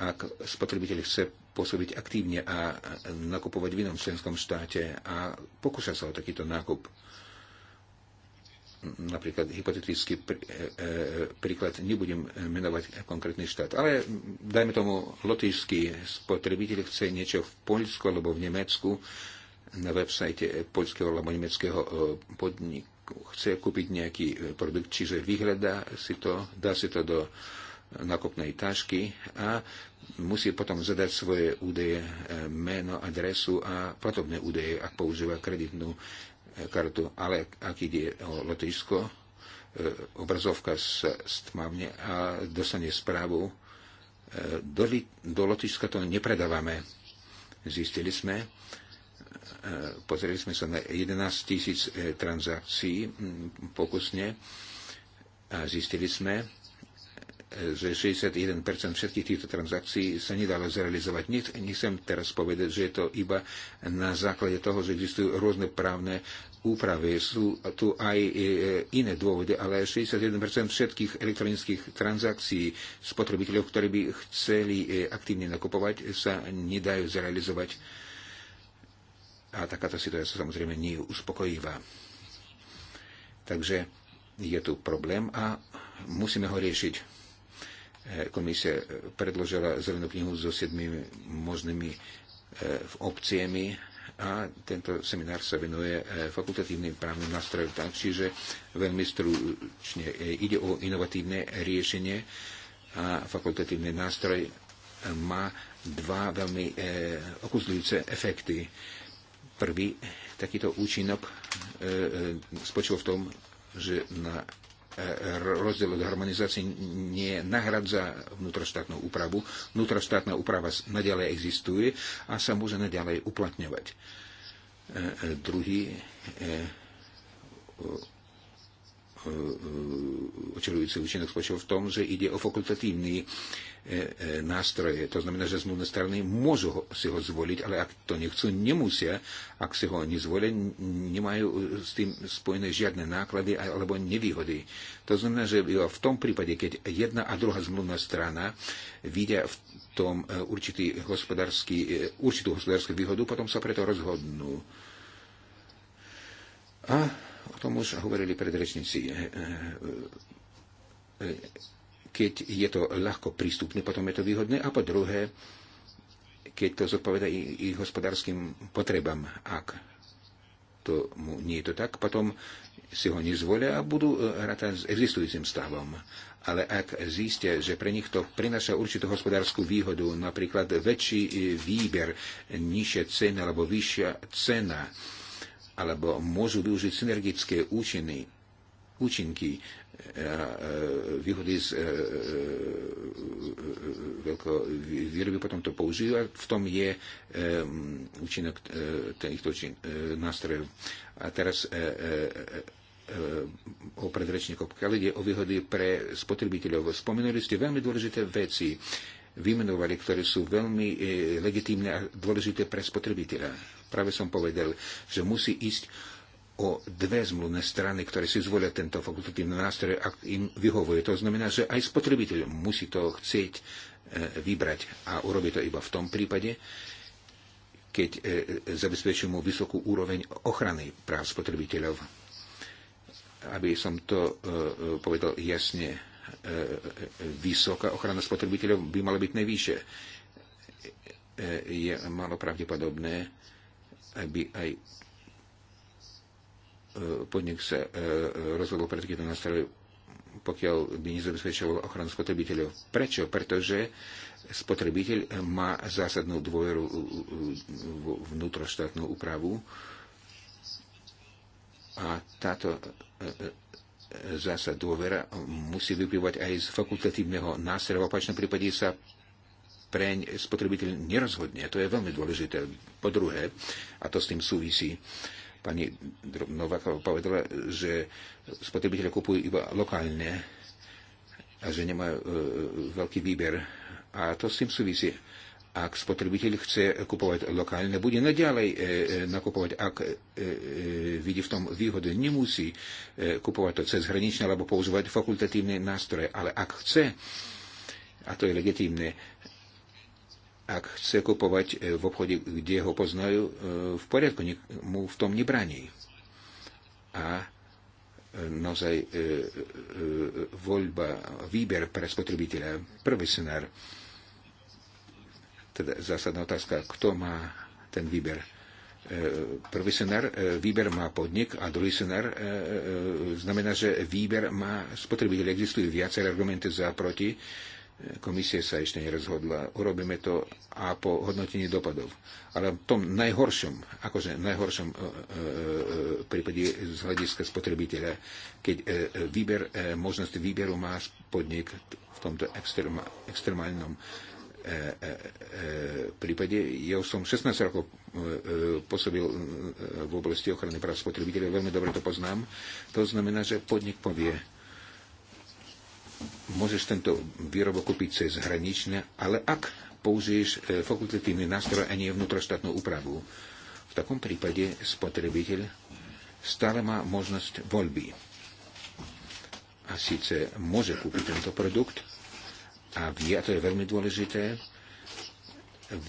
Ak spotrebiteľ chce pôsobiť aktívne a nakupovať v inom členskom štáte a pokúša sa o takýto nákup, napríklad hypotetický pr- e, e, príklad, nebudem menovať konkrétny štát, ale dajme tomu, lotyšský spotrebiteľ chce niečo v Poľsku alebo v Nemecku na website poľského alebo nemeckého e, podniku. Chce kúpiť nejaký produkt, čiže vyhľadá si to, dá si to do nakopnej tašky a musí potom zadať svoje údaje, meno, adresu a platobné údaje, ak používa kreditnú Eh, kartu, ale ak ide o Lotyšsko, eh, obrazovka sa stmavne a dostane správu. Eh, do, do Lotyšska to nepredávame. Zistili sme, pozreli sme sa na 11 tisíc transakcií hm, pokusne a zistili sme, že 61% všetkých týchto transakcií sa nedalo zrealizovať. Nechcem teraz povedať, že je to iba na základe toho, že existujú rôzne právne úpravy. Sú tu aj e, iné dôvody, ale 61% všetkých elektronických transakcií spotrebiteľov, ktorí by chceli e, aktívne nakupovať, sa nedajú zrealizovať. A takáto situácia samozrejme nie je uspokojivá. Takže je tu problém a musíme ho riešiť Komisia e, predložila zelenú knihu so siedmými možnými e, opciami a tento seminár sa venuje e, fakultatívnym právnym nástrojom čiže veľmi stručne ide o inovatívne riešenie a fakultatívny nástroj má dva veľmi okuzľujúce efekty. Prvý takýto účinok spočíval v tom, že na E, e, rozdiel od harmonizácie nie nahradza vnútroštátnu úpravu. Vnútroštátna úprava nadalej existuje a sa môže nadalej uplatňovať. E, druhý Eh, očarujúci účinok spočíval v tom, že ide o fakultatívny eh, eh, nástroje. To znamená, že zmluvné strany môžu si ho zvoliť, ale ak to nechcú, nemusia. Ak si ho nezvolia, nemajú s tým spojené žiadne náklady alebo nevýhody. To znamená, že v tom prípade, keď jedna a druhá zmluvná strana vidia v tom určitý hospodársky, určitú hospodárskú výhodu, potom sa preto rozhodnú. A O tom už hovorili predrečníci. Eh, eh, eh, keď je to ľahko prístupné, potom je to výhodné. A po druhé, keď to zodpoveda ich hospodárským potrebám. Ak to nie je to tak, potom si ho nezvolia a budú rátať s existujúcim stavom. Ale ak zistia, že pre nich to prináša určitú hospodárskú výhodu, napríklad väčší výber, nižšia cena alebo vyššia cena, alebo môžu využiť synergické účiny, účinky e, e, výhody z e, veľkého výroby, potom to použijú a v tom je účinok týchto nástrojov. A teraz o predrečníkov, pokiaľ ide o výhody pre spotrebiteľov. Spomenuli ste veľmi dôležité veci vymenovali, ktoré sú veľmi e, legitímne a dôležité pre spotrebiteľa. Práve som povedal, že musí ísť o dve zmluvné strany, ktoré si zvolia tento fakultatívny nástroj, ak im vyhovuje. To znamená, že aj spotrebiteľ musí to chcieť e, vybrať a urobiť to iba v tom prípade, keď e, zabezpečí mu vysokú úroveň ochrany práv spotrebiteľov. Aby som to povedal jasne, E, e, e, vysoká ochrana spotrebiteľov by mala byť najvyššia. Je malo pravdepodobné, aby aj podnik sa rozhodol pre takýto nástroj, pokiaľ by nezabezpečoval ochranu spotrebiteľov. Prečo? Pretože spotrebiteľ má zásadnú dôveru vnútroštátnu úpravu a táto zasa dôvera musí vyplývať aj z fakultatívneho nástroja. V opačnom prípade sa preň spotrebiteľ nerozhodne. To je veľmi dôležité. Po druhé, a to s tým súvisí, pani Nováková povedala, že spotrebiteľ kupujú iba lokálne a že nemajú e, e, veľký výber. A to s tým súvisí. Ak spotrebiteľ chce kupovať lokálne, bude naďalej e, e, nakupovať, ak e, vidí v tom výhodu. Nemusí kupovať to cez hraničné alebo používať fakultatívne nástroje, ale ak chce, a to je legitímne, ak chce kupovať v obchode, kde ho poznajú, v poriadku, mu v tom nebraní. A naozaj voľba, výber pre spotrebiteľa, prvý scenár, teda zásadná otázka, kto má ten výber. E, prvý scenár, e, výber má podnik a druhý scenár e, znamená, že výber má spotrebiteľ. Existujú viaceré argumenty za a proti. Komisie sa ešte nerozhodla. Urobíme to a po hodnotení dopadov. Ale v tom najhoršom, akože najhoršom prípade z hľadiska spotrebiteľa, keď výber, možnosť výberu má podnik v tomto extrém, extrémálnom E, e, e, prípade. Ja som 16 rokov pôsobil v oblasti ochrany práv spotrebiteľa, veľmi dobre to poznám. To znamená, že podnik povie, môžeš tento výrobok kúpiť cez hranične, ale ak použiješ fakultatívny nástroj a nie vnútroštátnu úpravu, v takom prípade spotrebiteľ stále má možnosť voľby. A síce môže kúpiť tento produkt, a vie, a to je veľmi dôležité,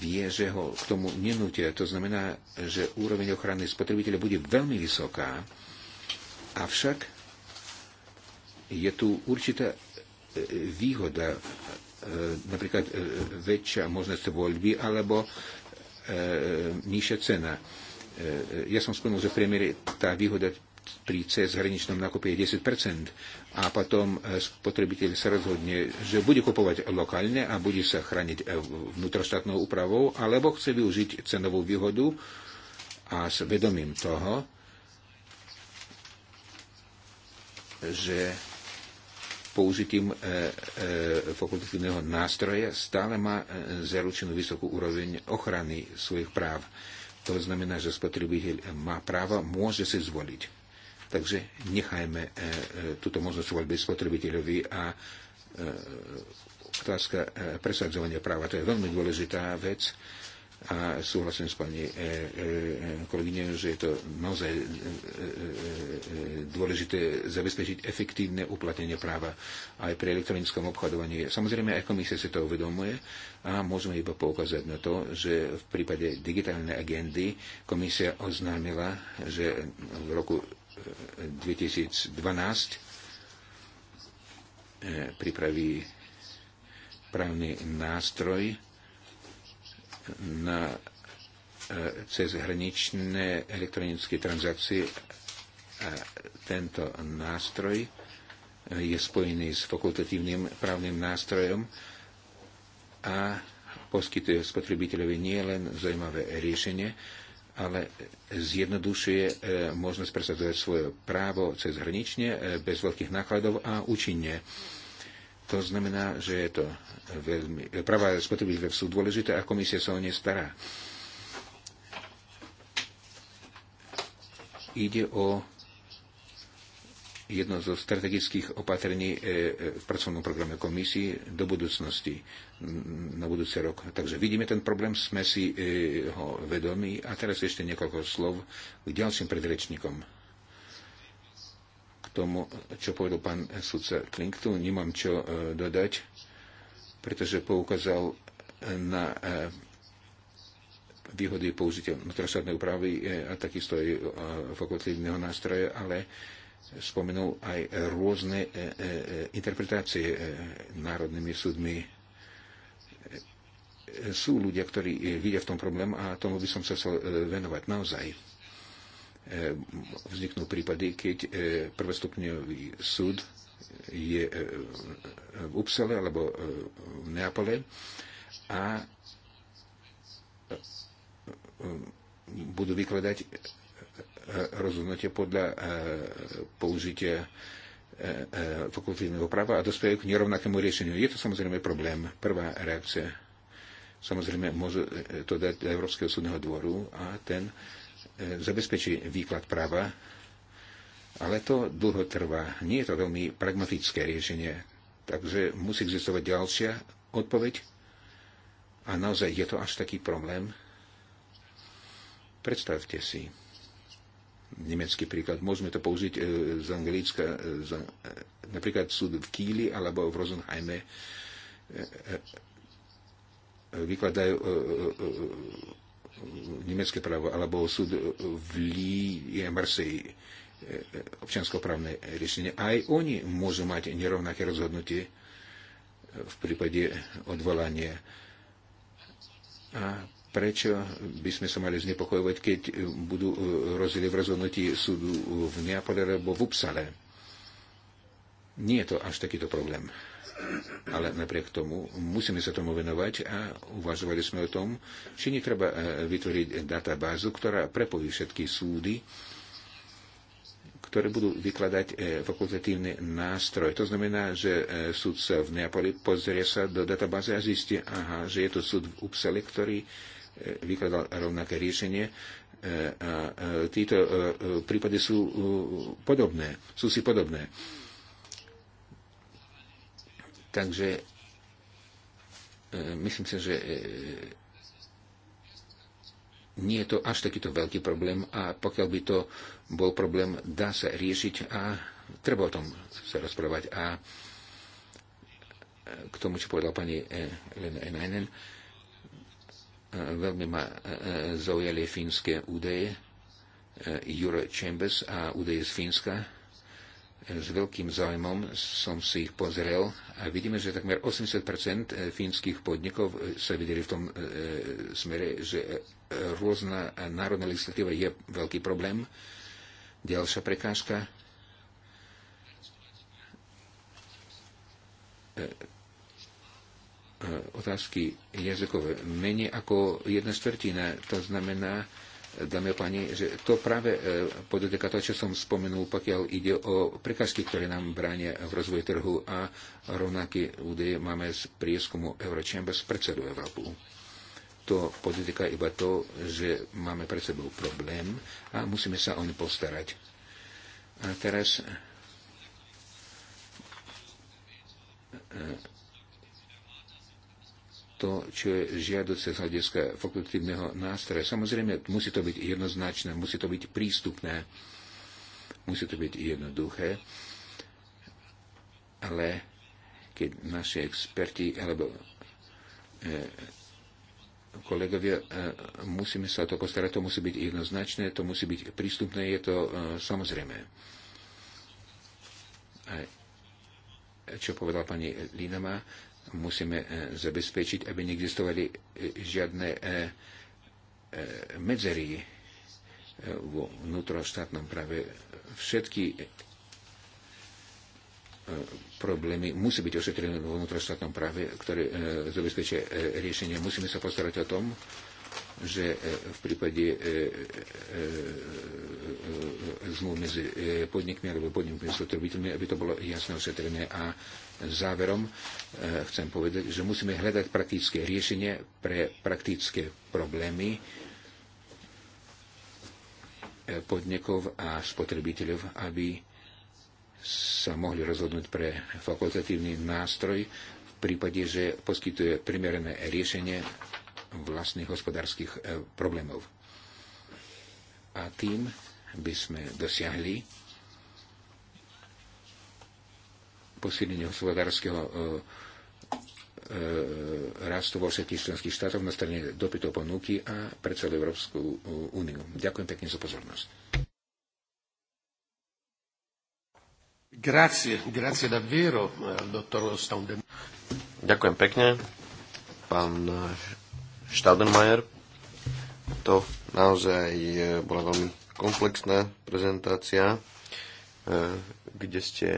vie, že ho k tomu nenútia. To znamená, že úroveň ochrany spotrebiteľa bude veľmi vysoká, avšak je tu určitá e, výhoda, e, napríklad e, väčšia možnosť voľby alebo nižšia cena. Ja som spomenul, že v priemere tá výhoda pri cezhraničnom nákupe je 10 a potom e, spotrebiteľ sa rozhodne, že bude kupovať lokálne a bude sa chrániť e, vnútroštátnou úpravou, alebo chce využiť cenovú výhodu a s vedomím toho, že použitím e, fakultatívneho nástroja stále má zaručenú vysokú úroveň ochrany svojich práv. To znamená, že spotrebiteľ má práva, môže si zvoliť Takže nechajme e, e, túto možnosť voľby spotrebiteľovi a e, otázka presadzovania práva. To je veľmi dôležitá vec a súhlasím s pani kolegyňou, že je to naozaj dôležité zabezpečiť efektívne uplatnenie práva aj pri elektronickom obchodovaní. Samozrejme, aj komisia si to uvedomuje a môžeme iba poukázať na to, že v prípade digitálnej agendy komisia oznámila, že v roku 2012 e, pripraví právny nástroj na e, cezhraničné elektronické transakcie a e, tento nástroj je spojený s fakultatívnym právnym nástrojom a poskytuje spotrebiteľovi nielen zaujímavé riešenie, ale zjednodušuje e, možnosť presadzovať svoje právo cez hranične, e, bez veľkých nákladov a účinne. To znamená, že je to veľmi... Práva spotrebiteľov sú dôležité a komisia sa o ne stará. Ide o jedno zo strategických opatrení e, e, v pracovnom programe komisii do budúcnosti na budúci rok. Takže vidíme ten problém, sme si e, ho vedomi a teraz ešte niekoľko slov k ďalším predrečníkom. K tomu, čo povedal pán sudca Klinktu, nemám čo dodať, pretože poukázal na výhody použitia nutrosadnej úpravy a takisto aj fakultívneho nástroja, ale spomenul aj rôzne e, e, e, interpretácie národnými súdmi. Sú ľudia, ktorí vidia v tom problém a tomu by som sa chcel venovať naozaj. Vzniknú prípady, keď prvostupňový súd je v Upsale alebo v Neapole a budú vykladať rozhodnutie podľa e, použitia e, e, fakultívneho práva a dospejú k nerovnakému riešeniu. Je to samozrejme problém. Prvá reakcia. Samozrejme, môže to dať Európskeho súdneho dvoru a ten zabezpečí výklad práva, ale to dlho trvá. Nie je to veľmi pragmatické riešenie. Takže musí existovať ďalšia odpoveď. A naozaj je to až taký problém. Predstavte si nemecký príklad. Môžeme to použiť e, z Anglicka, e, z, e, napríklad súd v Kíli alebo v Rosenheime vykladajú nemecké právo, alebo súd v Líde, Marseille, občianskoprávne riešenie. Aj oni môžu mať nerovnaké rozhodnutie v prípade odvolania. A Prečo by sme sa mali znepokojovať, keď budú e, rozdiely v rozhodnutí súdu v Neapole alebo v Upsale? Nie je to až takýto problém. Ale napriek tomu musíme sa tomu venovať a uvažovali sme o tom, či netreba e, vytvoriť databázu, ktorá prepoví všetky súdy, ktoré budú vykladať e, fakultatívny nástroj. To znamená, že súd sa v Neapoli pozrie sa do databázy a zistí, aha, že je to súd v Upsale, ktorý vykladal rovnaké riešenie. E, e, títo e, prípady sú podobné, sú si podobné. Takže myslím si, že nie je to až takýto veľký problém a pokiaľ by to bol problém, dá sa riešiť a treba o tom sa rozprávať. A k tomu, čo povedal pani Lena Einen, Veľmi ma e, e, zaujali fínske údaje, e, Jure Chambers a údaje z Fínska. S veľkým zájmom som si ich pozrel a vidíme, že takmer 80 fínskych podnikov sa videli v tom smere, že rôzna národná legislatíva je veľký problém. Ďalšia prekážka Eh, otázky jazykové menej ako jedna štvrtina. To znamená, dámy a páni, že to práve eh, podotýka to, čo som spomenul, pokiaľ ide o prekážky, ktoré nám bránia v rozvoji trhu a rovnaké údaje máme z prieskumu Eurochambers bez celú Európu. To podotýka iba to, že máme pred sebou problém a musíme sa o ne postarať. A teraz eh, to, čo je žiaduce z hľadiska fakultatívneho nástroja. Samozrejme, musí to byť jednoznačné, musí to byť prístupné, musí to byť jednoduché, ale keď naši experti alebo e, kolegovia, e, musíme sa to postarať, to musí byť jednoznačné, to musí byť prístupné, je to e, samozrejme. A čo povedala pani Linama, musíme e, zabezpečiť, aby neexistovali e, žiadne e, medzery vo vnútroštátnom práve. Všetky problémy musí byť ošetrené vo vnútroštátnom práve, ktoré zabezpečia riešenie. Musíme sa postarať o tom, že e, v prípade e, e, zmluv medzi podnikmi alebo podnikmi s spotrebiteľmi, aby to bolo jasné ošetrené. A záverom chcem povedať, že musíme hľadať praktické riešenie pre praktické problémy podnikov a spotrebiteľov, aby sa mohli rozhodnúť pre fakultatívny nástroj v prípade, že poskytuje primerané riešenie vlastných hospodárskych e, problémov. A tým by sme dosiahli posilnenie hospodárskeho e, e, rastu vo všetkých členských štátoch na strane dopytu ponuky a pre celú Európsku úniu. Ďakujem pekne za pozornosť. Grazie, grazie davvero, eh, dottor Staunden. Ďakujem pekne, pán Stadenmayer. To naozaj e, bola veľmi komplexná prezentácia, e, kde ste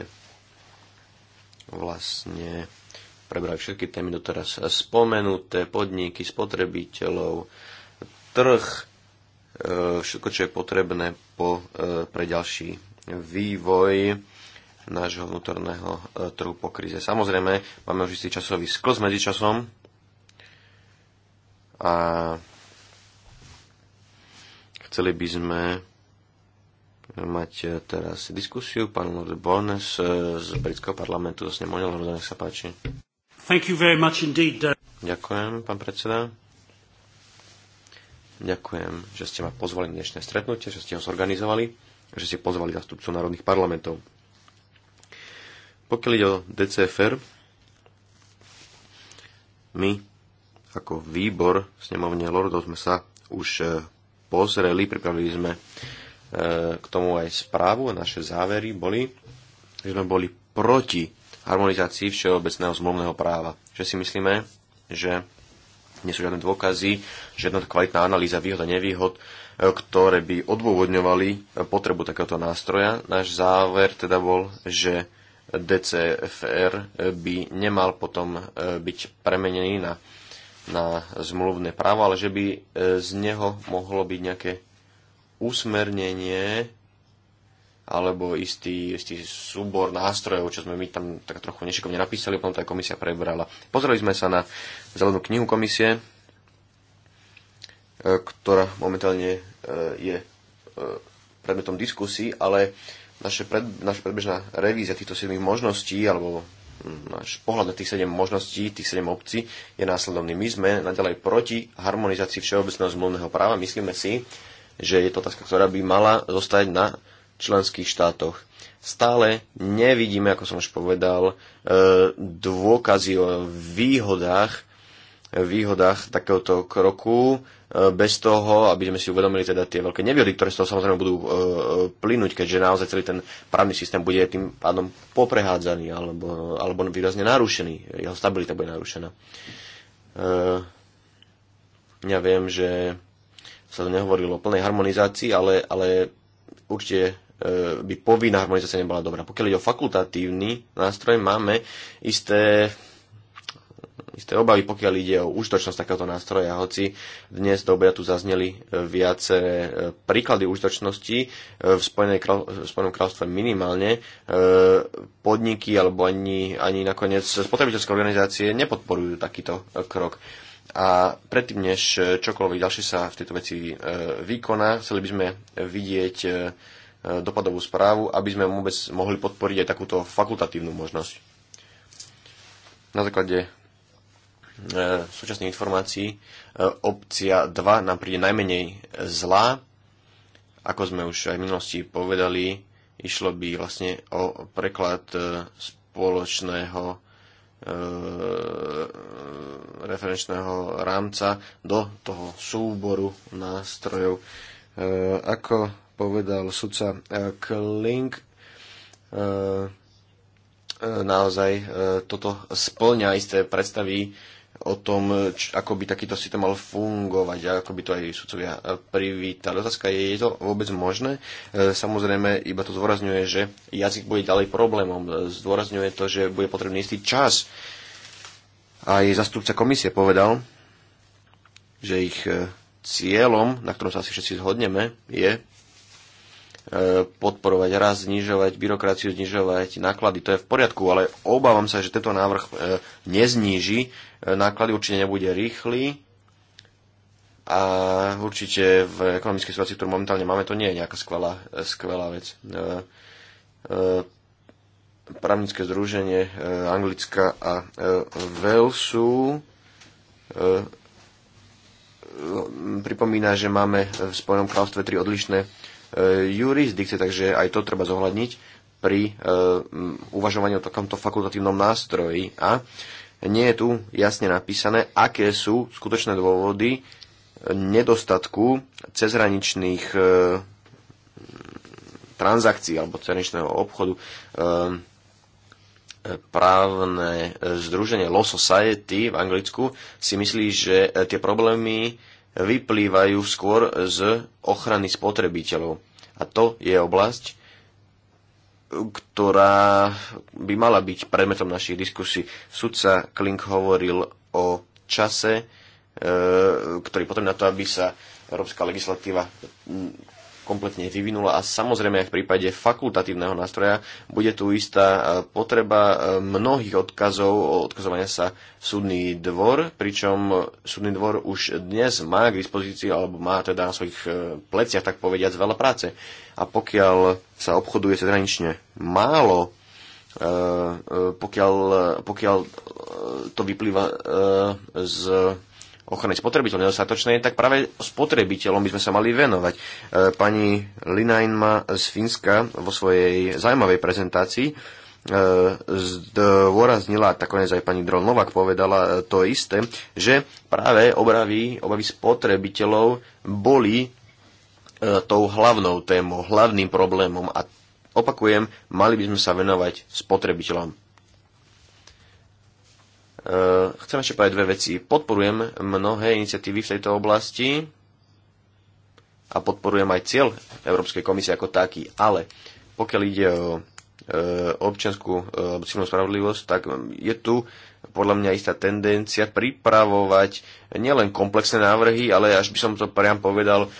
vlastne prebrali všetky témy doteraz spomenuté, podniky, spotrebiteľov, trh, e, všetko, čo je potrebné po, pre ďalší vývoj nášho vnútorného trhu po kríze. Samozrejme, máme už istý časový sklz medzi časom, a chceli by sme mať teraz diskusiu. Pán Lord Bones z britského parlamentu s ním nech sa páči. Thank you very much indeed. Uh, Ďakujem, pán predseda. Ďakujem, že ste ma pozvali dnešné stretnutie, že ste ho zorganizovali, že ste pozvali zastupcov národných parlamentov. Pokiaľ ide o DCFR, my ako výbor snemovne Lordov sme sa už e, pozreli, pripravili sme e, k tomu aj správu a naše závery boli, že sme boli proti harmonizácii všeobecného zmluvného práva. Že si myslíme, že nie sú žiadne dôkazy, žiadna kvalitná analýza výhod a nevýhod, e, ktoré by odôvodňovali potrebu takéhoto nástroja. Náš záver teda bol, že DCFR by nemal potom byť premenený na na zmluvné právo, ale že by e, z neho mohlo byť nejaké usmernenie alebo istý, istý súbor nástrojov, čo sme my tam tak trochu nešikovne napísali, potom tá komisia prebrala. Pozreli sme sa na zelenú knihu komisie, e, ktorá momentálne e, je predmetom diskusí, ale naše pred, naša predbežná revízia týchto 7 možností alebo náš pohľad na tých 7 možností, tých 7 obcí je následovný. My sme naďalej proti harmonizácii všeobecného zmluvného práva. Myslíme si, že je to otázka, ktorá by mala zostať na členských štátoch. Stále nevidíme, ako som už povedal, e, dôkazy o výhodách výhodách takéhoto kroku e, bez toho, aby sme si uvedomili teda tie veľké nevýhody, ktoré z toho samozrejme budú e, e, plynúť, keďže naozaj celý ten právny systém bude tým pádom poprehádzaný alebo, alebo výrazne narušený. Jeho stabilita bude narušená. Ja viem, že sa to nehovorilo o plnej harmonizácii, ale, ale určite by povinná harmonizácia nebola dobrá. Pokiaľ ide o fakultatívny nástroj, máme isté isté obavy, pokiaľ ide o užitočnosť takéhoto nástroja, hoci dnes do obeda tu zazneli e, viaceré e, príklady užitočnosti e, v, Spojenej kráľ, v Spojenom kráľstve minimálne podniky alebo ani, ani nakoniec spotrebiteľské organizácie nepodporujú takýto krok. A predtým, než čokoľvek ďalšie sa v tejto veci vykoná, chceli by sme vidieť dopadovú správu, aby sme vôbec mohli podporiť aj takúto fakultatívnu možnosť. Na základe E, súčasných informácií e, opcia 2 nám príde najmenej zlá. Ako sme už aj v minulosti povedali, išlo by vlastne o preklad e, spoločného referenčného rámca do toho súboru nástrojov. Ako povedal sudca Kling, naozaj toto splňa isté predstavy o tom, č, ako by takýto systém mal fungovať ako by to aj sudcovia e, privítali. Otázka je, je to vôbec možné? E, samozrejme, iba to zdôrazňuje, že jazyk bude ďalej problémom. E, zdôrazňuje to, že bude potrebný istý čas. Aj zastupca komisie povedal, že ich cieľom, na ktorom sa asi všetci zhodneme, je podporovať raz, znižovať byrokraciu, znižovať náklady. To je v poriadku, ale obávam sa, že tento návrh e, nezníži. E, náklady určite nebude rýchly a určite v ekonomickej situácii, ktorú momentálne máme, to nie je nejaká skvelá, e, skvelá vec. Právnické združenie Anglická a Walesu pripomína, že máme v Spojenom kráľovstve tri odlišné E, jurisdikcie, takže aj to treba zohľadniť pri e, uvažovaní o takomto fakultatívnom nástroji. A nie je tu jasne napísané, aké sú skutočné dôvody e, nedostatku cezhraničných transakcií alebo cezhraničného obchodu. právne združenie Law Society v Anglicku si myslí, že tie problémy vyplývajú skôr z ochrany spotrebiteľov. A to je oblasť, ktorá by mala byť predmetom našich diskusí. Sudca Klink hovoril o čase, e, ktorý potrebuje na to, aby sa európska legislatíva kompletne vyvinula a samozrejme aj v prípade fakultatívneho nástroja bude tu istá e, potreba e, mnohých odkazov, odkazovania sa súdny dvor, pričom súdny dvor už dnes má k dispozícii alebo má teda na svojich e, pleciach tak povediať veľa práce. A pokiaľ sa obchoduje cezhranične málo, pokiaľ, pokiaľ to vyplýva z ochrany spotrebiteľov nedostatočné, tak práve spotrebiteľom by sme sa mali venovať. E, pani Linajnma z Fínska vo svojej zaujímavej prezentácii e, zdôraznila, tak konec aj pani Dron Novak povedala e, to isté, že práve obavy, obavy spotrebiteľov boli tou hlavnou témou, hlavným problémom a opakujem, mali by sme sa venovať spotrebiteľom. Eh, chcem ešte povedať dve veci. Podporujem mnohé iniciatívy v tejto oblasti a podporujem aj cieľ Európskej komisie ako taký, ale pokiaľ ide o eh, občianskú eh, civilnú spravodlivosť, tak je tu podľa mňa istá tendencia pripravovať nielen komplexné návrhy, ale až by som to priam povedal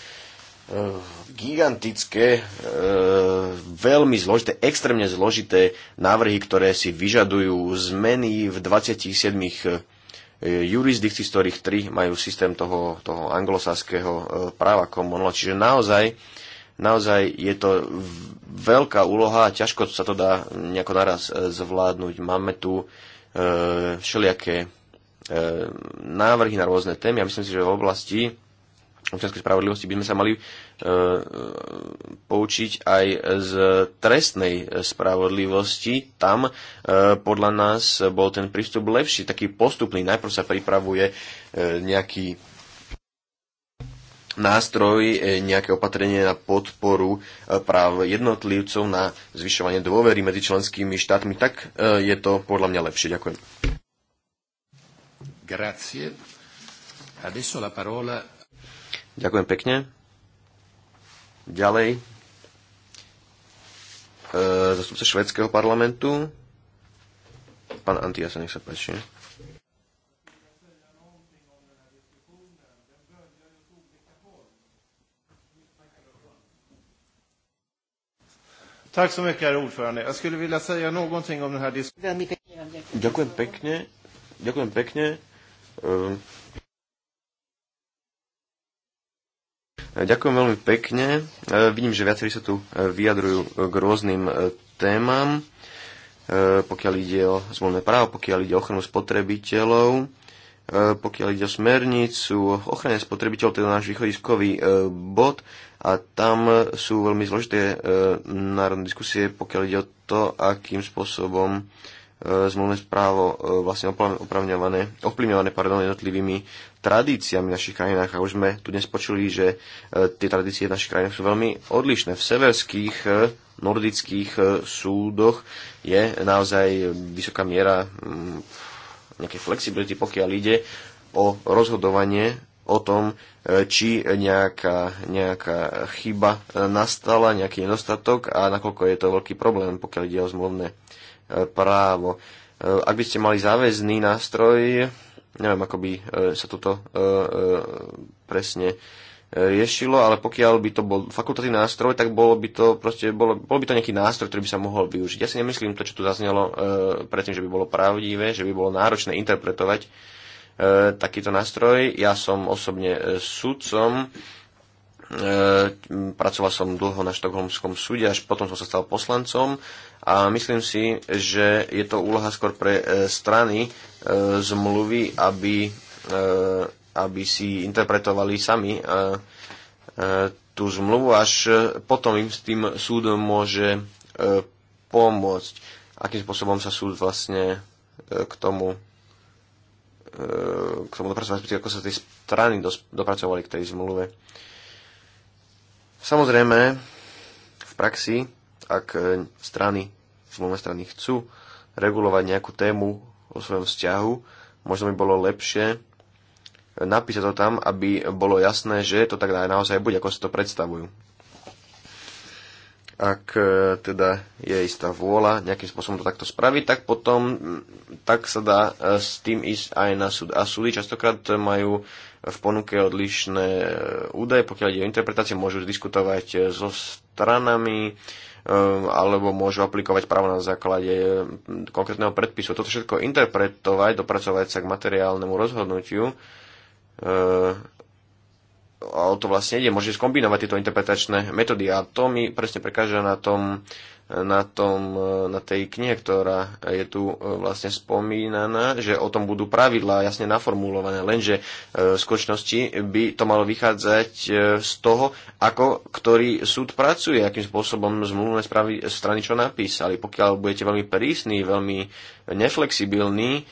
gigantické, e, veľmi zložité, extrémne zložité návrhy, ktoré si vyžadujú zmeny v 27 e, jurisdikcií, z ktorých tri majú systém toho, toho anglosaského e, práva common law. Čiže naozaj, naozaj je to veľká úloha a ťažko sa to dá nejako naraz e, zvládnuť. Máme tu e, všelijaké e, návrhy na rôzne témy. Ja myslím si, že v oblasti občianskej spravodlivosti by sme sa mali e, e, poučiť aj z trestnej spravodlivosti. Tam e, podľa nás bol ten prístup lepší, taký postupný. Najprv sa pripravuje nejaký nástroj, nejaké opatrenie na podporu práv jednotlivcov, na zvyšovanie dôvery medzi členskými štátmi, tak je to podľa mňa lepšie. Ďakujem. Grazie. Adesso la parola Ďakujem pekne. Ďalej. E, zastupca švedského parlamentu. Pán Antiasa, nech sa páči. Tak som mycket, herr ordförande. Jag skulle vilja säga Ďakujem pekne. Ďakujem pekne. Um, Ďakujem veľmi pekne. E, vidím, že viacerí sa tu e, vyjadrujú e, k rôznym témam, pokiaľ ide o zvolné právo, pokiaľ ide o ochranu spotrebiteľov, pokiaľ ide o smernicu, ochrane spotrebiteľov, teda náš východiskový bod a tam sú veľmi zložité národné diskusie, pokiaľ ide o to, akým spôsobom E, zmluvné právo e, vlastne opravňované, ovplyvňované pardon, jednotlivými tradíciami v našich krajinách. A už sme tu dnes počuli, že e, tie tradície v našich krajinách sú veľmi odlišné. V severských nordických súdoch je naozaj vysoká miera mm, nejakej flexibility, pokiaľ ide o rozhodovanie o tom, či nejaká, nejaká chyba nastala, nejaký nedostatok a nakoľko je to veľký problém, pokiaľ ide o zmluvné právo. E, ak by ste mali záväzný nástroj, neviem, ako by e, sa toto e, presne riešilo, ale pokiaľ by to bol fakultatívny nástroj, tak bolo by to, proste, bolo, bol by to nejaký nástroj, ktorý by sa mohol využiť. Ja si nemyslím to, čo tu zaznelo e, predtým, že by bolo pravdivé, že by bolo náročné interpretovať e, takýto nástroj. Ja som osobne e, sudcom, E, pracoval som dlho na štokholmskom súde, až potom som sa stal poslancom a myslím si, že je to úloha skôr pre e, strany e, zmluvy, aby, aby si interpretovali sami tú zmluvu, až potom im s tým súdom môže pomôcť. Akým spôsobom sa súd vlastne k tomu k tomu dopracovať, ako sa tej strany dopracovali k tej zmluve. Samozrejme, v praxi, ak e, strany, zmluvné strany chcú regulovať nejakú tému o svojom vzťahu, možno by bolo lepšie e, napísať to tam, aby bolo jasné, že to tak naozaj bude, ako si to predstavujú. Ak e, teda je istá vôľa nejakým spôsobom to takto spraviť, tak potom tak sa dá s tým ísť aj na súd. A súdy častokrát majú v ponuke odlišné e, údaje, pokiaľ ide o interpretáciu, môžu diskutovať e, so stranami e, alebo môžu aplikovať právo na základe konkrétneho predpisu. Toto všetko interpretovať, dopracovať sa k materiálnemu rozhodnutiu, o to vlastne ide, môže skombinovať tieto interpretačné metódy a to mi presne prekáža na tom na, tom, e, na tej knihe, ktorá je tu e, vlastne spomínaná, že o tom budú pravidlá jasne naformulované, lenže e, v skutočnosti by to malo vychádzať z toho, ako ktorý súd pracuje, akým spôsobom zmluvné strany čo napísali. Pokiaľ budete veľmi prísni, veľmi neflexibilní,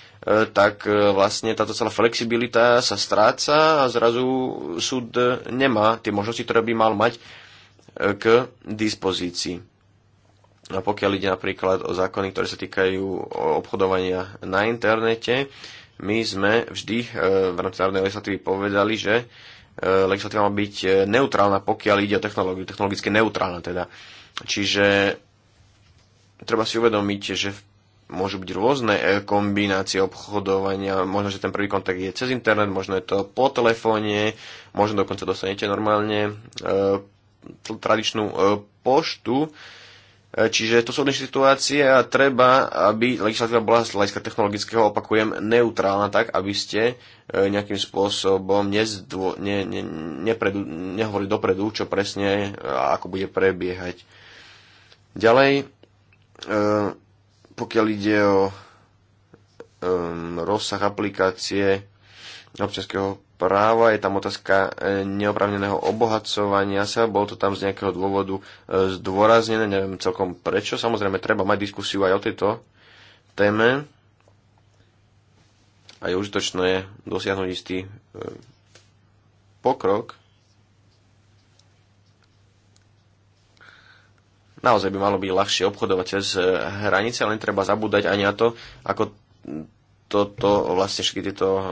tak vlastne táto celá flexibilita sa stráca a zrazu súd nemá tie možnosti, ktoré by mal mať k dispozícii. A pokiaľ ide napríklad o zákony, ktoré sa týkajú obchodovania na internete, my sme vždy e, v rámci národnej legislatívy povedali, že e, legislatíva má byť e, neutrálna, pokiaľ ide o technológiu, technologicky neutrálna teda. Čiže treba si uvedomiť, že môžu byť rôzne kombinácie obchodovania, možno, že ten prvý kontakt je cez internet, možno je to po telefóne, možno dokonca dostanete normálne e, tradičnú e, poštu, Čiže to sú dnešné situácie a treba, aby legislatíva bola z hľadiska technologického, opakujem, neutrálna tak, aby ste e, nejakým spôsobom nezdvo, ne, ne, nepredu, nehovorili dopredu, čo presne e, a ako bude prebiehať. Ďalej, e, pokiaľ ide o rozsah aplikácie občianského práva, je tam otázka e, neoprávneného obohacovania sa, bolo to tam z nejakého dôvodu e, zdôraznené, neviem celkom prečo. Samozrejme, treba mať diskusiu aj o tejto téme a je užitočné dosiahnuť istý e, pokrok. Naozaj by malo byť ľahšie obchodovať cez hranice, len treba zabúdať ani na to, ako toto, vlastne všetky tieto eh,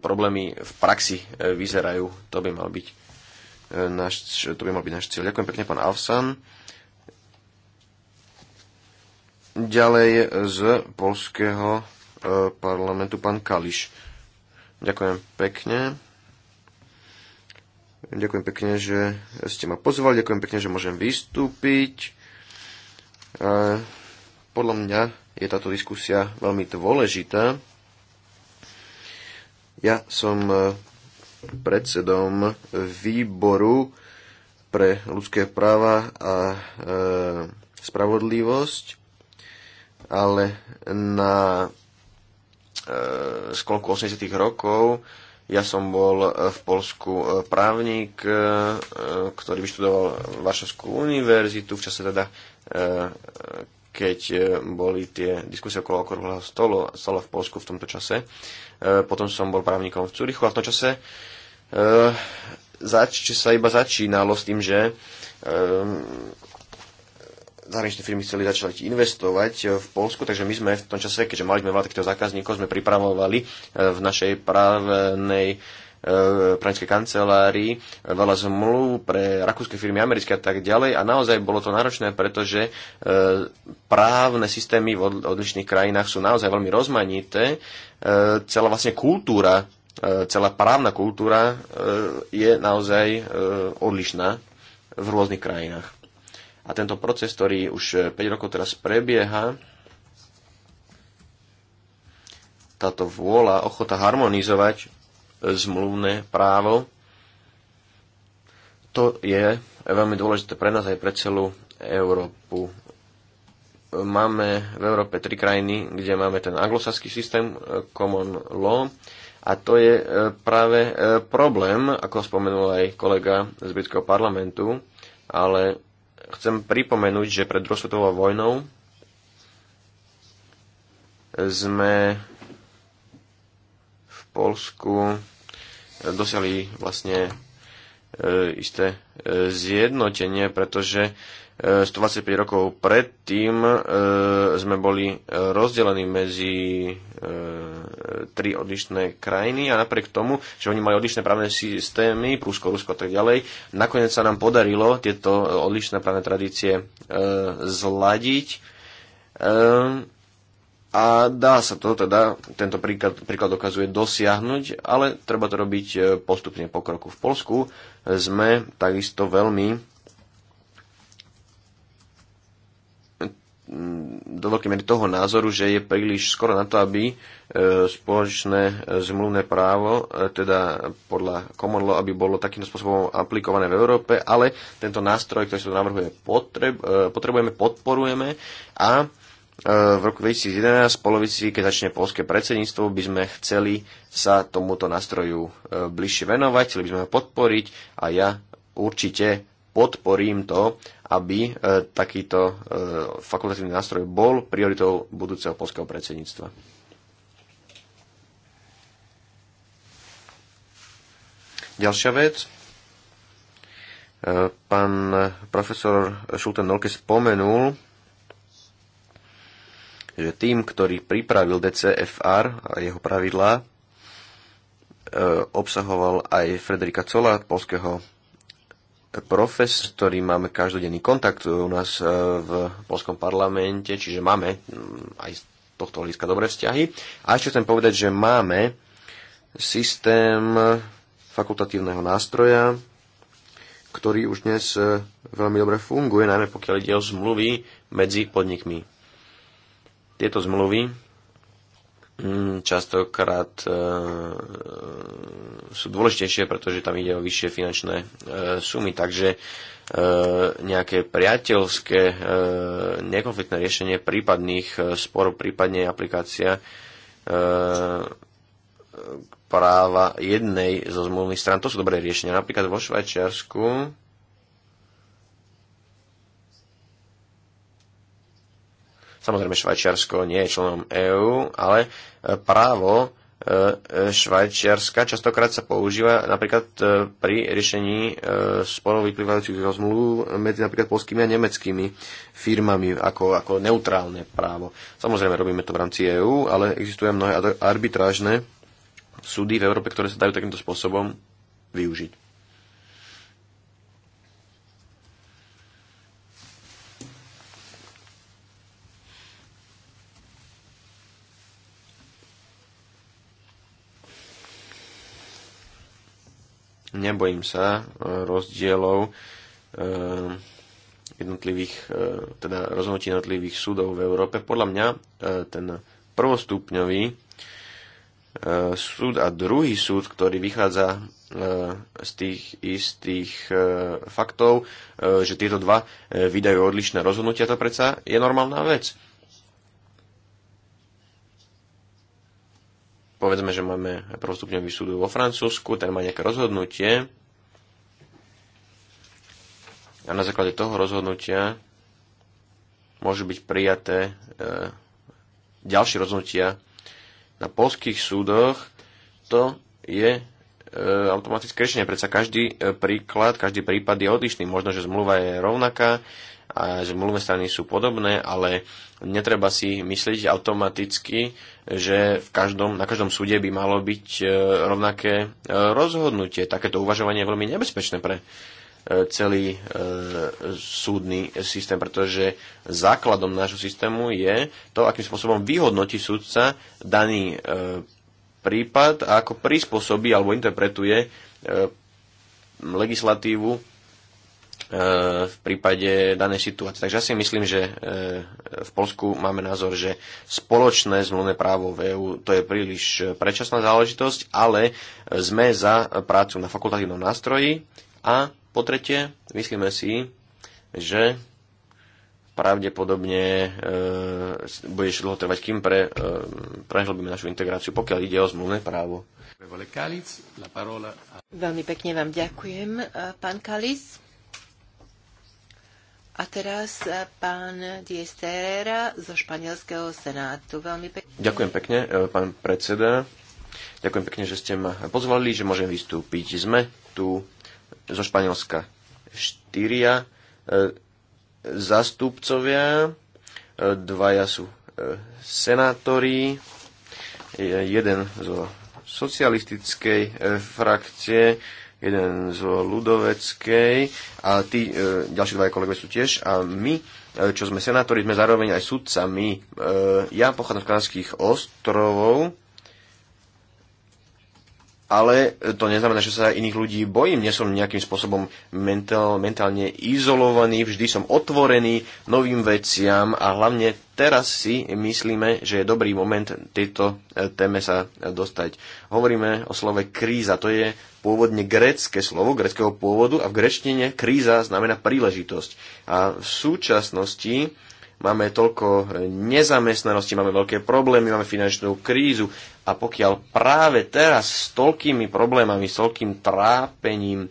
problémy v praxi eh, vyzerajú. To by mal byť eh, náš, to by mal byť náš cieľ. Ďakujem pekne, pán Alfsan. Ďalej z polského parlamentu pán Kališ. Ďakujem pekne. Ďakujem pekne, že ste ma pozvali, ďakujem pekne, že môžem vystúpiť. Podľa mňa je táto diskusia veľmi dôležitá. Ja som e, predsedom výboru pre ľudské práva a e, spravodlivosť, ale na e, sklonku 80. rokov ja som bol e, v Polsku e, právnik, e, ktorý vyštudoval Varšavskú univerzitu, v čase teda, e, keď e, boli tie diskusie okolo okrúhleho stolu, stola v Polsku v tomto čase. E, potom som bol právnikom v Cúrichu a v tom čase e, zač, sa iba začínalo s tým, že zahraničné firmy chceli začať investovať v Polsku, takže my sme v tom čase, keďže mali sme veľa takýchto zákazníkov, sme pripravovali v našej právnej E, právnickej kancelári, veľa zmluv pre rakúske firmy, americké a tak ďalej a naozaj bolo to náročné, pretože e, právne systémy v odlišných krajinách sú naozaj veľmi rozmanité. E, celá vlastne kultúra, celá právna kultúra je naozaj odlišná v rôznych krajinách. A tento proces, ktorý už 5 rokov teraz prebieha, táto vôľa, ochota harmonizovať zmluvné právo. To je veľmi dôležité pre nás aj pre celú Európu. Máme v Európe tri krajiny, kde máme ten anglosaský systém e, common law a to je e, práve e, problém, ako spomenul aj kolega z britského parlamentu, ale chcem pripomenúť, že pred rozsvetovou vojnou sme v Polsku dosiahli vlastne e, isté e, zjednotenie, pretože 125 e, rokov predtým sme boli rozdelení medzi tri odlišné krajiny a napriek tomu, že oni mali odlišné právne systémy, Prúsko, Rusko a tak ďalej, nakoniec sa nám podarilo tieto odlišné právne tradície zladiť. Ehm, a dá sa to teda, tento príklad, príklad dokazuje dosiahnuť, ale treba to robiť e, postupne po kroku. V Polsku sme takisto veľmi mm, do veľkej miery toho názoru, že je príliš skoro na to, aby e, spoločné e, zmluvné právo, teda podľa common law, aby bolo takýmto spôsobom aplikované v Európe, ale tento nástroj, ktorý sa to navrhuje, potrebujeme, podporujeme a E, v roku 2011, v polovici, keď začne polské predsedníctvo, by sme chceli sa tomuto nástroju e, bližšie venovať, chceli by sme ho podporiť a ja určite podporím to, aby e, takýto fakultatívny nástroj bol prioritou budúceho polského predsedníctva. Ďalšia vec. Pán profesor Šulten Nolke spomenul, že tým, ktorý pripravil DCFR a jeho pravidlá, e, obsahoval aj Frederika Cola, polského profes, ktorý máme každodenný kontakt u nás e, v polskom parlamente, čiže máme mm, aj z tohto hľadiska dobré vzťahy. A ešte chcem povedať, že máme systém fakultatívneho nástroja, ktorý už dnes e, veľmi dobre funguje, najmä pokiaľ ide o zmluvy medzi podnikmi. Tieto zmluvy mm, častokrát e, sú dôležitejšie, pretože tam ide o vyššie finančné e, sumy, takže e, nejaké priateľské, nekonfliktné riešenie prípadných sporov, prípadne aplikácia práva jednej zo zmluvných stran. To sú dobré riešenia. Napríklad vo Švajčiarsku Samozrejme, Švajčiarsko nie je členom EÚ, ale e, právo e, e, Švajčiarska častokrát sa používa napríklad pri riešení sporov vyplývajúcich zo zmluv medzi napríklad polskými a nemeckými firmami ako, ako neutrálne právo. Samozrejme, robíme to v rámci EÚ, ale existujú mnohé arbitrážne súdy v Európe, ktoré sa dajú takýmto spôsobom využiť. nebojím sa e, rozdielov e, jednotlivých, e, teda rozhodnutí jednotlivých súdov v Európe. Podľa mňa ten prvostupňový súd a druhý súd, ktorý vychádza z tých istých faktov, že tieto dva vydajú odlišné rozhodnutia, to predsa je normálna vec. povedzme, že máme prvostupňový súd vo Francúzsku, ten má nejaké rozhodnutie a na základe toho rozhodnutia môžu byť prijaté e, ďalšie rozhodnutia na polských súdoch. To je e, automatické riešenie. Predsa každý e, príklad, každý prípad je odlišný. Možno, že zmluva je rovnaká, a zmluvné strany sú podobné, ale netreba si myslieť automaticky, že v každom, na každom súde by malo byť e, rovnaké e, rozhodnutie. Takéto uvažovanie je veľmi nebezpečné pre e, celý súdny systém, pretože základom nášho systému je to, akým spôsobom vyhodnotí súdca daný prípad a ako prispôsobí alebo interpretuje legislatívu E, v prípade danej situácie. Takže ja si myslím, že e, v Polsku máme názor, že spoločné zmluvné právo v EÚ to je príliš e, predčasná záležitosť, ale sme za prácu na fakultatívnom nástroji a po tretie, myslíme si, že pravdepodobne e, bude ešte dlho trvať, kým pre, e, prehlbíme našu integráciu, pokiaľ ide o zmluvné právo. Veľmi pekne vám ďakujem, pán Kalis. A teraz e, pán Diez zo Španielského senátu. Veľmi pekne. Ďakujem pekne, e, pán predseda. Ďakujem pekne, že ste ma pozvali, že môžem vystúpiť. Sme tu zo Španielska štyria e, zastupcovia, dvaja sú senátori, jeden zo socialistickej frakcie, jeden z ľudoveckej a tí e, ďalší dvaja kolegovia sú tiež a my, e, čo sme senátori, sme zároveň aj sudcami. E, ja pochádzam z kanadských ostrovov, ale to neznamená, že sa iných ľudí bojím. Nie som nejakým spôsobom mentál, mentálne izolovaný, vždy som otvorený novým veciam a hlavne teraz si myslíme, že je dobrý moment tejto e, téme sa e, dostať. Hovoríme o slove kríza. To je pôvodne grécke slovo, greckého pôvodu a v grečtine kríza znamená príležitosť. A v súčasnosti máme toľko nezamestnanosti, máme veľké problémy, máme finančnú krízu a pokiaľ práve teraz s toľkými problémami, s toľkým trápením, e,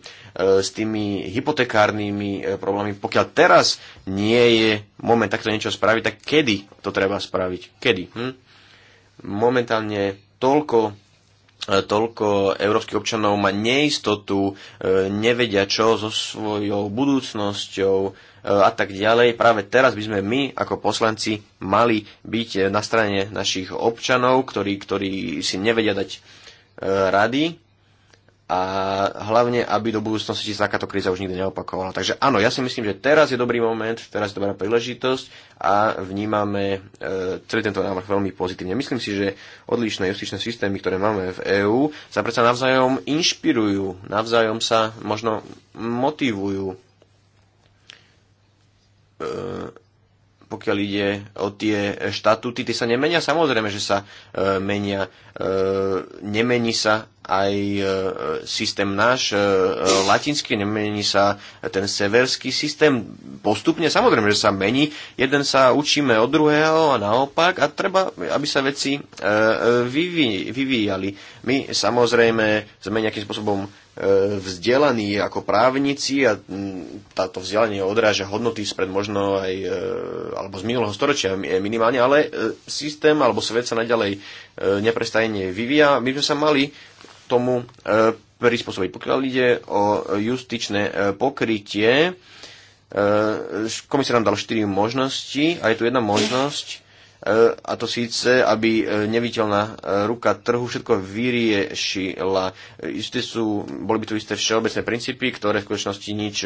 s tými hypotekárnymi e, problémami, pokiaľ teraz nie je moment takto niečo spraviť, tak kedy to treba spraviť? Kedy? Hm? Momentálne toľko E, toľko európskych občanov má neistotu, e, nevedia čo so svojou budúcnosťou e, a tak ďalej. Práve teraz by sme my ako poslanci mali byť na strane našich občanov, ktorí, ktorí si nevedia dať rady a hlavne, aby do budúcnosti sa takáto kríza už nikdy neopakovala. Takže áno, ja si myslím, že teraz je dobrý moment, teraz je dobrá príležitosť a vnímame e, celý tento návrh veľmi pozitívne. Myslím si, že odlišné justičné systémy, ktoré máme v EÚ, sa predsa navzájom inšpirujú, navzájom sa možno motivujú. E, pokiaľ ide o tie štatúty, tie sa nemenia. Samozrejme, že sa e, menia. E, nemení sa aj e, systém náš e, e, latinský, nemení sa ten severský systém postupne. Samozrejme, že sa mení. Jeden sa učíme od druhého a naopak a treba, aby sa veci vyvíjali. My samozrejme sme nejakým spôsobom vzdelaní ako právnici a táto vzdelanie odráža hodnoty spred možno aj alebo z minulého storočia minimálne, ale systém alebo svet sa naďalej neprestajne vyvíja. My sme sa mali tomu e, prispôsobiť. Pokiaľ ide o justičné e, pokrytie, e, komisia nám dal 4 možnosti a je tu jedna možnosť, a to síce, aby neviteľná ruka trhu všetko vyriešila. Isté sú, boli by tu isté všeobecné princípy, ktoré v skutočnosti nič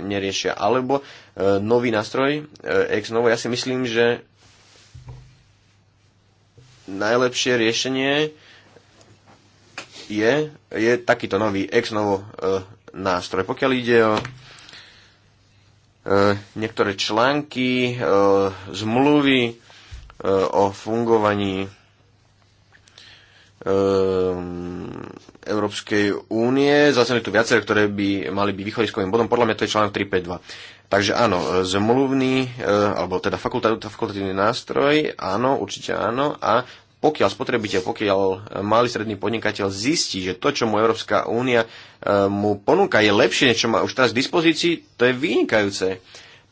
neriešia. Alebo nový nástroj, ex novo, ja si myslím, že najlepšie riešenie je, je takýto nový Exnovo e, nástroj. Pokiaľ ide o e, niektoré články, e, zmluvy e, o fungovaní e, Európskej únie, zase tu viaceré, ktoré by mali byť východiskovým bodom, podľa mňa to je článok 352. Takže áno, zmluvný, e, alebo teda fakultatívny nástroj, áno, určite áno, a pokiaľ spotrebiteľ, pokiaľ e, malý stredný podnikateľ zistí, že to, čo mu Európska únia e, mu ponúka, je lepšie, než čo má už teraz k dispozícii, to je vynikajúce.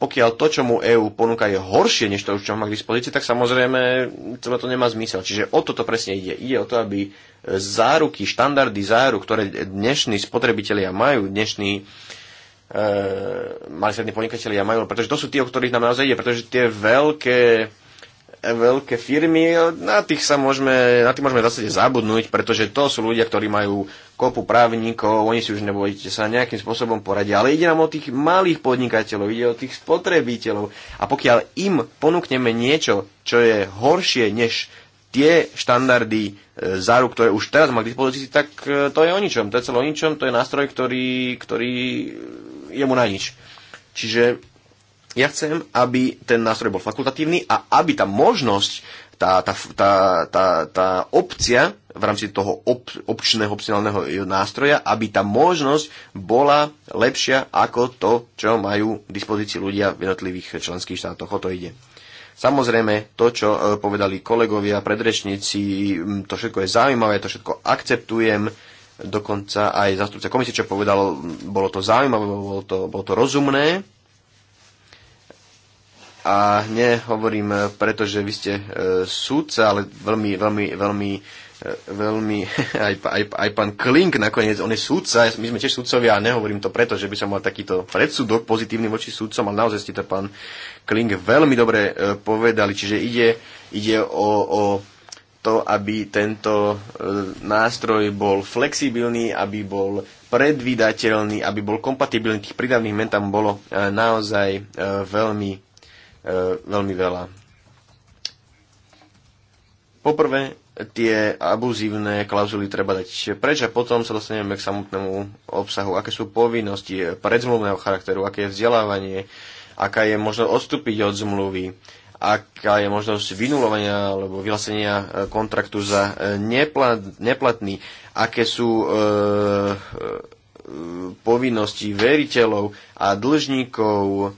Pokiaľ to, čo mu EÚ ponúka, je horšie, než to, čo má k dispozícii, tak samozrejme celé to nemá zmysel. Čiže o toto presne ide. Ide o to, aby záruky, štandardy záruk, ktoré dnešní spotrebitelia majú, dnešní e, mali strední podnikatelia majú, pretože to sú tie, o ktorých nám naozaj ide, pretože tie veľké veľké firmy, na tých sa môžeme, na tých môžeme zase zabudnúť, pretože to sú ľudia, ktorí majú kopu právnikov, oni si už nebojte sa nejakým spôsobom poradia, ale ide nám o tých malých podnikateľov, ide o tých spotrebiteľov a pokiaľ im ponúkneme niečo, čo je horšie než tie štandardy e, záruk, ktoré už teraz má k dispozícii, tak e, to je o ničom, to je celo o ničom, to je nástroj, ktorý, ktorý je mu na nič. Čiže ja chcem, aby ten nástroj bol fakultatívny a aby tá možnosť, tá, tá, tá, tá, tá opcia v rámci toho op, občného opcionálneho nástroja, aby tá možnosť bola lepšia ako to, čo majú k dispozícii ľudia v jednotlivých členských štátoch. O to ide. Samozrejme, to, čo e, povedali kolegovia, predrečníci, to všetko je zaujímavé, to všetko akceptujem. Dokonca aj zastupca komisie, čo povedal, bolo to zaujímavé, bolo to, bolo to rozumné. A nehovorím e, preto, že vy ste e, súdca, ale veľmi, veľmi, veľmi, e, veľmi aj, aj, aj pán Klink nakoniec, on je súdca, my sme tiež súdcovia a nehovorím to preto, že by som mal takýto predsudok pozitívny voči súdcom, ale naozaj ste to pán Klink veľmi dobre e, povedali, čiže ide, ide o, o to, aby tento e, nástroj bol flexibilný, aby bol predvídateľný, aby bol kompatibilný. Tých pridavných men tam bolo e, naozaj veľmi E, veľmi veľa. Poprvé, tie abuzívne klauzuly treba dať preč a potom sa dostaneme k samotnému obsahu. Aké sú povinnosti predzmluvného charakteru, aké je vzdelávanie, aká je možnosť odstúpiť od zmluvy, aká je možnosť vynulovania alebo vyhlásenia e, kontraktu za e, neplat, neplatný, aké sú e, e, povinnosti veriteľov a dlžníkov,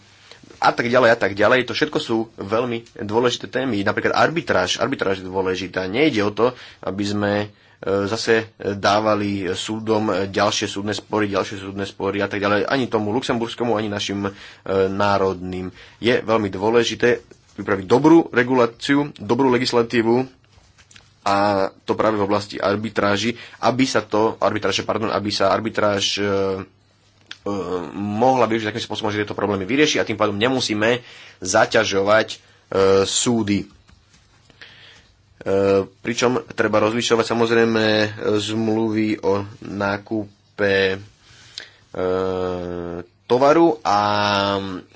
a tak ďalej a tak ďalej. To všetko sú veľmi dôležité témy. Napríklad arbitráž. Arbitráž je dôležitá. Nejde o to, aby sme e, zase dávali súdom ďalšie súdne spory, ďalšie súdne spory a tak ďalej. Ani tomu luxemburskému, ani našim e, národným. Je veľmi dôležité pripraviť dobrú reguláciu, dobrú legislatívu a to práve v oblasti arbitráži, aby sa to, arbitráže, pardon, aby sa arbitráž e, Eh, mohla využiť takým spôsobom, že tieto problémy vyrieši a tým pádom nemusíme zaťažovať e, súdy. E, pričom treba rozlišovať samozrejme zmluvy o nákupe e, tovaru a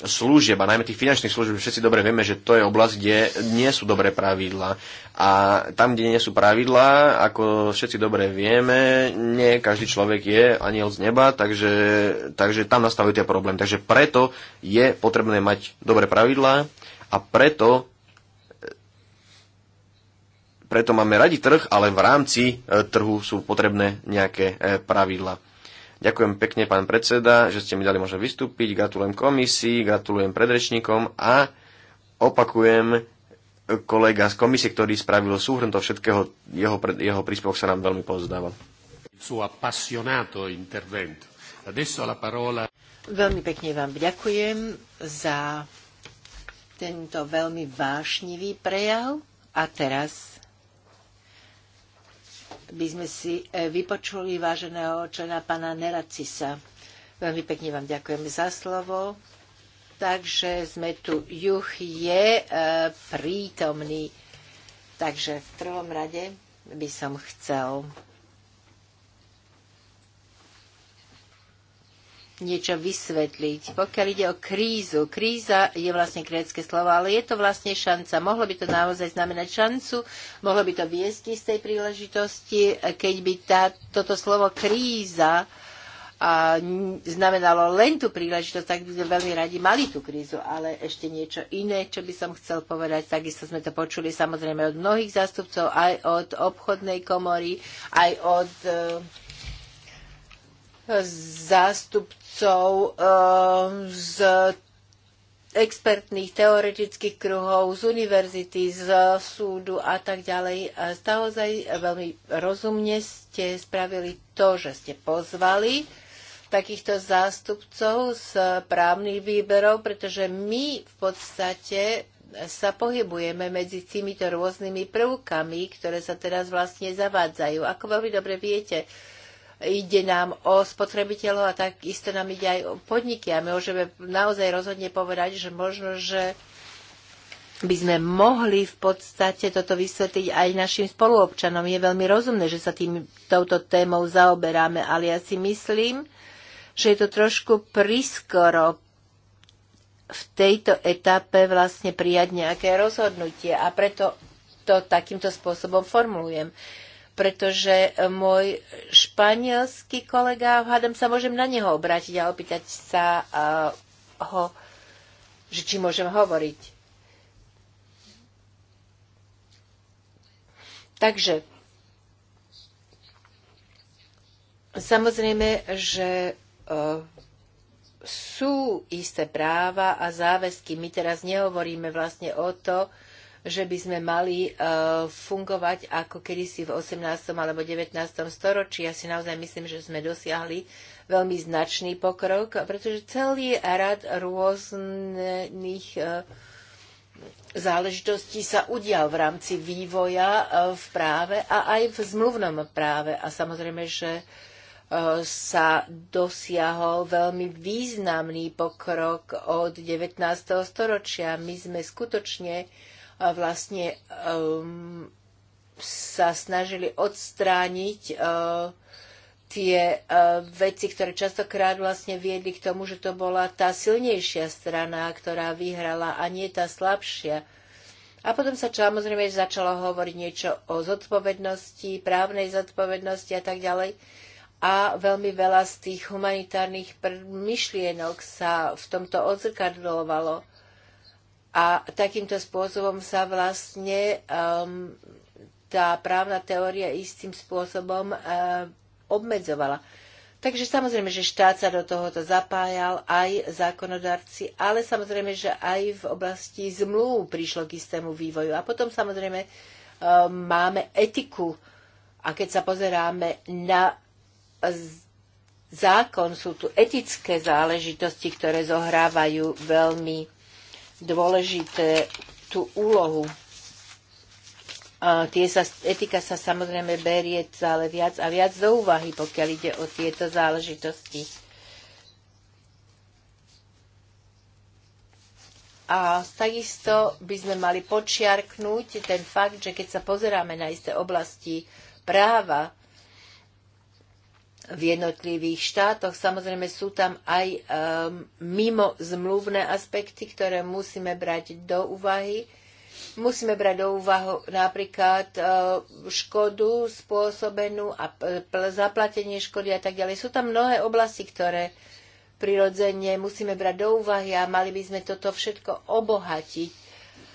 služieb, a najmä tých finančných služieb, všetci dobre vieme, že to je oblasť, kde nie sú dobré pravidlá. A tam, kde nie sú pravidlá, ako všetci dobre vieme, nie každý človek je aniel z neba, takže, takže tam nastavujú tie problémy. Takže preto je potrebné mať dobré pravidlá a preto preto máme radi trh, ale v rámci e, trhu sú potrebné nejaké e, pravidlá. Ďakujem pekne, pán predseda, že ste mi dali možno vystúpiť. Gratulujem komisii, gratulujem predrečníkom a opakujem e, kolega z komisie, ktorý spravil súhrn to všetkého, jeho, jeho príspevok sa nám veľmi pozdával. Veľmi pekne vám ďakujem za tento veľmi vášnivý prejav a teraz by sme si e, vypočuli váženého člena pána Neracisa. Veľmi pekne vám ďakujem za slovo. Takže sme tu. Juch je e, prítomný. Takže v prvom rade by som chcel niečo vysvetliť. Pokiaľ ide o krízu, kríza je vlastne krécké slovo, ale je to vlastne šanca. Mohlo by to naozaj znamenať šancu, mohlo by to viesť z tej príležitosti, keď by tá, toto slovo kríza a znamenalo len tú príležitosť, tak by sme veľmi radi mali tú krízu, ale ešte niečo iné, čo by som chcel povedať. Takisto sme to počuli samozrejme od mnohých zástupcov, aj od obchodnej komory, aj od zástupcov ehm, z expertných teoretických kruhov, z univerzity, z súdu a tak ďalej. sa veľmi rozumne ste spravili to, že ste pozvali takýchto zástupcov z právnych výberov, pretože my v podstate sa pohybujeme medzi týmito rôznymi prvkami, ktoré sa teraz vlastne zavádzajú. Ako veľmi dobre viete, ide nám o spotrebiteľov a takisto nám ide aj o podniky. A my môžeme naozaj rozhodne povedať, že možno, že by sme mohli v podstate toto vysvetliť aj našim spoluobčanom. Je veľmi rozumné, že sa tým, touto témou zaoberáme, ale ja si myslím, že je to trošku priskoro v tejto etape vlastne prijať nejaké rozhodnutie a preto to takýmto spôsobom formulujem. Uh, pretože e, môj španielský kolega, hádam sa, môžem na neho obrátiť a opýtať sa uh, ho, že či môžem hovoriť. Takže, samozrejme, že uh, sú isté práva a záväzky. My teraz nehovoríme vlastne o to, že by sme mali e, fungovať ako kedysi v 18. alebo 19. storočí. Ja si naozaj myslím, že sme dosiahli veľmi značný pokrok, pretože celý rad rôznych e, záležitostí sa udial v rámci vývoja e, v práve a aj v zmluvnom práve. A samozrejme, že sa dosiahol veľmi významný pokrok od 19. storočia. My sme skutočne vlastne um, sa snažili odstrániť uh, tie uh, veci, ktoré častokrát vlastne viedli k tomu, že to bola tá silnejšia strana, ktorá vyhrala a nie tá slabšia. A potom sa samozrejme začalo hovoriť niečo o zodpovednosti, právnej zodpovednosti a tak ďalej. A veľmi veľa z tých humanitárnych myšlienok sa v tomto odzrkadlovalo a takýmto spôsobom sa vlastne um, tá právna teória istým spôsobom um, obmedzovala. Takže samozrejme, že štát sa do tohoto zapájal, aj zákonodarci, ale samozrejme, že aj v oblasti zmluv prišlo k istému vývoju. A potom samozrejme um, máme etiku. A keď sa pozeráme na zákon, sú tu etické záležitosti, ktoré zohrávajú veľmi dôležité tú úlohu. Tie sa, etika sa samozrejme berie stále viac a viac do úvahy, pokiaľ ide o tieto záležitosti. A takisto by sme mali počiarknúť ten fakt, že keď sa pozeráme na isté oblasti práva, v jednotlivých štátoch. Samozrejme sú tam aj um, mimo zmluvné aspekty, ktoré musíme brať do úvahy. Musíme brať do úvahu napríklad uh, škodu spôsobenú a zaplatenie škody a tak ďalej. Sú tam mnohé oblasti, ktoré prirodzene musíme brať do úvahy a mali by sme toto všetko obohatiť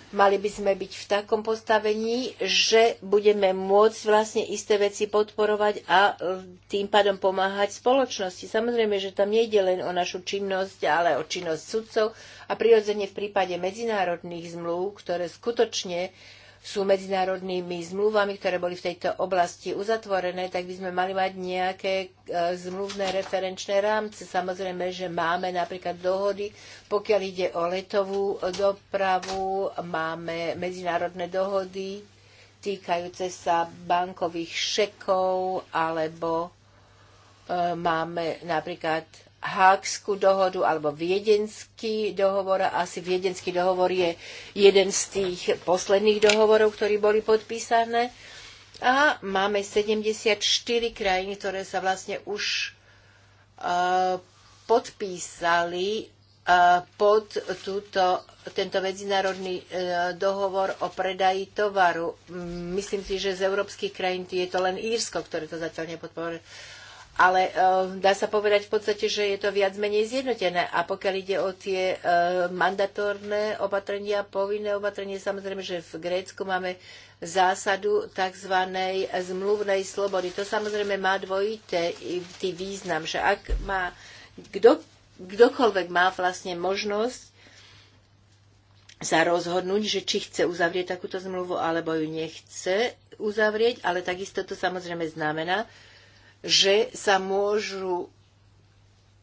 Mali by sme byť v takom postavení, že budeme môcť vlastne isté veci podporovať a e, tým pádom pomáhať spoločnosti. Samozrejme, že tam nejde len o našu činnosť, ale o činnosť sudcov a prirodzene v prípade medzinárodných zmluv, ktoré skutočne sú medzinárodnými zmluvami, ktoré boli v tejto oblasti uzatvorené, tak by sme mali mať nejaké e, zmluvné referenčné rámce. Samozrejme, že máme napríklad dohody, pokiaľ ide o letovú dopravu, máme medzinárodné dohody týkajúce sa bankových šekov alebo e, máme napríklad Hákskú dohodu alebo Viedenský dohovor. Asi Viedenský dohovor je jeden z tých posledných dohovorov, ktorí boli podpísané. A máme 74 krajiny, ktoré sa vlastne už uh, podpísali uh, pod túto, tento medzinárodný uh, dohovor o predaji tovaru. Myslím si, že z európskych krajín je to len Írsko, ktoré to zatiaľ nepodporuje ale e, dá sa povedať v podstate, že je to viac menej zjednotené. A pokiaľ ide o tie e, mandatórne opatrenia, povinné opatrenie, samozrejme, že v Grécku máme zásadu tzv. zmluvnej slobody. To samozrejme má dvojité tý význam, že ak má kdo, kdokoľvek má vlastne možnosť sa rozhodnúť, že či chce uzavrieť takúto zmluvu alebo ju nechce uzavrieť, ale takisto to samozrejme znamená, že sa môžu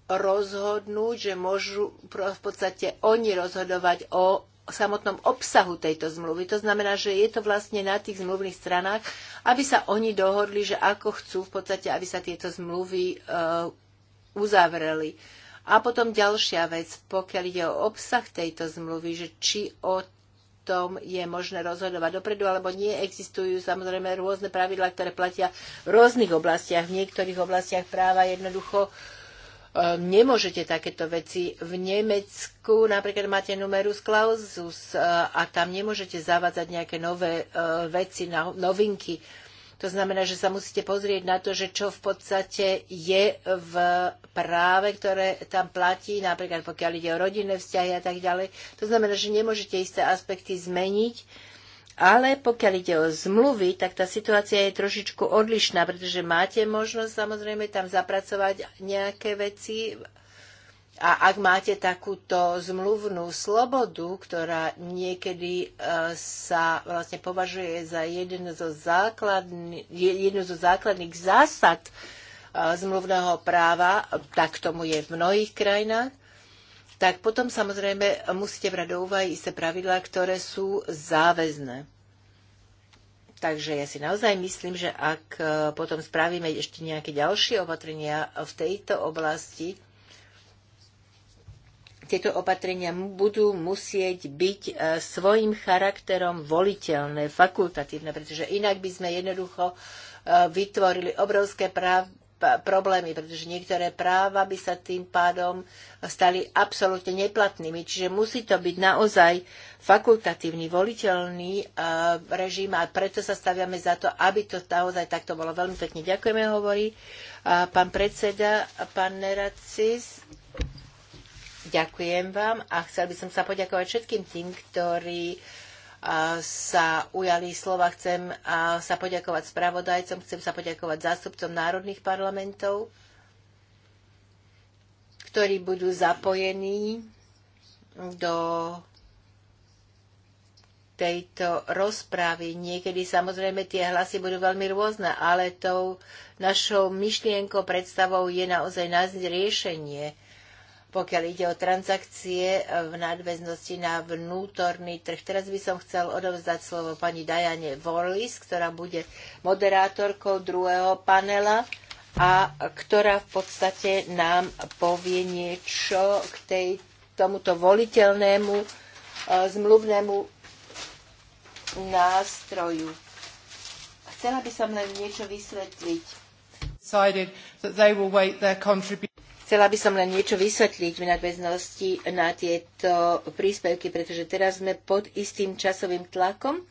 rozhodnúť, že môžu v podstate oni rozhodovať o samotnom obsahu tejto zmluvy. To znamená, že je to vlastne na tých zmluvných stranách, aby sa oni dohodli, že ako chcú v podstate, aby sa tieto zmluvy e, uzavreli. A potom ďalšia vec, pokiaľ ide o obsah tejto zmluvy, že či o tom je možné rozhodovať dopredu, alebo nie. Existujú samozrejme rôzne pravidlá, ktoré platia v rôznych oblastiach. V niektorých oblastiach práva jednoducho ehm, nemôžete takéto veci. V Nemecku napríklad máte numerus clausus ehm, a tam nemôžete zavádzať nejaké nové ehm, veci, no-, novinky to znamená, že sa musíte pozrieť na to, že čo v podstate je v práve, ktoré tam platí, napríklad pokiaľ ide o rodinné vzťahy a tak ďalej. To znamená, že nemôžete isté aspekty zmeniť, ale pokiaľ ide o zmluvy, tak tá situácia je trošičku odlišná, pretože máte možnosť samozrejme tam zapracovať nejaké veci a ak máte takúto zmluvnú slobodu, ktorá niekedy e, sa vlastne považuje za jednu zo, základný, jednu zo základných zásad e, zmluvného práva, tak tomu je v mnohých krajinách, tak potom samozrejme musíte brať do úvahy isté pravidlá, ktoré sú záväzné. Takže ja si naozaj myslím, že ak e, potom spravíme ešte nejaké ďalšie opatrenia v tejto oblasti, tieto opatrenia budú musieť byť e, svojim charakterom voliteľné, fakultatívne, pretože inak by sme jednoducho e, vytvorili obrovské práv, problémy, pretože niektoré práva by sa tým pádom stali absolútne neplatnými. Čiže musí to byť naozaj fakultatívny, voliteľný e, režim a preto sa staviame za to, aby to naozaj takto bolo. Veľmi pekne ďakujeme, hovorí pán predseda, pán Neracis. Ďakujem vám a chcel by som sa poďakovať všetkým tým, ktorí sa ujali slova. Chcem sa poďakovať spravodajcom, chcem sa poďakovať zástupcom národných parlamentov, ktorí budú zapojení do tejto rozprávy. Niekedy samozrejme tie hlasy budú veľmi rôzne, ale tou našou myšlienkou, predstavou je naozaj nájsť riešenie pokiaľ ide o transakcie e, v nadväznosti na vnútorný trh. Teraz by som chcel odovzdať slovo pani Dajane Vorlis, ktorá bude moderátorkou druhého panela a ktorá v podstate nám povie niečo k tej, tomuto voliteľnému e, zmluvnému nástroju. Chcela by som len niečo vysvetliť. Decided that they will wait their contribution Chcela by som len niečo vysvetliť v nadväznosti na tieto príspevky, pretože teraz sme pod istým časovým tlakom.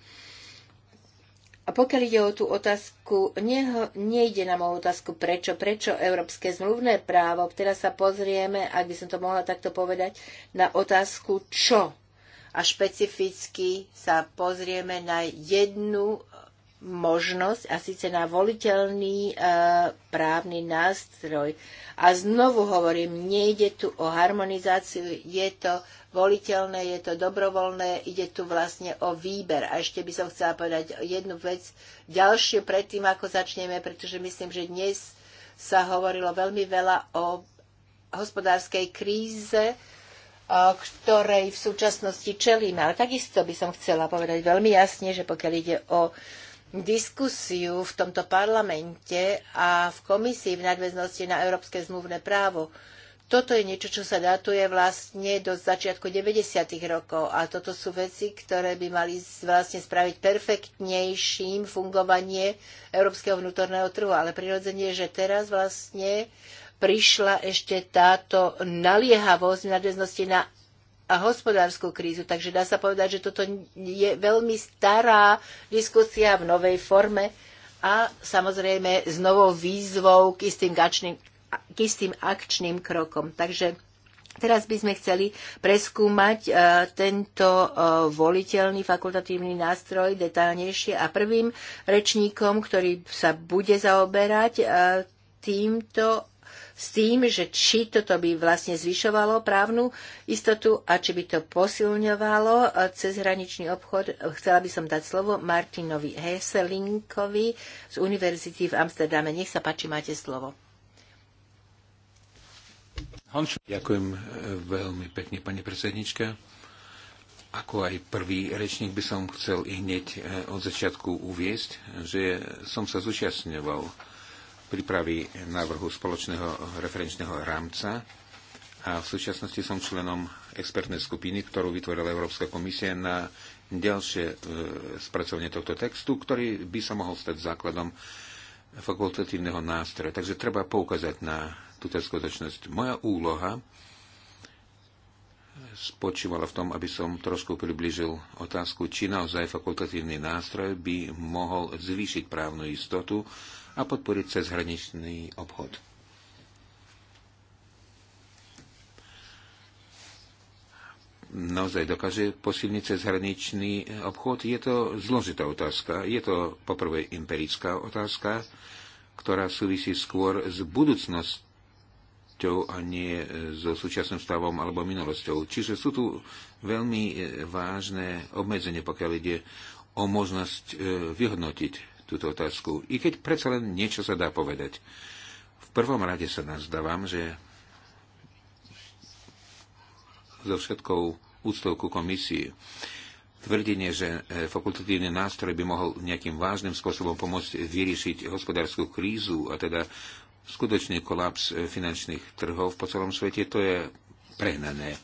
A pokiaľ ide o tú otázku, neho, nejde nám o otázku prečo, prečo európske zmluvné právo. Teraz sa pozrieme, ak by som to mohla takto povedať, na otázku čo. A špecificky sa pozrieme na jednu možnosť a síce na voliteľný e, právny nástroj. A znovu hovorím, nejde tu o harmonizáciu, je to voliteľné, je to dobrovoľné, ide tu vlastne o výber. A ešte by som chcela povedať jednu vec ďalšie predtým, ako začneme, pretože myslím, že dnes sa hovorilo veľmi veľa o hospodárskej kríze, o e, ktorej v súčasnosti čelíme. Ale takisto by som chcela povedať veľmi jasne, že pokiaľ ide o diskusiu v tomto parlamente a v komisii v nadväznosti na európske zmluvné právo. Toto je niečo, čo sa datuje vlastne do začiatku 90. rokov a toto sú veci, ktoré by mali vlastne spraviť perfektnejším fungovanie európskeho vnútorného trhu. Ale prirodzene, že teraz vlastne prišla ešte táto naliehavosť v nadväznosti na a hospodárskú krízu. Takže dá sa povedať, že toto je veľmi stará diskusia v novej forme a samozrejme s novou výzvou k istým, gačným, k istým akčným krokom. Takže teraz by sme chceli preskúmať e, tento e, voliteľný fakultatívny nástroj detálnejšie a prvým rečníkom, ktorý sa bude zaoberať e, týmto s tým, že či toto by vlastne zvyšovalo právnu istotu a či by to posilňovalo e, cezhraničný obchod. Chcela by som dať slovo Martinovi Heselinkovi z Univerzity v Amsterdame. Nech sa páči, máte slovo. Ďakujem e, veľmi pekne, pani predsednička. Ako aj prvý rečník by som chcel i hneď e, od začiatku uviesť, že som sa zúčastňoval prípravy návrhu spoločného referenčného rámca a v súčasnosti som členom expertnej skupiny, ktorú vytvorila Európska komisia na ďalšie e, spracovanie tohto textu, ktorý by sa mohol stať základom fakultatívneho nástroja. Takže treba poukázať na túto skutočnosť. Moja úloha spočívala v tom, aby som trošku približil otázku, či naozaj fakultatívny nástroj by mohol zvýšiť právnu istotu a podporiť cezhraničný obchod. naozaj dokáže posilniť cezhraničný obchod? Je to zložitá otázka. Je to poprvé empirická otázka, ktorá súvisí skôr s budúcnosťou a nie so súčasným stavom alebo minulosťou. Čiže sú tu veľmi vážne obmedzenie, pokiaľ ide o možnosť e, vyhodnotiť túto otázku, i keď predsa len niečo sa dá povedať. V prvom rade sa nazdávam, že so všetkou úctou ku komisii tvrdenie, že e, fakultatívny nástroj by mohol nejakým vážnym spôsobom pomôcť vyriešiť hospodárskú krízu a teda skutočný kolaps e, finančných trhov po celom svete, to je prehnané.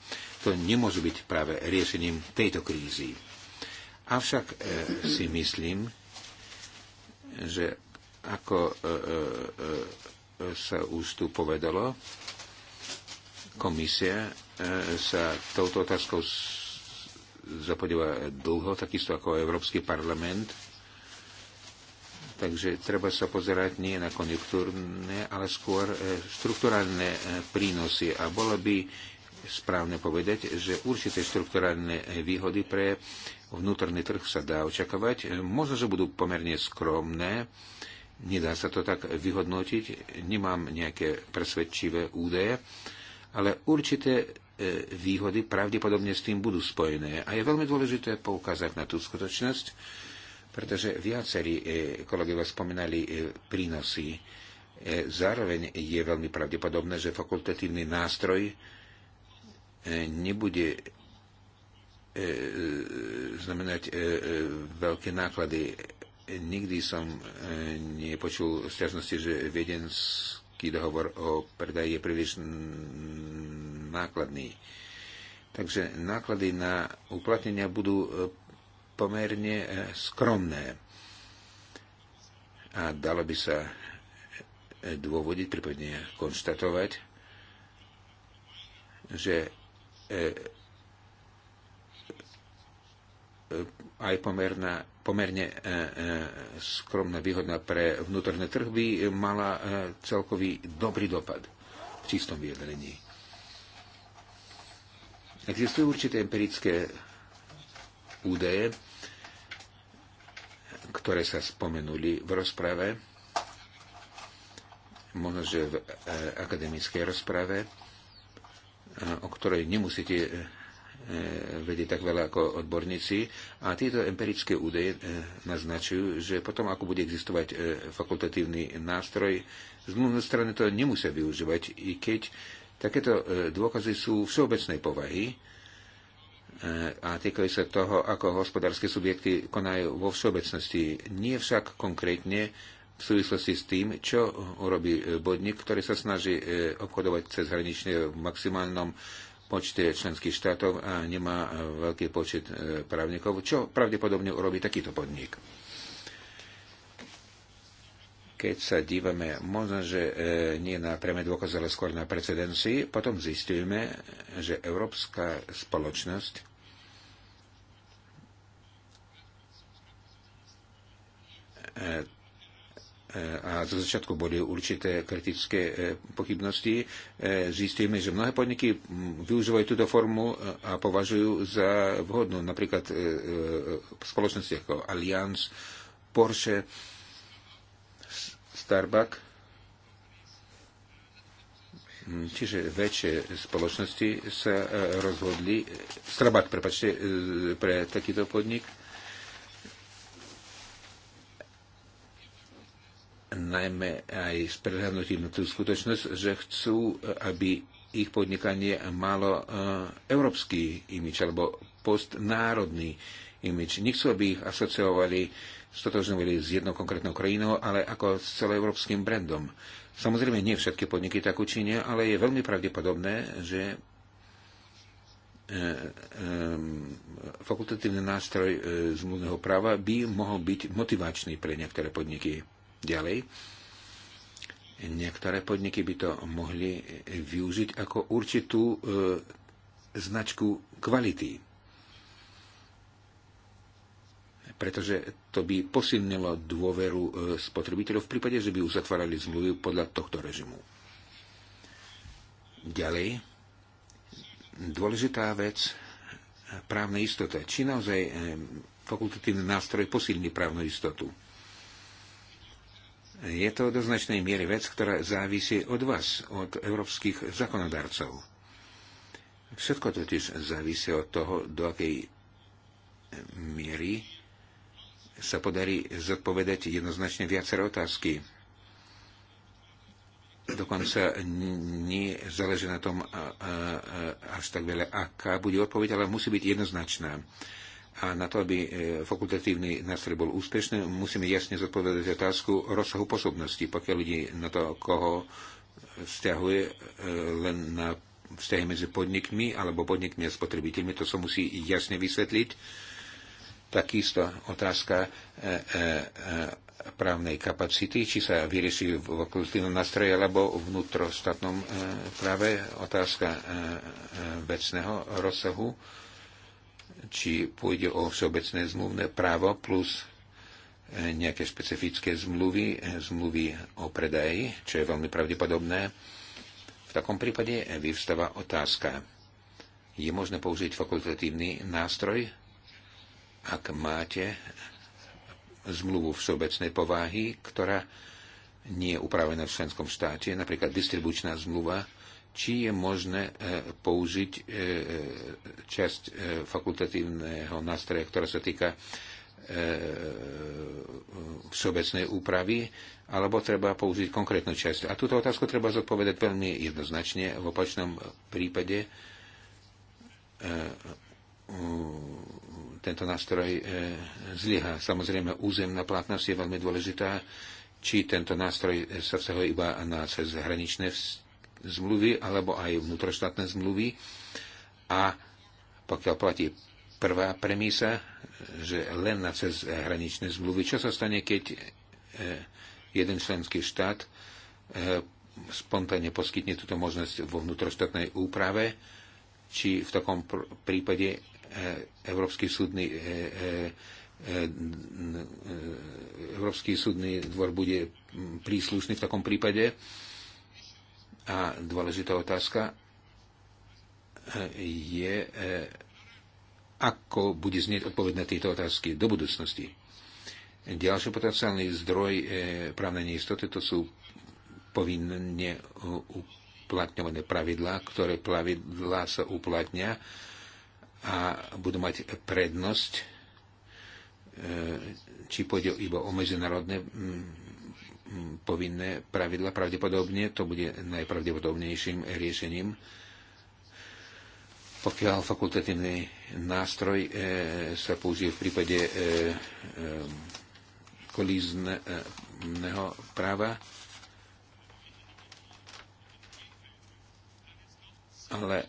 To nemôže byť práve riešením tejto krízy. Avšak e, si myslím, že ako e, e, e, sa už tu povedalo, komisia sa touto otázkou zapodíva dlho, takisto ako Európsky parlament. Takže treba sa pozerať nie na konjunktúrne, ale skôr štruktúralne prínosy. A bolo by správne povedať, že určité štruktúralne výhody pre vnútorný trh sa dá očakávať. Možno, že budú pomerne skromné, nedá sa to tak vyhodnotiť, nemám nejaké presvedčivé údaje, ale určité e, výhody pravdepodobne s tým budú spojené. A je veľmi dôležité poukázať na tú skutočnosť, pretože viacerí e, kolegovia spomínali e, prínosy. Zároveň je veľmi pravdepodobné, že fakultatívny nástroj nebude E, znamenať e, e, veľké náklady. Nikdy som nepočul stiažnosti, že viedenský dohovor o predaji je príliš nákladný. Takže náklady na uplatnenia budú pomerne skromné. A dalo by sa dôvodiť, prípadne konštatovať, že E, aj pomerná, pomerne e, e, skromná výhodná pre vnútorné trh, by mala celkový dobrý dopad v čistom vyjadrení. Existujú určité empirické údaje, ktoré sa spomenuli v rozprave, možno, že v akademickej rozprave, o ktorej nemusíte Eh, vedie tak veľa ako odborníci. A tieto empirické údaje eh, naznačujú, že potom, ako bude existovať eh, fakultatívny nástroj, z mnohej strany to nemusia využívať, i keď takéto dôkazy sú všeobecnej povahy a týkajú sa toho, ako hospodárske subjekty konajú vo všeobecnosti, nie však konkrétne v súvislosti s tým, čo urobí bodník, ktorý sa snaží obchodovať cez hranične v maximálnom počte členských štátov a nemá e, veľký počet e, právnikov, čo pravdepodobne urobí takýto podnik. Keď sa dívame možno, že e, nie na priame dôkaz, ale skôr na precedencii, potom zistujeme, že európska spoločnosť e, a zo začiatku boli určité kritické e, pochybnosti. E, zistíme, že mnohé podniky využívajú túto formu e, a považujú za vhodnú. Napríklad spoločnosti ako Allianz, Porsche, Starbucks. Hm, čiže väčšie spoločnosti sa rozhodli, Starbucks, prepačte, pre takýto podnik najmä aj s prehľadnutím na tú skutočnosť, že chcú, aby ich podnikanie malo eh, európsky imič alebo postnárodný imič. Nechcú, aby ich asociovali, stotožňovali s jednou konkrétnou krajinou, ale ako s celoeurópskym brandom. Samozrejme, nie všetky podniky tak učinia, ale je veľmi pravdepodobné, že eh, fakultatívny nástroj eh, zmluvného práva by mohol byť motivačný pre niektoré podniky. Ďalej, niektoré podniky by to mohli využiť ako určitú e, značku kvality. pretože to by posilnilo dôveru e, spotrebiteľov v prípade, že by uzatvárali zmluvy podľa tohto režimu. Ďalej, dôležitá vec, právne istota. Či naozaj e, fakultatívny nástroj posilní právnu istotu? Je to do značnej miery vec, ktorá závisí od vás, od európskych zakonodarcov. Všetko totiž závisí od toho, do akej miery sa podarí zodpovedať jednoznačne viaceré otázky. Dokonca nie záleží na tom až tak veľa, aká bude odpoveď, ale musí byť jednoznačná. A na to, aby e, fakultatívny nástroj bol úspešný, musíme jasne zodpovedať otázku rozsahu posobnosti, pokiaľ ľudí na to, koho vzťahuje e, len na vzťahy medzi podnikmi alebo podnikmi a spotrebiteľmi. To sa musí jasne vysvetliť. Takisto otázka e, e, e, právnej kapacity, či sa vyrieši v okultívnom nástroji alebo v vnútrostatnom e, práve otázka e, e, vecného rozsahu. E, či pôjde o všeobecné zmluvné právo plus e, nejaké špecifické zmluvy, e, zmluvy o predaji, čo je veľmi pravdepodobné. V takom prípade vyvstáva otázka. Je možné použiť fakultatívny nástroj, ak máte zmluvu všeobecnej povahy, ktorá nie je upravená v členskom štáte, napríklad distribučná zmluva, či je možné e, použiť e, časť e, fakultatívneho nástroja, ktorá sa týka všeobecnej úpravy, alebo treba použiť konkrétnu časť. A túto otázku treba zodpovedať veľmi jednoznačne. V opačnom prípade tento nástroj zlyha. Samozrejme, územná platnosť je veľmi dôležitá, či tento nástroj sa vzťahuje iba na cezhraničné vzťahy zmluvy alebo aj vnútroštátne zmluvy. A pokiaľ platí prvá premisa, že len na cez hraničné zmluvy, čo sa stane, keď e, jeden členský štát e, spontánne poskytne túto možnosť vo vnútroštátnej úprave, či v takom prípade e, Európsky súdny Európsky súdny dvor bude príslušný v takom prípade a dôležitá otázka e, je, e, ako bude znieť odpoveď na tieto otázky do budúcnosti. Ďalší potenciálny zdroj e, právnej neistoty to sú povinne uplatňované pravidlá, ktoré pravidlá sa uplatňa a budú mať prednosť, či pôjde iba o medzinárodné povinné pravidla. Pravdepodobne to bude najpravdepodobnejším riešením, pokiaľ fakultatívny nástroj e, sa použije v prípade e, e, kolízneho práva. Ale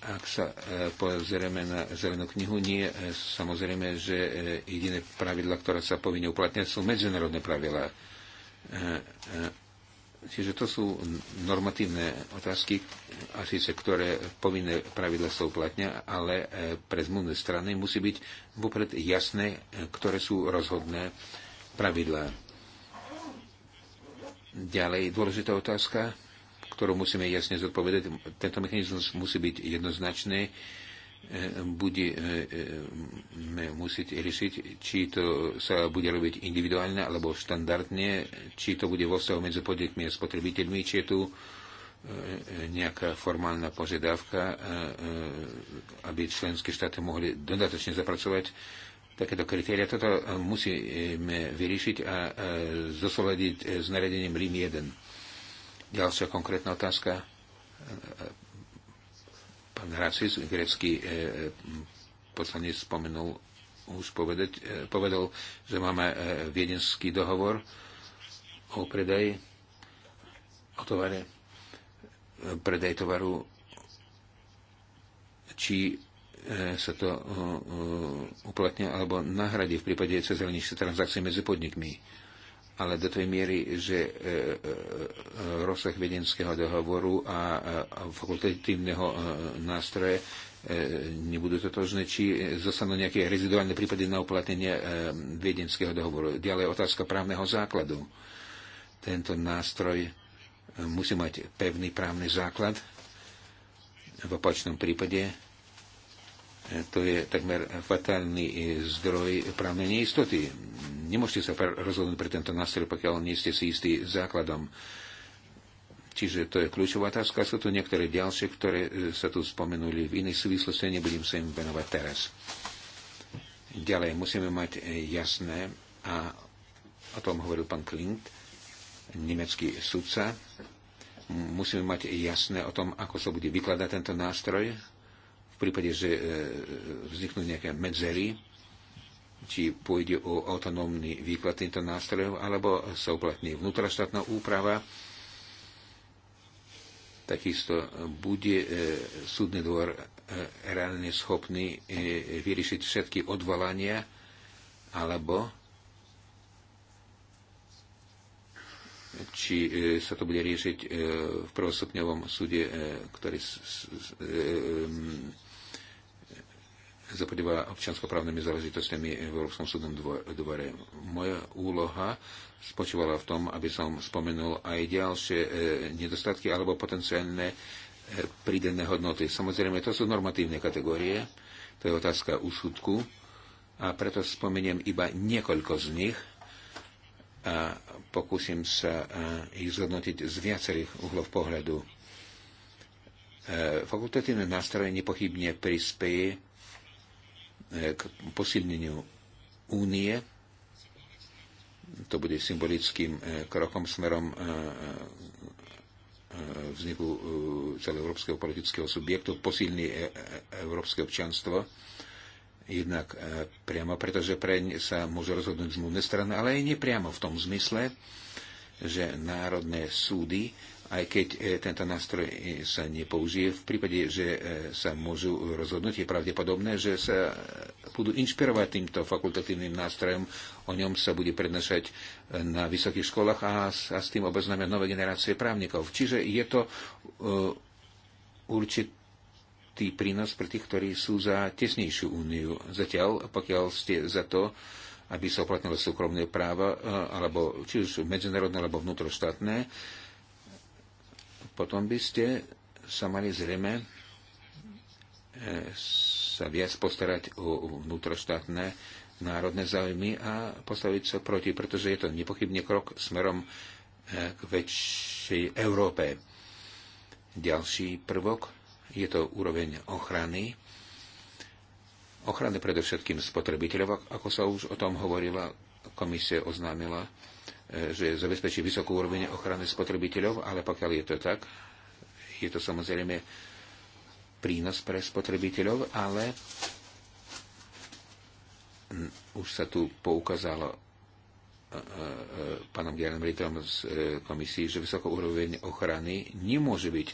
ak sa pozrieme na zelenú knihu, nie je samozrejme, že jediné pravidla, ktoré sa povinne uplatňať, sú medzinárodné pravidla E, e, čiže to sú normatívne otázky, a síce ktoré povinné pravidla sa uplatňa, ale e, pre zmluvné strany musí byť vopred jasné, ktoré sú rozhodné pravidlá. Ďalej dôležitá otázka, ktorú musíme jasne zodpovedať. Tento mechanizmus musí byť jednoznačný budeme e, musieť riešiť, či to sa bude robiť individuálne alebo štandardne, či to bude vo vzťahu medzi podnikmi a spotrebiteľmi, či je tu e, e, nejaká formálna požiadavka, aby členské štáty mohli dodatočne zapracovať takéto kritéria. Toto musíme vyriešiť a zosúľadiť s nariadením RIM 1. Ďalšia konkrétna otázka Pán grecký e, e, poslanec, spomenul už povedať, e, povedal, že máme e, viedenský dohovor o predaji, o tovare, predaj tovaru, či sa to uplatňa alebo nahradí v prípade cezhraničnej transakcie medzi podnikmi ale do tej miery, že e, e, e, rozsah vedenského dohovoru a fakultatívneho nástroje nebudú totožné, či zostanú nejaké reziduálne prípady na uplatnenie vedenského dohovoru. Ďalej otázka právneho základu. Tento nástroj musí mať pevný právny základ. V opačnom prípade E, to je takmer fatálny e, zdroj právnej neistoty. Nemôžete sa rozhodnúť pre tento nástroj, pokiaľ nie ste si istí základom. Čiže to je kľúčová otázka. Sú tu niektoré ďalšie, ktoré e, sa tu spomenuli v inej súvislosti, nebudem sa im venovať teraz. Ďalej musíme mať jasné, a o tom hovoril pán Klint, nemecký sudca, musíme mať jasné o tom, ako sa bude vykladať tento nástroj, prípade, že e, vzniknú nejaké medzery, či pôjde o autonómny výklad týmto nástrojov, alebo sa uplatní vnútraštátna úprava, takisto bude e, súdny dvor e, reálne schopný vyriešiť všetky odvolania, alebo či sa to bude riešiť v prvostupňovom súde, ktorý zapodívala občanskoprávnymi záležitostiami v Európskom súdnom dvore. Moja úloha spočívala v tom, aby som spomenul aj ďalšie e, nedostatky alebo potenciálne e, prídené hodnoty. Samozrejme, to sú normatívne kategórie, to je otázka úsudku a preto spomeniem iba niekoľko z nich a pokúsim sa e, ich zhodnotiť z viacerých uhlov pohľadu. Fakultatívne nástroje nepochybne prispieje Eh, k posilneniu únie. To bude symbolickým eh, krokom smerom eh, vzniku celého európskeho politického subjektu, posilní európske občanstvo. Jednak priamo, pretože pre ne sa môže rozhodnúť zmluvné strany, ale aj nepriamo v tom zmysle, že národné súdy aj keď e, tento nástroj e, sa nepoužije, v prípade, že e, sa môžu rozhodnúť, je pravdepodobné, že sa budú inšpirovať týmto fakultatívnym nástrojom, o ňom sa bude prednášať na vysokých školách a, s tým oboznámia nové generácie právnikov. Čiže je to určitý prínos pre tých, ktorí sú za tesnejšiu úniu. Zatiaľ, pokiaľ ste za to, aby sa uplatnilo súkromné práva, alebo či už medzinárodné, alebo vnútroštátne, potom by ste sa mali zrejme e, sa viac postarať o vnútroštátne národné záujmy a postaviť sa proti, pretože je to nepochybne krok smerom e, k väčšej Európe. Ďalší prvok je to úroveň ochrany. Ochrany predovšetkým spotrebiteľov, ako sa už o tom hovorila, komisia oznámila E, že zabezpečí vysokú úroveň ochrany spotrebiteľov, ale pokiaľ je to tak, je to samozrejme prínos pre spotrebiteľov, ale už sa tu poukázalo e, e, pánom generálnym z komisii, že vysoká úroveň ochrany nemôže byť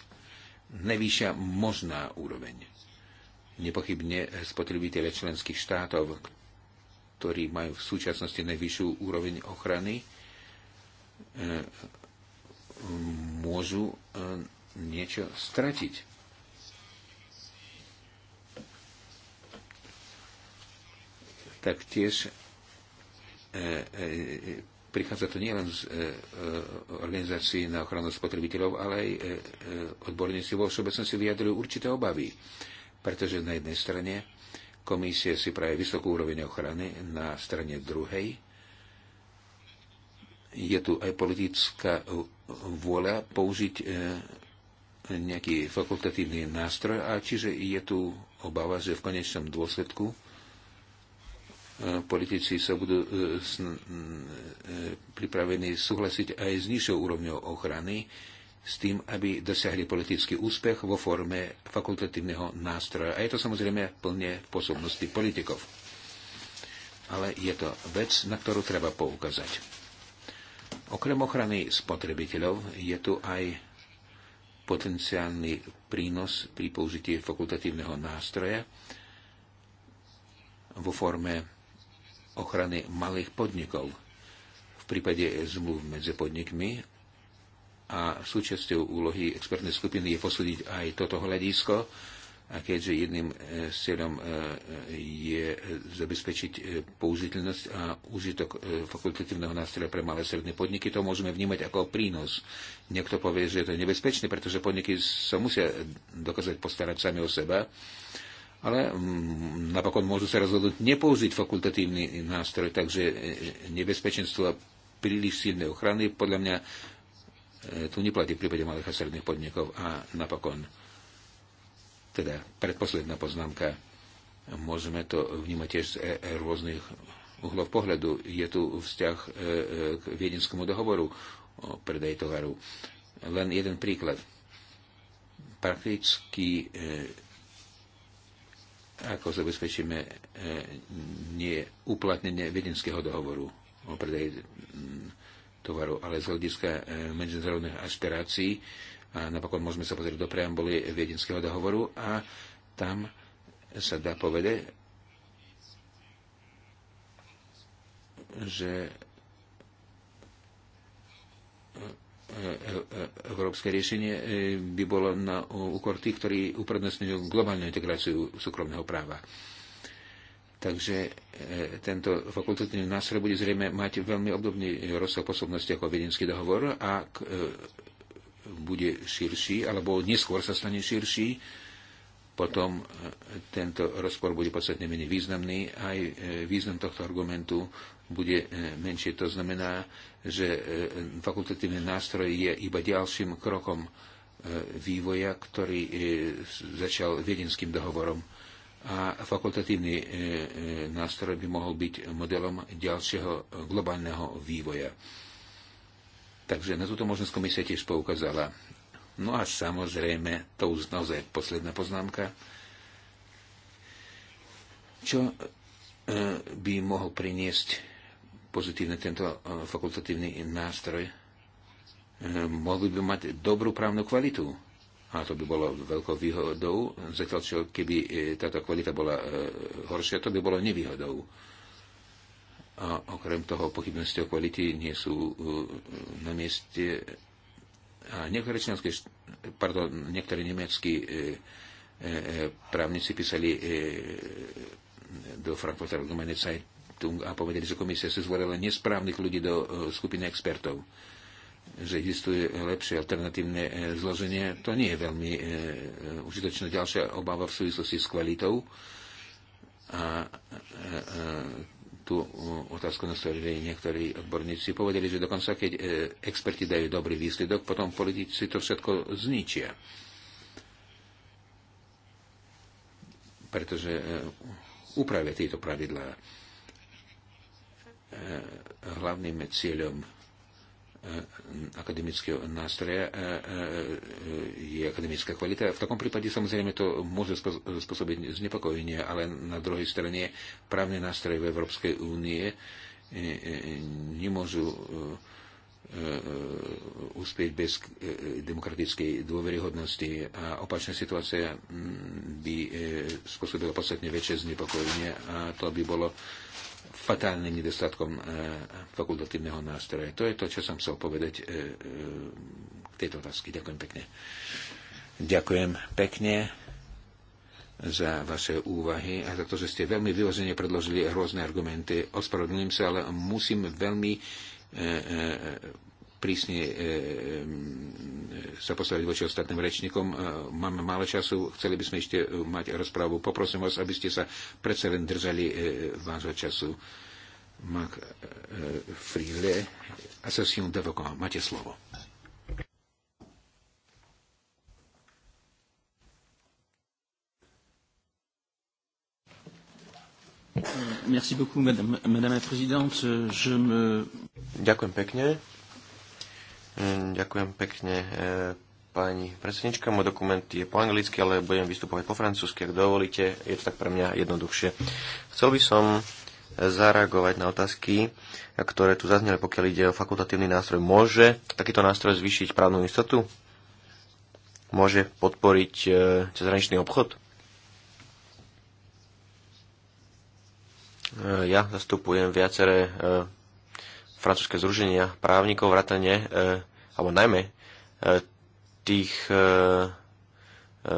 najvyššia možná úroveň. Nepochybne spotrebiteľe členských štátov, ktorí majú v súčasnosti najvyššiu úroveň ochrany, E, môžu e, niečo stratiť. Taktiež e, prichádza to nielen z organizácií na ochranu spotrebiteľov, ale aj odborníci vo všeobecnosti vyjadrujú určité obavy, pretože na jednej strane komisie si praje vysokú úroveň ochrany, na strane druhej je tu aj politická vôľa použiť e, nejaký fakultatívny nástroj a čiže je tu obava, že v konečnom dôsledku e, politici sa budú e, pripravení súhlasiť aj s nižšou úrovňou ochrany s tým, aby dosiahli politický úspech vo forme fakultatívneho nástroja. A je to samozrejme plne v pôsobnosti politikov. Ale je to vec, na ktorú treba poukázať. Okrem ochrany spotrebiteľov je tu aj potenciálny prínos pri použití fakultatívneho nástroja vo forme ochrany malých podnikov v prípade zmluv medzi podnikmi a súčasťou úlohy expertnej skupiny je posúdiť aj toto hľadisko a keďže jedným z e, cieľom e, e, je zabezpečiť použiteľnosť a užitok fakultatívneho nástroja pre malé stredné podniky, to môžeme vnímať ako prínos. Niekto povie, že je to nebezpečné, pretože podniky sa musia dokázať postarať sami o seba, ale mm, napokon môžu sa rozhodnúť nepoužiť fakultatívny nástroj, takže nebezpečenstvo príliš silnej ochrany podľa mňa tu neplatí v prípade malých a stredných podnikov a napokon teda predposledná poznámka. Môžeme to vnímať tiež z e, e, rôznych uhlov pohľadu. Je tu vzťah e, k viedenskému dohovoru o predaj tovaru. Len jeden príklad. Prakticky ako zabezpečíme nie uplatnenie viedenského dohovoru o predaj tovaru, ale z hľadiska medzinárodných aspirácií a napokon môžeme sa pozrieť do preambuly Viedenského dohovoru a tam sa dá povedať, že európske riešenie e, by bolo na úkor tých, ktorí uprednostňujú globálnu integráciu súkromného práva. Takže e, tento fakultatívny nástroj bude zrejme mať veľmi obdobný rozsah posobnosti ako Viedenský dohovor a e, bude širší, alebo neskôr sa stane širší, potom e, tento rozpor bude podstatne menej významný, aj e, význam tohto argumentu bude e, menšie. To znamená, že fakultatívny nástroj je iba ďalším krokom vývoja, ktorý začal viedenským dohovorom. A fakultatívny nástroj by mohol byť modelom ďalšieho globálneho vývoja. Takže na túto možnosť komisia tiež poukázala. No a samozrejme, to už naozaj posledná poznámka, čo e, by mohol priniesť pozitívne tento e, fakultatívny nástroj, e, mohli by mať dobrú právnu kvalitu. A to by bolo veľkou výhodou, zatiaľ čo keby táto kvalita bola horšia, to by bolo nevýhodou. A okrem toho pochybnosti o kvality nie sú uh, na mieste. A niektoré členské, pardon, niektoré nemeckí uh, uh, právnici písali do Frankfurter Allgemeine Zeitung a povedali, že komisia si zvolila nesprávnych ľudí do skupiny expertov že existuje lepšie alternatívne zloženie. To nie je veľmi e, užitočné. Ďalšia obava v súvislosti s kvalitou a a, a, tú uh, otázku nastavili niektorí odborníci. Povedali, že dokonca keď uh, experti dajú dobrý výsledok, potom politici to všetko zničia. Pretože uh, upravia tieto pravidlá. Hlavným cieľom Eh, akademického nástroja eh, eh, je akademická kvalita. V takom prípade samozrejme to môže spôsobiť znepokojenie, ale na druhej strane právne nástroje v Európskej únie nemôžu uspieť bez demokratickej dôveryhodnosti a opačná situácia mm, by spôsobila podstatne väčšie znepokojenie a to by bolo fatálnym nedostatkom e, fakultatívneho nástroja. To je to, čo som chcel povedať e, e, k tejto otázky. Ďakujem pekne. Ďakujem pekne za vaše úvahy a za to, že ste veľmi vyvozene predložili rôzne argumenty. Ospravedlňujem sa, ale musím veľmi prísne e, e, sa postaviť voči ostatným rečníkom. E, máme málo času, chceli by sme ešte mať rozprávu. Poprosím vás, aby ste sa predsa len držali vášho času. Mac Frile, Association d'avocats. Máte slovo. Merci beaucoup, madame, madame la présidente. Je me... Ďakujem pekne. Mm, ďakujem pekne e, pani predsednička. Môj dokument je po anglicky, ale budem vystupovať po francúzsky, ak dovolíte. Je to tak pre mňa jednoduchšie. Chcel by som zareagovať na otázky, ktoré tu zazneli, pokiaľ ide o fakultatívny nástroj. Môže takýto nástroj zvýšiť právnu istotu? Môže podporiť e, cezhraničný obchod? E, ja zastupujem viaceré francúzske zruženia právnikov, vrátane alebo najmä e, tých e, e,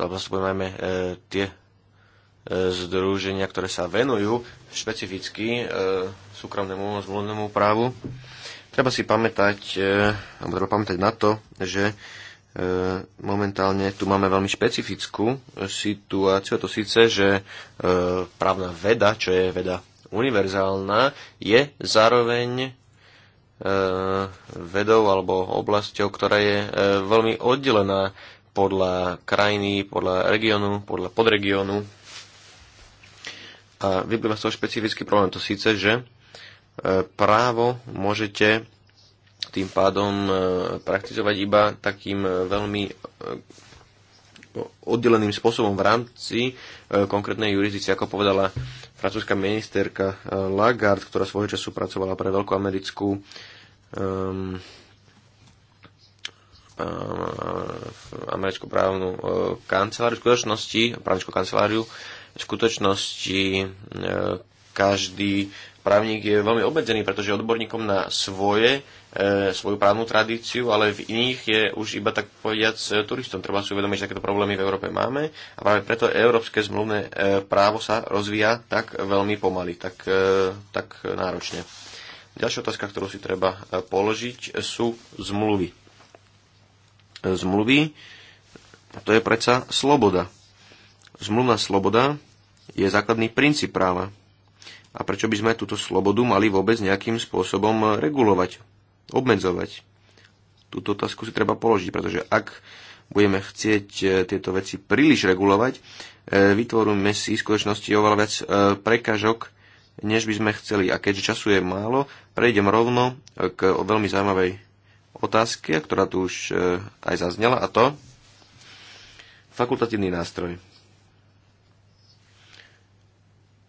alebo zastupujem vlastne najmä tie združenia, ktoré sa venujú špecificky súkromnému zmluvnému právu. Treba si pamätať, alebo treba pamätať na to, že momentálne tu máme veľmi špecifickú situáciu, a to síce, že právna veda, čo je veda univerzálna, je zároveň E, vedou alebo oblasťou, ktorá je e, veľmi oddelená podľa krajiny, podľa regiónu, podľa podregiónu. A vyplýva z toho špecifický problém. To síce, že e, právo môžete tým pádom praktizovať iba takým veľmi oddeleným spôsobom v rámci e, konkrétnej jurisdikcie, ako povedala francúzska ministerka e, Lagarde, ktorá svojho času pracovala pre veľkú americkú um, americkú právnu e, kanceláriu, skutočnosti, právnickú kanceláriu, v skutočnosti každý právnik je veľmi obmedzený, pretože odborníkom na svoje E, svoju právnu tradíciu, ale v iných je už iba tak povediac e, turistom. Treba si uvedomiť, že takéto problémy v Európe máme a práve preto európske zmluvné e, právo sa rozvíja tak veľmi pomaly, tak, tak náročne. Ďalšia otázka, ktorú si treba položiť, sú zmluvy. Zmluvy, to je predsa sloboda. Zmluvná sloboda je základný princíp práva. A prečo by sme túto slobodu mali vôbec nejakým spôsobom regulovať? obmedzovať. Túto otázku si treba položiť, pretože ak budeme chcieť e, tieto veci príliš regulovať, e, vytvoríme si v skutočnosti oveľa viac e, prekažok, než by sme chceli. A keďže času je málo, prejdem rovno k veľmi zaujímavej otázke, ktorá tu už aj zaznela, a to fakultatívny nástroj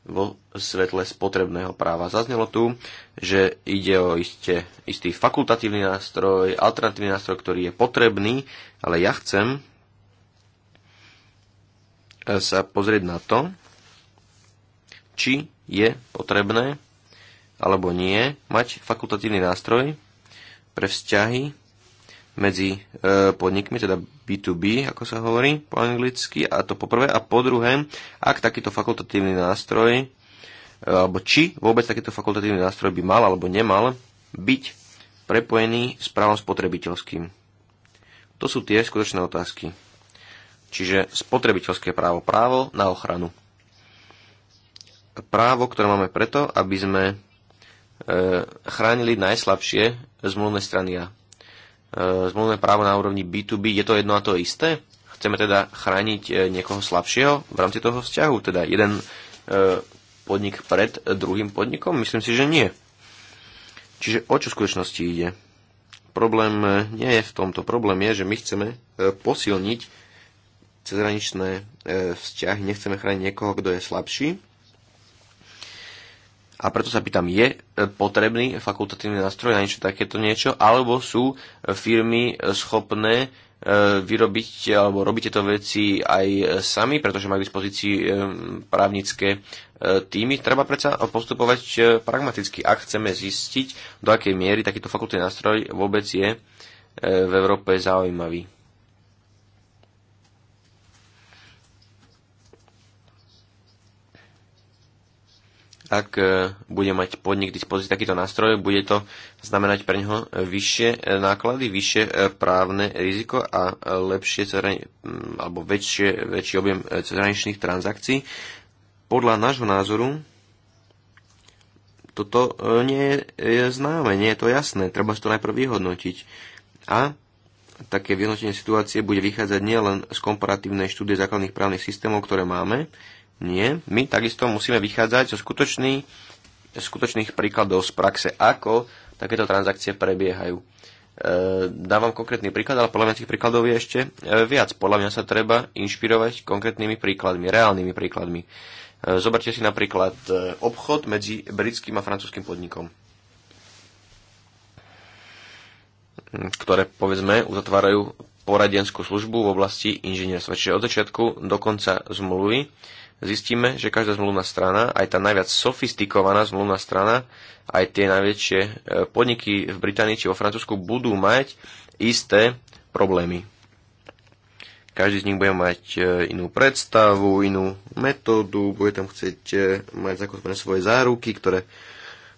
vo svetle spotrebného práva. Zaznelo tu, že ide o isté, istý fakultatívny nástroj, alternatívny nástroj, ktorý je potrebný, ale ja chcem eh, sa pozrieť na to, či je potrebné alebo nie mať fakultatívny nástroj pre vzťahy medzi e, podnikmi, teda B2B, ako sa hovorí po anglicky, a to po prvé. A po druhé, ak takýto fakultatívny nástroj, e, alebo či vôbec takýto fakultatívny nástroj by mal alebo nemal byť prepojený s právom spotrebiteľským. To sú tie skutočné otázky. Čiže spotrebiteľské právo, právo na ochranu. Právo, ktoré máme preto, aby sme e, chránili najslabšie zmluvné strany a E, zmluvné právo na úrovni B2B, je to jedno a to isté? Chceme teda chrániť e, niekoho slabšieho v rámci toho vzťahu? Teda jeden e, podnik pred druhým podnikom? Myslím si, že nie. Čiže o čo v skutočnosti ide? Problém nie je v tomto. Problém je, že my chceme posilniť cezhraničné vzťahy, nechceme chrániť niekoho, kto je slabší, a preto sa pýtam, je e, potrebný fakultatívny nástroj na niečo takéto niečo, alebo sú e, firmy e, schopné vyrobiť alebo robiť tieto veci aj sami, pretože majú k dispozícii právnické týmy. Treba predsa postupovať pragmaticky, ak chceme zistiť, do akej miery takýto fakultný nástroj vôbec je v Európe zaujímavý. ak e, bude mať podnik dispozícii takýto nástroj, bude to znamenať pre neho vyššie e, náklady, vyššie e, právne riziko a lepšie alebo väčšie, väčší objem cezhraničných transakcií. Podľa nášho názoru toto nie je známe, nie je to jasné, treba si to najprv vyhodnotiť. A také vyhodnotenie situácie bude vychádzať nielen z komparatívnej štúdie základných právnych systémov, ktoré máme, nie, my takisto musíme vychádzať zo skutočný, skutočných príkladov z praxe, ako takéto transakcie prebiehajú. E, dávam konkrétny príklad, ale podľa mňa tých príkladov je ešte e, viac. Podľa mňa sa treba inšpirovať konkrétnymi príkladmi, reálnymi príkladmi. E, zoberte si napríklad e, obchod medzi britským a francúzským podnikom, ktoré povedzme uzatvárajú poradenskú službu v oblasti inžinierstva. Čiže od začiatku do konca zmluvy zistíme, že každá zmluvná strana, aj tá najviac sofistikovaná zmluvná strana, aj tie najväčšie e, podniky v Británii či vo Francúzsku budú mať isté problémy. Každý z nich bude mať e, inú predstavu, inú metódu, bude tam chcieť e, mať zakotvené svoje záruky, ktoré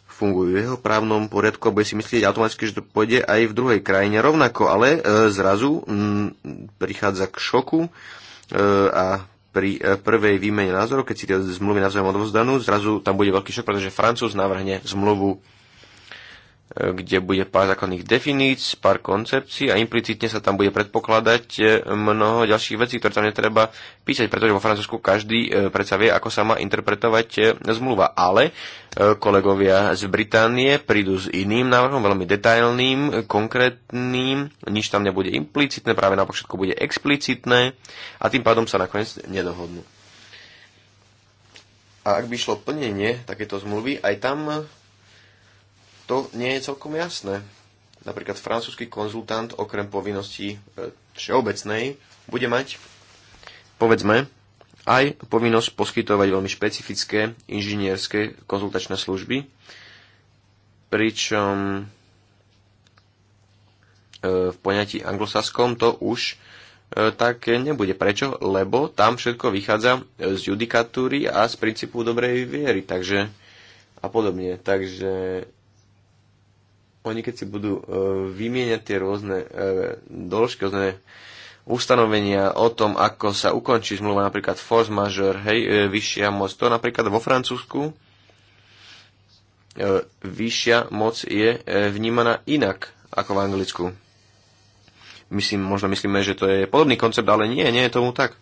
fungujú v jeho právnom poriadku a bude si myslieť automaticky, že to pôjde aj v druhej krajine rovnako, ale e, zrazu m, prichádza k šoku e, a pri e, prvej výmene názorov, keď si tie zmluvy navzájom odovzdanú, zrazu tam bude veľký šok, pretože Francúz navrhne zmluvu kde bude pár základných definíc, pár koncepcií a implicitne sa tam bude predpokladať e, mnoho ďalších vecí, ktoré tam netreba písať, pretože vo Francúzsku každý e, predsa vie, ako sa má interpretovať e, zmluva. Ale kolegovia z Británie prídu s iným návrhom, veľmi detailným, konkrétnym, nič tam nebude implicitné, práve na všetko bude explicitné a tým pádom sa nakoniec nedohodnú. A ak by šlo plnenie takéto zmluvy, aj tam to nie je celkom jasné. Napríklad francúzsky konzultant okrem povinnosti e, všeobecnej bude mať, povedzme, aj povinnosť poskytovať veľmi špecifické inžinierské konzultačné služby, pričom e, v poňatí anglosaskom to už e, tak nebude. Prečo? Lebo tam všetko vychádza z judikatúry a z princípu dobrej viery takže, a podobne. Takže oni keď si budú e, vymieňať tie rôzne e, doložky, rôzne ustanovenia o tom, ako sa ukončí zmluva, napríklad force majeure, hej, e, vyššia moc. To napríklad vo Francúzsku vyššia moc je vnímaná inak ako v Anglicku. Myslím, možno myslíme, že to je podobný koncept, ale nie, nie je tomu tak.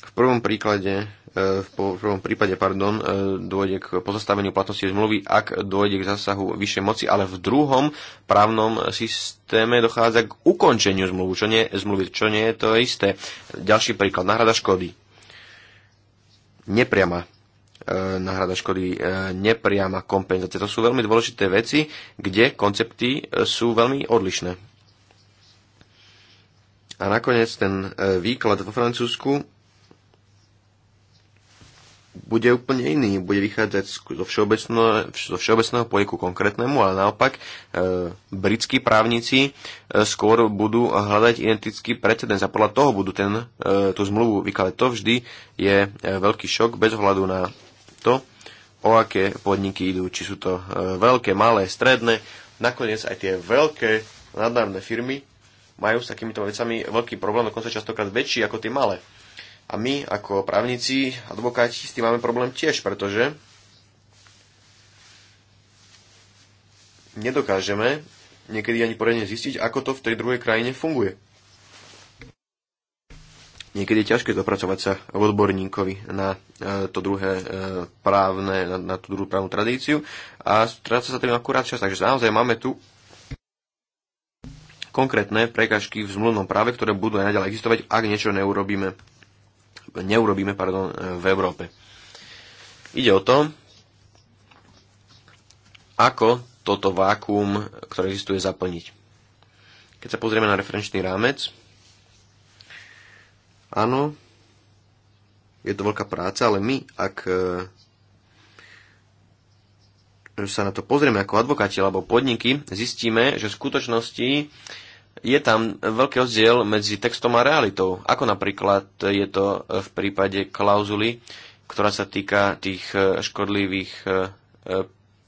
V prvom príklade v prvom prípade pardon, e, dôjde k pozastaveniu platnosti zmluvy, ak dôjde k zásahu vyššej moci, ale v druhom právnom systéme dochádza k ukončeniu zmluvu, čo nie, zmluvy, čo nie je to isté. Ďalší príklad, náhrada škody. Nepriama e, náhrada škody, e, nepriama kompenzácia. To sú veľmi dôležité veci, kde koncepty sú veľmi odlišné. A nakoniec ten výklad vo Francúzsku bude úplne iný. Bude vychádzať zo, všeobecno, zo všeobecného pojeku konkrétnemu, ale naopak e, britskí právnici e, skôr budú hľadať identický precedens a podľa toho budú ten, e, tú zmluvu vykladať. To vždy je e, veľký šok bez ohľadu na to, o aké podniky idú, či sú to e, veľké, malé, stredné. Nakoniec aj tie veľké nadnárodné firmy majú s takýmito vecami veľký problém, dokonca častokrát väčší ako tie malé a my ako právnici, advokáti s tým máme problém tiež, pretože nedokážeme niekedy ani poriadne zistiť, ako to v tej druhej krajine funguje. Niekedy je ťažké zapracovať sa odborníkovi na e, to druhé e, právne, na, na tú druhú právnu tradíciu a stráca sa tým akurát čas. Takže naozaj máme tu konkrétne prekažky v zmluvnom práve, ktoré budú aj naďalej existovať, ak niečo neurobíme neurobíme pardon, e, v Európe. Ide o to, ako toto vákuum, ktoré existuje, zaplniť. Keď sa pozrieme na referenčný rámec, áno, je to veľká práca, ale my, ak e, sa na to pozrieme ako advokáti alebo podniky, zistíme, že v skutočnosti je tam veľký rozdiel medzi textom a realitou. Ako napríklad je to v prípade klauzuly, ktorá sa týka tých e, škodlivých e, e,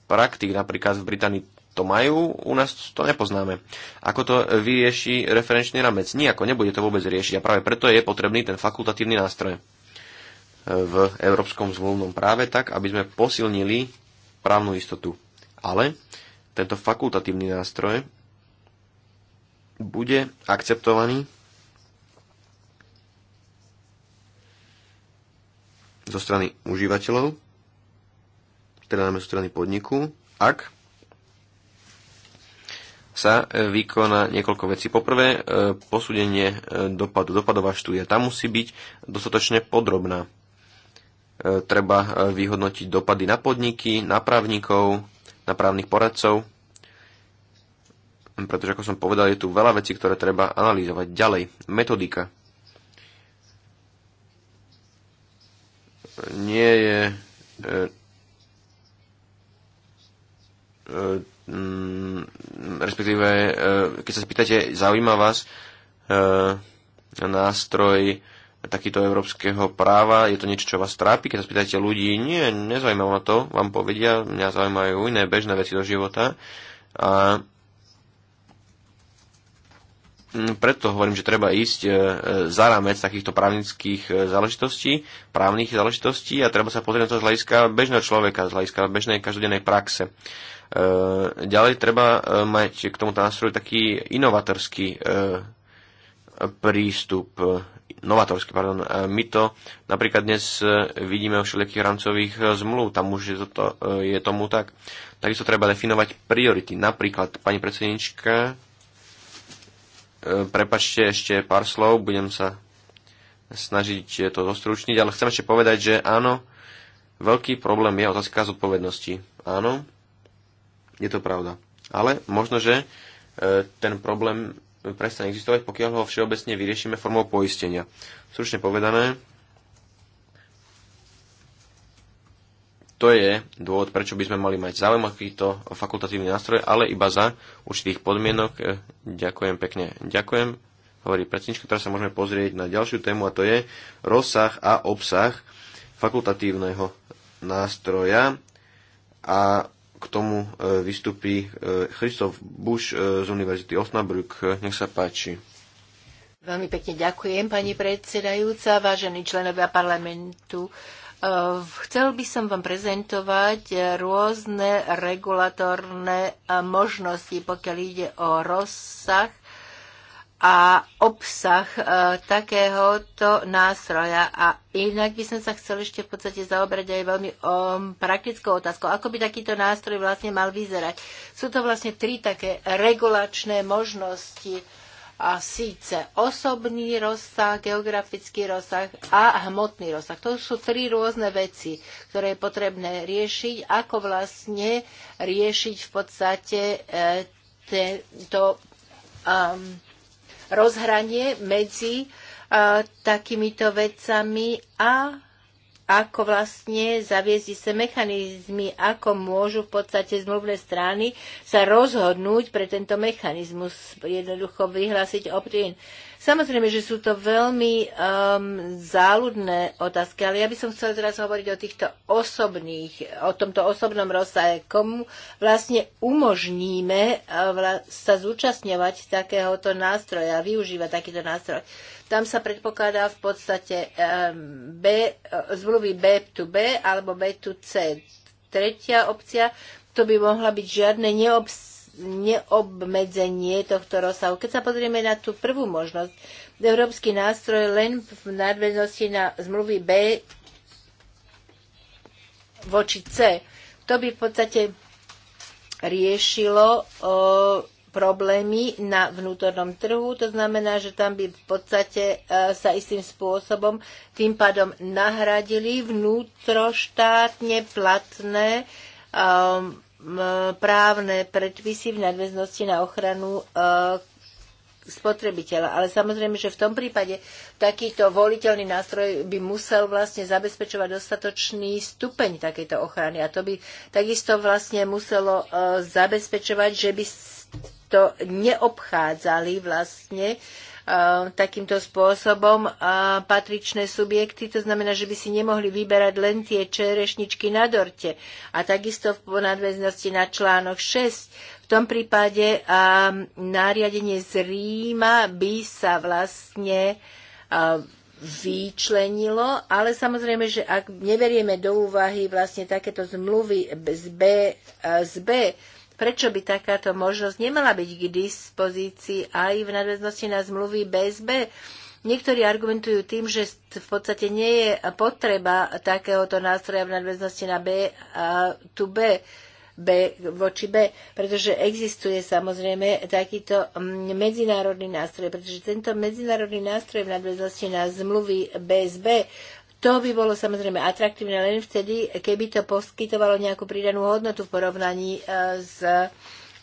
praktík. Napríklad v Británii to majú, u nás to nepoznáme. Ako to vyrieši referenčný ramec? Nijako, nebude to vôbec riešiť. A práve preto je potrebný ten fakultatívny nástroj v európskom zvolnom práve tak, aby sme posilnili právnu istotu. Ale tento fakultatívny nástroj bude akceptovaný zo strany užívateľov, teda najmä zo strany podniku, ak sa e, vykoná niekoľko vecí. Poprvé, e, posúdenie e, dopadu. Dopadová štúdia. Tá musí byť dostatočne podrobná. Treba vyhodnotiť dopady na podniky, na právnikov, na právnych poradcov, pretože ako som povedal, je tu veľa vecí, ktoré treba analýzovať. Ďalej, metodika. Nie je e, e, mm, respektíve, e, keď sa spýtate, zaujíma vás e, nástroj takýto európskeho práva, je to niečo, čo vás trápi, keď sa spýtate ľudí, nie, nezaujíma ma to, vám povedia, mňa zaujímajú iné bežné veci do života a Mm, preto hovorím, že treba ísť e, e, za rámec takýchto právnických e, záležitostí, právnych záležitostí a treba sa pozrieť na to z hľadiska bežného človeka, z hľadiska bežnej každodennej praxe. Ďalej treba mať k tomuto nástroju taký inovatorský prístup, novatorský, pardon. My to napríklad dnes vidíme o všelijakých rámcových zmluv, tam už je, toto, je tomu tak. Takisto treba definovať priority. Napríklad, pani predsednička, E, prepačte ešte pár slov, budem sa snažiť to zostručniť, ale chcem ešte povedať, že áno, veľký problém je otázka zodpovednosti. Áno, je to pravda. Ale možno, že e, ten problém prestane existovať, pokiaľ ho všeobecne vyriešime formou poistenia. Stručne povedané, To je dôvod, prečo by sme mali mať záujem o takýto fakultatívny nástroj, ale iba za určitých podmienok. E, ďakujem pekne. Ďakujem, hovorí predsednička. Teraz sa môžeme pozrieť na ďalšiu tému a to je rozsah a obsah fakultatívneho nástroja. A k tomu e, vystupí e, Christoph Bush z Univerzity Osnabrück. Nech sa páči. Veľmi pekne ďakujem, pani predsedajúca, vážení členovia parlamentu. Ehm, chcel by som vám prezentovať eh, rôzne regulatorné eh, možnosti, pokiaľ ide o rozsah a obsah eh, takéhoto nástroja. A inak by som sa chcel ešte v podstate zaobrať aj veľmi ehm, praktickou otázkou, ako by takýto nástroj vlastne mal vyzerať. Sú to vlastne tri také regulačné možnosti a síce osobný rozsah, geografický rozsah a hmotný rozsah. To sú tri rôzne veci, ktoré je potrebné riešiť, ako vlastne riešiť v podstate e, to rozhranie medzi takýmito vecami a ako vlastne zaviesť sa mechanizmy, ako môžu v podstate zmluvné strany sa rozhodnúť pre tento mechanizmus, jednoducho vyhlásiť opt-in. Samozrejme, že sú to veľmi um, záľudné otázky, ale ja by som chcela teraz hovoriť o týchto osobných, o tomto osobnom rozsahe. Komu vlastne umožníme uh, sa zúčastňovať takéhoto nástroja, využívať takýto nástroj. Tam sa predpokladá v podstate um, B, uh, zmluvy B to B alebo B to C. Tretia opcia, to by mohla byť žiadne neobs neobmedzenie tohto rozsahu. Keď sa pozrieme na tú prvú možnosť, európsky nástroj len v nadväznosti na zmluvy B voči C, to by v podstate riešilo problémy na vnútornom trhu. To znamená, že tam by v podstate e, sa istým spôsobom tým pádom nahradili vnútroštátne platné e, právne predpisy v nadväznosti na ochranu e, spotrebiteľa. Ale samozrejme, že v tom prípade takýto voliteľný nástroj by musel vlastne zabezpečovať dostatočný stupeň takejto ochrany. A to by takisto vlastne muselo e, zabezpečovať, že by to neobchádzali vlastne uh, Ehm, takýmto spôsobom patričné subjekty. To znamená, že by si nemohli vyberať len tie čerešničky na dorte. A takisto v nadväznosti na článok 6. V tom prípade ehm, nariadenie z Ríma by sa vlastne ehm, vyčlenilo, ale samozrejme, že ak neverieme do úvahy vlastne takéto zmluvy z B, z B Prečo by takáto možnosť nemala byť k dispozícii aj v nadväznosti na zmluvy BSB? Niektorí argumentujú tým, že v podstate nie je potreba takéhoto nástroja v nadväznosti na B a tu B. B, voči B, pretože existuje samozrejme takýto mm, medzinárodný nástroj, pretože tento medzinárodný nástroj v nadväznosti na zmluvy BSB to by bolo samozrejme atraktívne len vtedy, keby to poskytovalo nejakú pridanú hodnotu v porovnaní e, s e,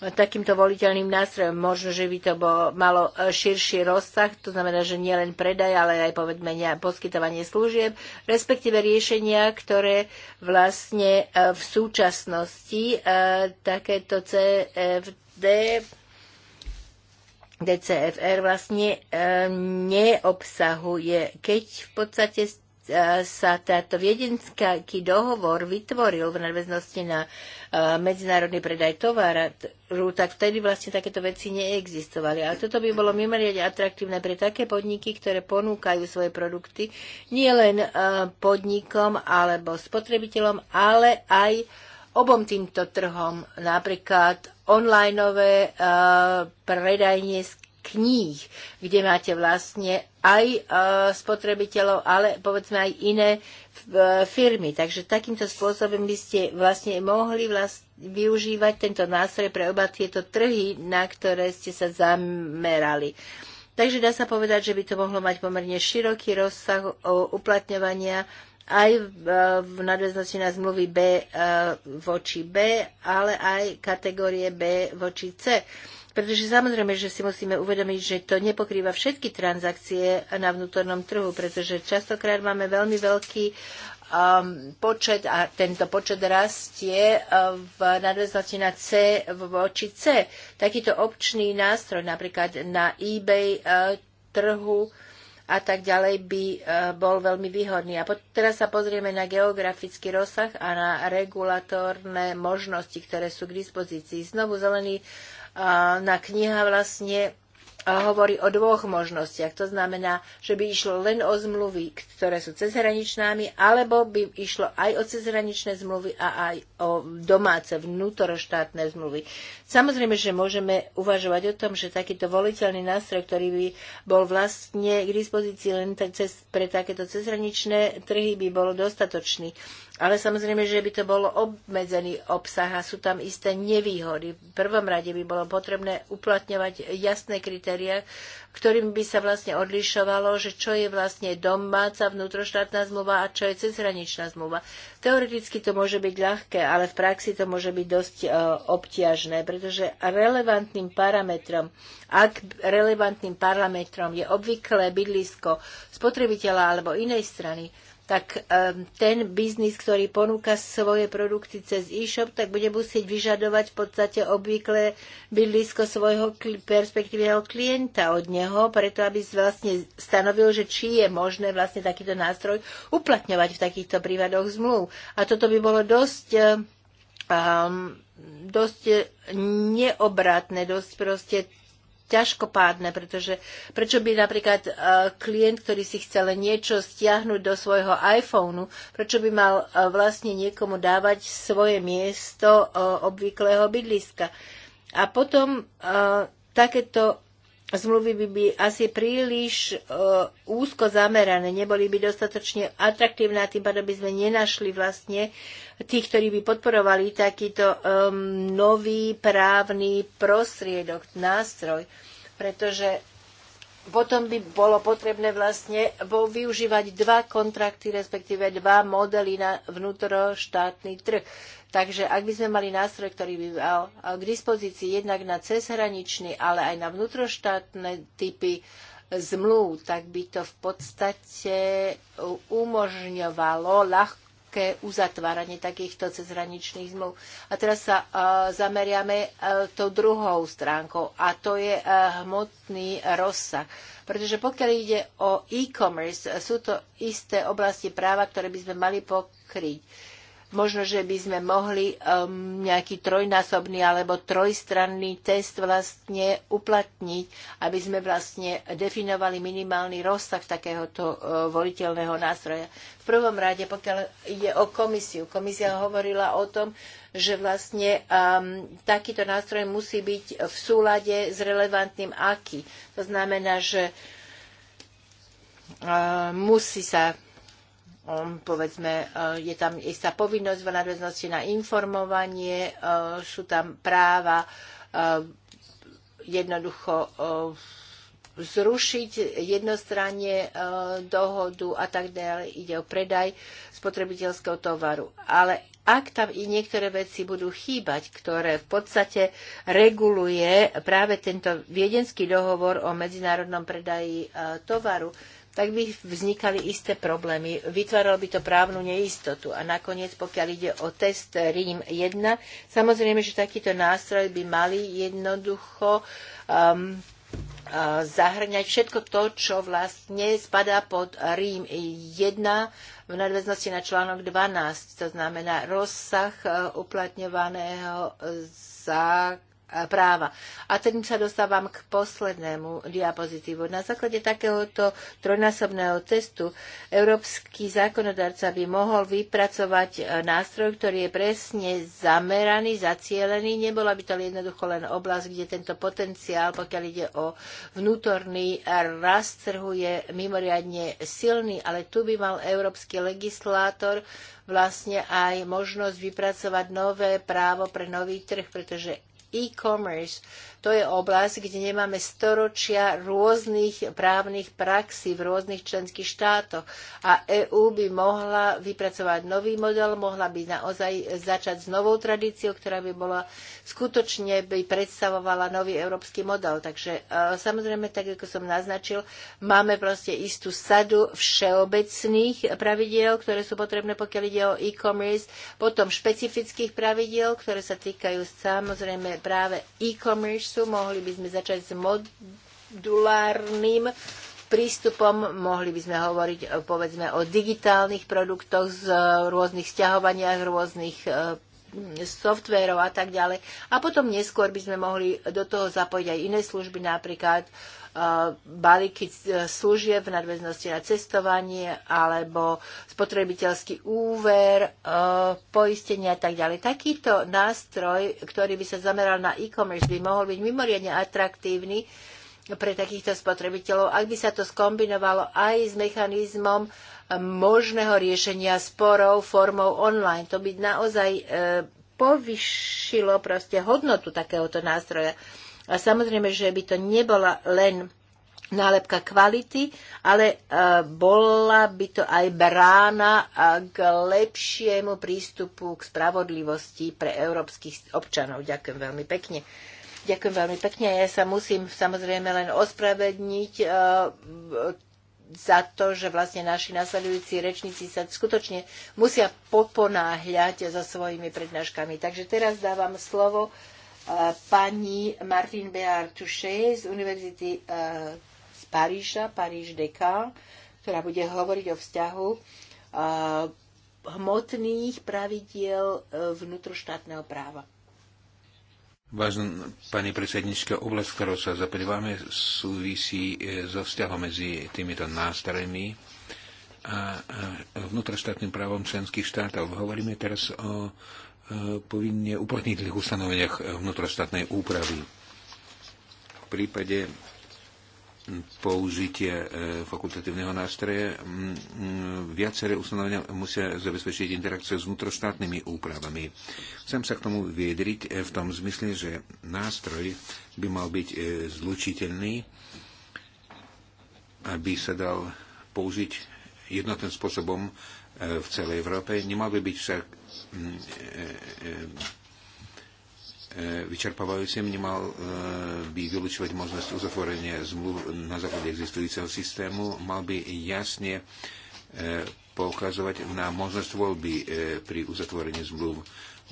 takýmto voliteľným nástrojom. Možno, že by to bolo, malo e, širší rozsah, to znamená, že nie len predaj, ale aj povedme poskytovanie služieb, respektíve riešenia, ktoré vlastne v súčasnosti takéto CFD DCFR vlastne neobsahuje, keď v podstate E, sa táto viedenský dohovor vytvoril v nadväznosti na e, medzinárodný predaj tovaru, tak vtedy vlastne takéto veci neexistovali. A toto by bolo mimoriadne atraktívne pre také podniky, ktoré ponúkajú svoje produkty nielen e, podnikom alebo spotrebiteľom, ale aj obom týmto trhom, napríklad onlineové predajne kníh, kde máte vlastne aj e, spotrebiteľov, ale povedzme aj iné e, firmy. Takže takýmto spôsobom by ste vlastne mohli vlastne využívať tento nástroj pre oba tieto trhy, na ktoré ste sa zamerali. Takže dá sa povedať, že by to mohlo mať pomerne široký rozsah uplatňovania aj e, v nadväznosti na zmluvy B voči B, ale aj kategórie B voči C. Pretože samozrejme, že si musíme uvedomiť, že to nepokrýva všetky transakcie na vnútornom trhu, pretože častokrát máme veľmi veľký um, počet a tento počet rastie uh, v nadväznosti na C voči C. Takýto občný nástroj napríklad na eBay uh, trhu a tak ďalej by uh, bol veľmi výhodný. A teraz sa pozrieme na geografický rozsah a na regulatórne možnosti, ktoré sú k dispozícii. Znovu zelený uh, na kniha vlastne hovorí o dvoch možnostiach. To znamená, že by išlo len o zmluvy, ktoré sú cezhraničnámi, alebo by išlo aj o cezhraničné zmluvy a aj o domáce vnútoroštátne zmluvy. Samozrejme, že môžeme uvažovať o tom, že takýto voliteľný nástroj, ktorý by bol vlastne k dispozícii len cez, pre takéto cezhraničné trhy, by bol dostatočný. Ale samozrejme, že by to bolo obmedzený obsah a sú tam isté nevýhody. V prvom rade by bolo potrebné uplatňovať jasné kritéria, ktorým by sa vlastne odlišovalo, že čo je vlastne domáca vnútroštátna zmluva a čo je cezhraničná zmluva. Teoreticky to môže byť ľahké, ale v praxi to môže byť dosť e, obťažné, pretože relevantným parametrom, ak relevantným parametrom je obvyklé bydlisko spotrebiteľa alebo inej strany, tak ten biznis, ktorý ponúka svoje produkty cez e-shop, tak bude musieť vyžadovať v podstate obvykle bydlisko svojho perspektívneho klienta od neho, preto aby vlastne stanovil, že či je možné vlastne takýto nástroj uplatňovať v takýchto prípadoch zmluv. A toto by bolo dosť um, dosť neobratné, dosť proste ťažkopádne, pretože prečo by napríklad e, klient, ktorý si chce len niečo stiahnuť do svojho iPhoneu, prečo by mal e, vlastne niekomu dávať svoje miesto e, obvyklého bydliska. A potom takéto zmluvy by, by asi príliš uh, úzko zamerané, neboli by dostatočne atraktívne a tým pádom by sme nenašli vlastne tých, ktorí by podporovali takýto um, nový právny prostriedok, nástroj, pretože potom by bolo potrebné vlastne využívať dva kontrakty, respektíve dva modely na vnútroštátny trh. Takže ak by sme mali nástroj, ktorý by mal k dispozícii jednak na cezhraničný, ale aj na vnútroštátne typy zmluv, tak by to v podstate umožňovalo ľahké uzatváranie takýchto cezhraničných zmluv. A teraz sa e, zameriame e, tou druhou stránkou a to je e, hmotný rozsah. Pretože pokiaľ ide o e-commerce, sú to isté oblasti práva, ktoré by sme mali pokryť Možno, že by sme mohli um, nejaký trojnásobný alebo trojstranný test vlastne uplatniť, aby sme vlastne definovali minimálny rozsah takéhoto uh, voliteľného nástroja. V prvom rade, pokiaľ ide o komisiu, komisia hovorila o tom, že vlastne um, takýto nástroj musí byť v súlade s relevantným aký. To znamená, že uh, musí sa povedzme, eh, je tam istá povinnosť v nadväznosti na informovanie, eh, sú tam práva eh, jednoducho zrušiť jednostranne dohodu a tak ďalej. Ide o predaj spotrebiteľského tovaru. Ale ak tam i niektoré veci budú chýbať, ktoré v podstate reguluje práve tento viedenský dohovor o medzinárodnom predaji tovaru, tak by vznikali isté problémy. Vytváralo by to právnu neistotu. A nakoniec, pokiaľ ide o test Rím 1, samozrejme, že takýto nástroj by mali jednoducho um, zahrňať všetko to, čo vlastne spadá pod Rím 1 v nadväznosti na článok 12, to znamená rozsah e, uplatňovaného zákona práva. A tým sa dostávam k poslednému diapozitívu. Na základe takéhoto trojnásobného testu európsky zákonodárca by mohol vypracovať e, nástroj, ktorý je presne zameraný, zacielený. Nebola by to jednoducho len oblasť, kde tento potenciál, pokiaľ ide o vnútorný rast trhu, je mimoriadne silný, ale tu by mal európsky legislátor vlastne aj možnosť vypracovať nové právo pre nový trh, pretože e-commerce to je oblasť, kde nemáme storočia rôznych právnych praxí v rôznych členských štátoch. A EÚ by mohla vypracovať nový model, mohla by naozaj začať s novou tradíciou, ktorá by bola skutočne by predstavovala nový európsky model. Takže e, samozrejme, tak ako som naznačil, máme proste istú sadu všeobecných pravidiel, ktoré sú potrebné, pokiaľ ide o e-commerce, potom špecifických pravidiel, ktoré sa týkajú samozrejme práve e-commerce praxu, mohli by sme začať s modulárnym prístupom, mohli by sme hovoriť eh, povedzme o digitálnych produktoch z rôznych sťahovaniach, rôznych eh, softvérov a tak ďalej. A potom neskôr by sme mohli do toho zapojiť aj iné služby, napríklad eh, balíky eh, služieb v nadväznosti na cestovanie alebo spotrebiteľský úver, eh, poistenie a tak ďalej. Takýto nástroj, ktorý by sa zameral na e-commerce, by mohol byť mimoriadne atraktívny pre takýchto spotrebiteľov, ak by sa to skombinovalo aj s mechanizmom e, možného riešenia sporov formou online. To by naozaj e, povyšilo proste hodnotu takéhoto nástroja. A samozrejme, že by to nebola len nálepka kvality, ale e, bola by to aj brána k lepšiemu prístupu k spravodlivosti pre európskych občanov. Ďakujem veľmi pekne. Ďakujem veľmi pekne. Ja sa musím samozrejme len ospravedniť e, za to, že vlastne naši nasledujúci rečníci sa skutočne musia poponáhľať so svojimi prednáškami. Takže teraz dávam slovo e, pani Martin Béard Touché z Univerzity e, z Paríža, Paríž Deka, ktorá bude hovoriť o vzťahu hmotných pravidiel vnútroštátneho práva. Vážená pani predsednička, oblasť, ktorou sa zaprívame, súvisí e, so vzťahom medzi týmito nástrojmi a vnútroštátnym právom členských štátov. Hovoríme teraz o e, povinne uplatniteľných ustanoveniach vnútroštátnej úpravy. V prípade použitie e, fakultatívneho nástroje. Mm, mm, viaceré ustanovenia musia zabezpečiť interakciu s vnútroštátnymi úpravami. Chcem sa k tomu vyjadriť e, v tom zmysle, že nástroj by mal byť e, zlučiteľný, aby sa dal použiť jednotným spôsobom v celej Európe. Nemal by byť však mm, E, vyčerpávajúcim, nemal e, by vylúčovať možnosť uzatvorenia zmluv na základe existujúceho systému, mal by jasne e, poukazovať na možnosť voľby pri uzatvorení zmluv.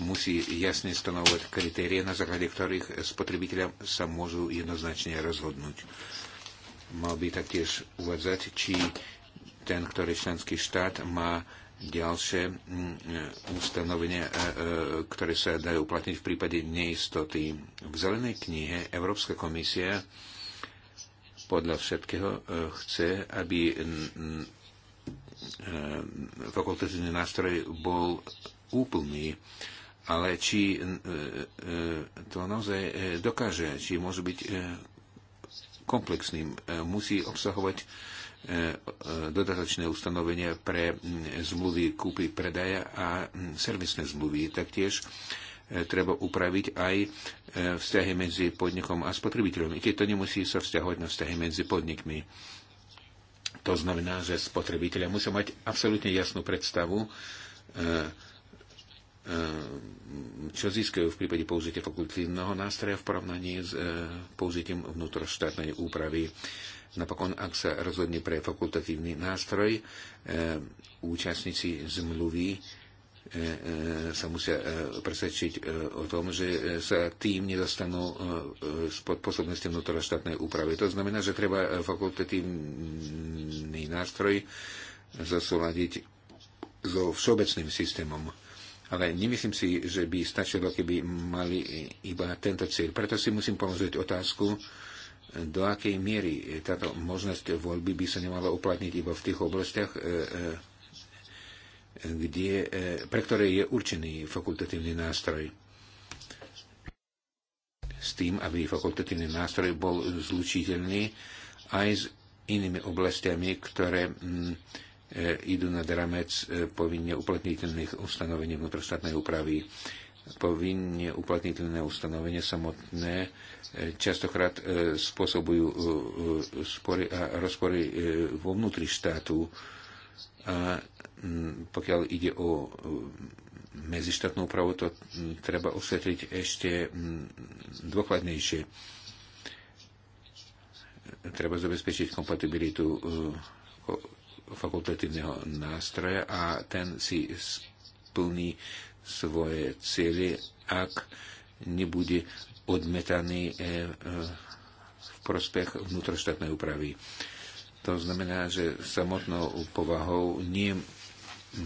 Musí jasne stanovať kritérie, na základe ktorých spotrebitelia sa môžu jednoznačne rozhodnúť. Mal by taktiež uvádzať, či ten, ktorý členský štát má ďalšie mm, e, ustanovenia, e, e, ktoré sa dajú uplatniť v prípade neistoty. V zelenej knihe Európska komisia podľa všetkého chce, aby fakultatívny nástroj bol úplný. Ale či to naozaj dokáže, či môže byť komplexným, musí obsahovať E, e, dodatočné ustanovenia pre zmluvy kúpy predaja a servisné zmluvy. Taktiež e, treba upraviť aj vzťahy medzi podnikom a spotrebiteľom, i keď to nemusí sa vzťahovať na vzťahy medzi podnikmi. To znamená, že spotrebiteľa musia mať absolútne jasnú predstavu, čo získajú v prípade použitia fakultívneho nástroja v porovnaní s použitím vnútroštátnej úpravy. Napokon, ak sa rozhodne pre fakultatívny nástroj, e, účastníci zmluvy e, e, sa musia presvedčiť o tom, že sa tým nedostanú spod posobnosti vnútroštátnej úpravy. To znamená, že treba fakultatívny nástroj zasúľadiť so všeobecným systémom. Ale nemyslím si, že by stačilo, keby mali iba tento cieľ. Preto si musím položiť otázku, do akej miery e, táto možnosť voľby by sa nemala uplatniť iba v tých oblastiach, e, e, kde, pre ktoré je určený fakultatívny nástroj s tým, aby fakultatívny nástroj bol zlučiteľný aj s inými oblastiami, ktoré mm, idú na dramec povinne uplatniteľných ustanovení vnútroštátnej úpravy povinne uplatniteľné ustanovenia samotné e, častokrát e, spôsobujú e, spory a rozpory vo vnútri štátu. A pokiaľ ide o medzištátnu úpravu, to treba osvetliť ešte dôkladnejšie. Treba zabezpečiť kompatibilitu fakultatívneho nástroja a ten si splní svoje cieľe, ak nebude odmetaný e, e, v prospech vnútroštátnej úpravy. To znamená, že samotnou povahou nie je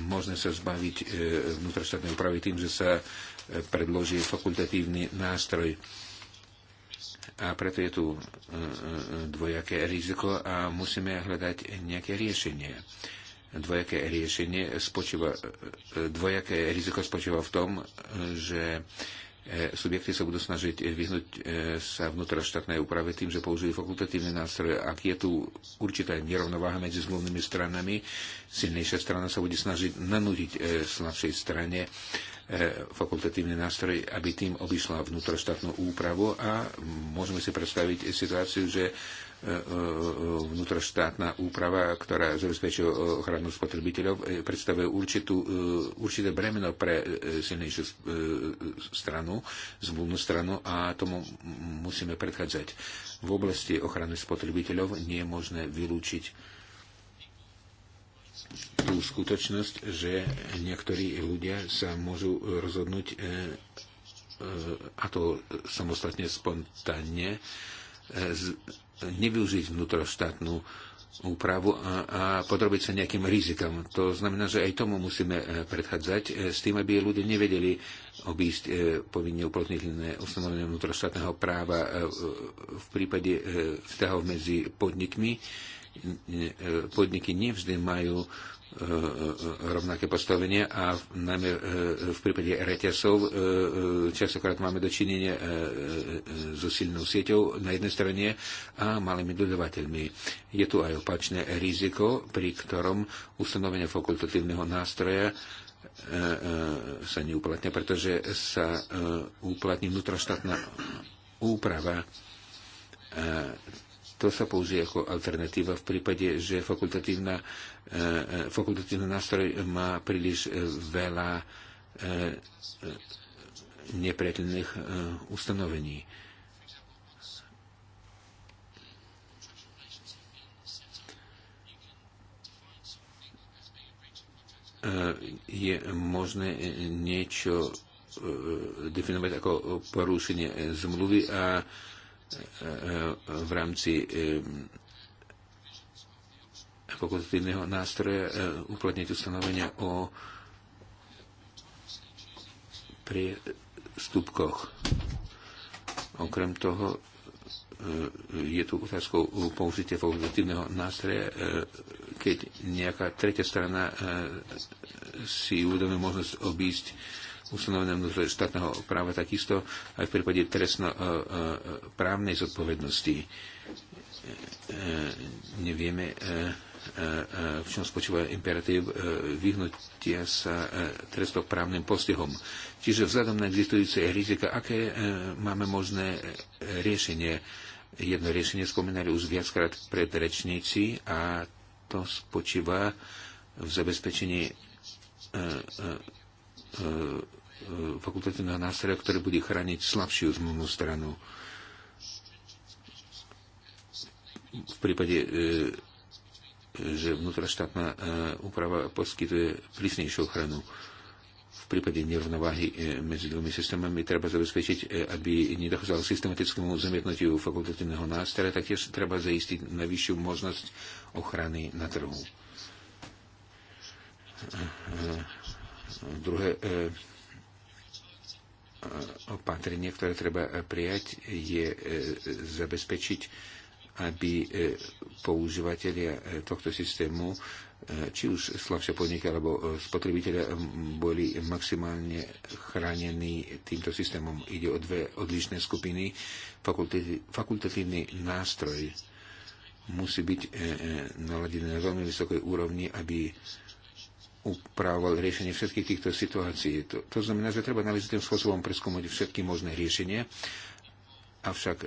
možné sa zbaviť e, vnútroštátnej úpravy tým, že sa predloží fakultatívny nástroj. A preto je tu dvojaké riziko a musíme hľadať nejaké riešenie dvojaké riešenie spočíva, dvojaké riziko spočíva v tom, že e, subjekty sa budú snažiť vyhnúť e, sa vnútroštátnej úprave tým, že použijú fakultatívne nástroje. Ak je tu určitá nerovnováha medzi zmluvnými stranami, silnejšia strana sa bude snažiť nanútiť e, slabšej strane fakultatívny nástroj, aby tým obišla vnútroštátnu úpravu a môžeme si predstaviť situáciu, že E, e, vnútroštátna úprava, ktorá zabezpečuje ochranu spotrebiteľov, e, predstavuje určitú, určité bremeno pre silnejšiu stranu, zvolnú stranu a tomu musíme predchádzať. V oblasti ochrany spotrebiteľov nie je možné vylúčiť tú skutočnosť, že niektorí ľudia sa môžu rozhodnúť a to samostatne spontánne nevyužiť vnútroštátnu úpravu a, a podrobiť sa nejakým rizikom. To znamená, že aj tomu musíme e, predchádzať e, s tým, aby ľudia nevedeli obísť e, povinne uplatniteľné ustanovenie vnútroštátneho práva v prípade vzťahov medzi podnikmi. Podniky nevždy majú E, e, rovnaké postavenie a najmä e, v prípade reťazov častokrát máme dočinenie so silnou sieťou na jednej strane a malými dodavateľmi. Je tu aj opačné riziko, pri ktorom ustanovenie fakultatívneho nástroja sa neuplatňa, pretože sa uplatní vnútroštátna úprava to sa použije ako alternatíva v prípade, že fakultatívna E, e, fakultatívny nástroj má príliš e, veľa nepriateľných ustanovení. je možné niečo definovať ako porušenie zmluvy a v rámci fakultatívneho nástroja e, uplatniť ustanovenia o priestupkoch. Okrem toho e, je tu otázkou použitia fakultatívneho nástroja, e, keď nejaká tretia strana si uvedomuje možnosť obísť ustanovené množstvo štátneho práva takisto aj v prípade trestno-právnej zodpovednosti. Nevieme, E, e, v čom spočíva imperatív e, vyhnutia sa trestoprávnym postihom. Čiže vzhľadom na existujúce rizika, aké máme možné riešenie? Jedno riešenie spomínali už viackrát pred rečníci a to spočíva v zabezpečení fakultatívneho nástroja, ktorý bude chrániť slabšiu zmluvnú stranu. V prípade že vnútroštátna e, úprava poskytuje prísnejšiu ochranu. V prípade nerovnováhy e, medzi dvomi systémami treba zabezpečiť, e, aby nedochádzalo k systematickému zamietnutiu fakultatívneho nástroja, taktiež treba zaistiť najvyššiu možnosť ochrany na trhu. Druhé opatrenie, ktoré treba prijať, je zabezpečiť aby e, používateľia e, tohto systému e, či už slabšie podniky alebo spotrebitelia boli maximálne chránení týmto systémom. Ide o dve odlišné skupiny. Fakultatívny nástroj musí byť naladený na veľmi vysokej úrovni, aby upravoval riešenie všetkých týchto situácií. To, to znamená, že treba analytickým spôsobom preskúmať všetky možné riešenie, avšak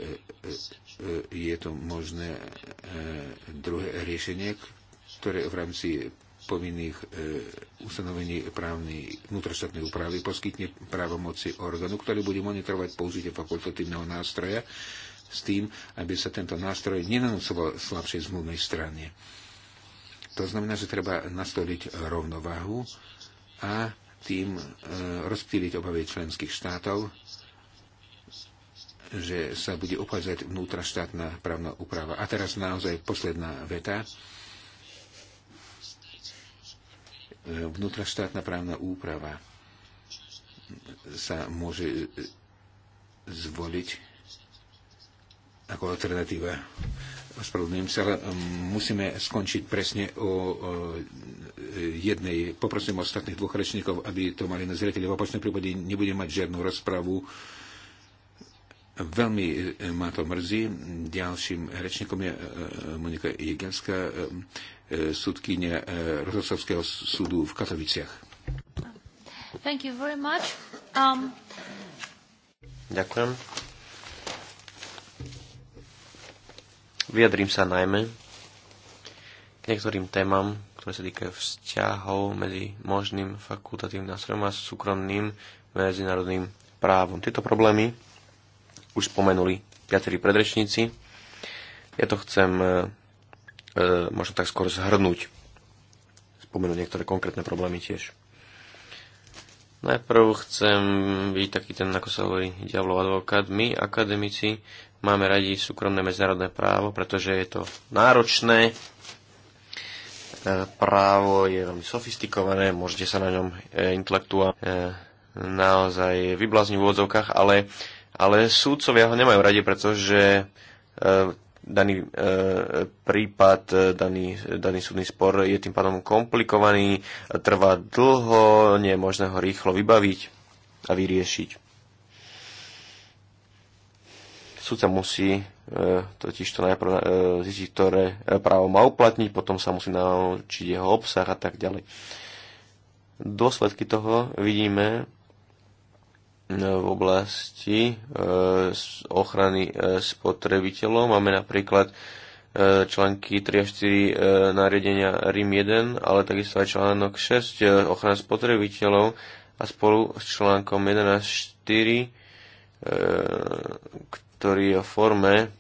E, je to možné e, druhé riešenie, ktoré v rámci povinných e, ustanovení právnej vnútroštátnej úpravy poskytne právomoci orgánu, ktorý bude monitorovať použitie fakultatívneho nástroja s tým, aby sa tento nástroj nenanúcoval slabšej zmluvnej strane. To znamená, že treba nastoliť rovnováhu a tým rozptýliť obavy členských štátov že sa bude upädzať vnútraštátna právna úprava. A teraz naozaj posledná veta. Vnútraštátna právna úprava sa môže zvoliť ako alternatíva. Ospravedlňujem sa, ale musíme skončiť presne o jednej. Poprosím ostatných dvoch rečníkov, aby to mali na zreteli. V opačnom prípade nebudem mať žiadnu rozpravu Veľmi e, ma to mrzí. Ďalším rečníkom je e, e, Monika Jegelská, súdkynia Rozhodovského súdu v Katoviciach. Thank you very much. Um... Ďakujem. Vyjadrím sa najmä k niektorým témam, ktoré sa týkajú vzťahov medzi možným fakultatívnym nástrojom a súkromným medzinárodným právom. Tieto problémy už spomenuli viacerí predrečníci. Ja to chcem e, e, možno tak skôr zhrnúť. Spomenúť niektoré konkrétne problémy tiež. Najprv chcem byť taký ten, ako sa hovorí, diablov advokát. My, akademici, máme radi súkromné medzinárodné právo, pretože je to náročné, e, právo je veľmi sofistikované, môžete sa na ňom e, intelektuálne naozaj vyblázniť v úvodzovkách, ale ale súdcovia ho nemajú radi, pretože e, daný e, prípad, e, daný, daný súdny spor je tým pádom komplikovaný, trvá dlho, nie je možné ho rýchlo vybaviť a vyriešiť. Súdca musí totiž to najprv zistiť, ktoré právo má uplatniť, potom sa musí naučiť jeho obsah a tak ďalej. Dôsledky toho vidíme E, v oblasti e, ochrany e, spotrebiteľov. Máme napríklad články 3 a 4 nariadenia RIM 1, ale takisto aj článok 6 ochrana spotrebiteľov a spolu s článkom a 4, ktorý je o forme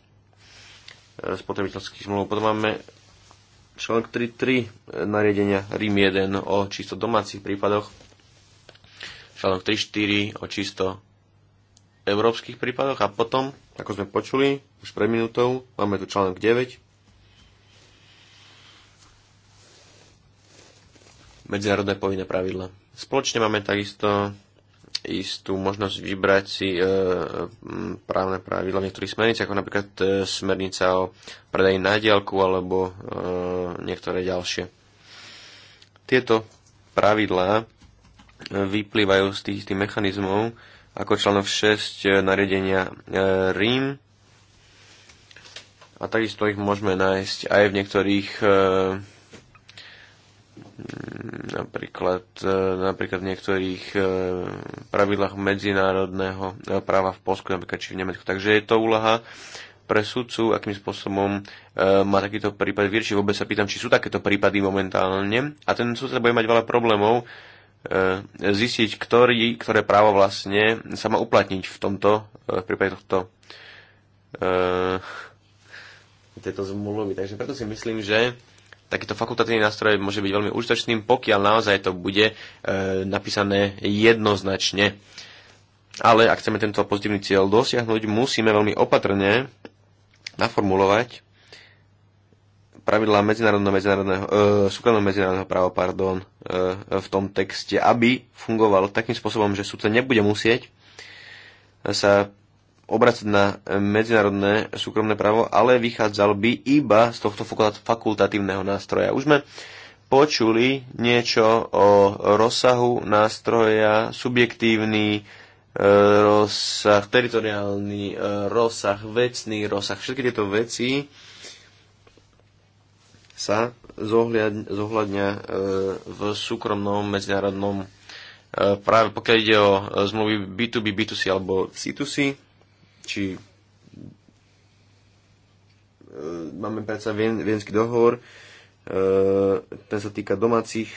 spotrebiteľských zmluv. Potom máme článok 3.3 nariadenia RIM 1 o čisto domácich prípadoch článok 3-4 o čisto európskych prípadoch a potom, ako sme počuli už pred minútou, máme tu článok 9 medzinárodné povinné pravidla. Spoločne máme takisto istú možnosť vybrať si e, právne pravidla v niektorých smerniciach, ako napríklad e, smernica o predaji na diálku alebo e, niektoré ďalšie. Tieto pravidlá vyplývajú z tých, tých mechanizmov, ako článok 6 e, nariadenia e, RIM. A takisto ich môžeme nájsť aj v niektorých e, mm, napríklad, napríklad v niektorých pravidlách medzinárodného práva v Polsku, napríklad či v Nemecku. Takže je to úlaha pre sudcu, akým spôsobom e, má takýto prípad vyriešiť. Vôbec sa pýtam, či sú takéto prípady momentálne. A ten sudca bude mať veľa problémov, E, zistiť, ktorý, ktoré právo vlastne sa má uplatniť v tomto, e, v prípade tohto e, tejto zmluvy. Takže preto si myslím, že takýto fakultatívny nástroj môže byť veľmi užitočným, pokiaľ naozaj to bude napísané jednoznačne. Ale ak chceme tento pozitívny cieľ dosiahnuť, musíme veľmi opatrne naformulovať pravidlá medzinárodného, medzinárodného e, súkromného medzinárodného práva pardon, e, v tom texte, aby fungoval takým spôsobom, že súdca nebude musieť sa obracať na medzinárodné súkromné právo, ale vychádzal by iba z tohto fakultatívneho nástroja. Už sme počuli niečo o rozsahu nástroja, subjektívny, e, rozsah, teritoriálny e, rozsah, vecný rozsah, všetky tieto veci sa zohľadňa e, v súkromnom medzinárodnom e, práve pokiaľ ide o e, zmluvy B2B, B2C alebo C2C, či máme predsa vienský dohovor, ten sa týka domácich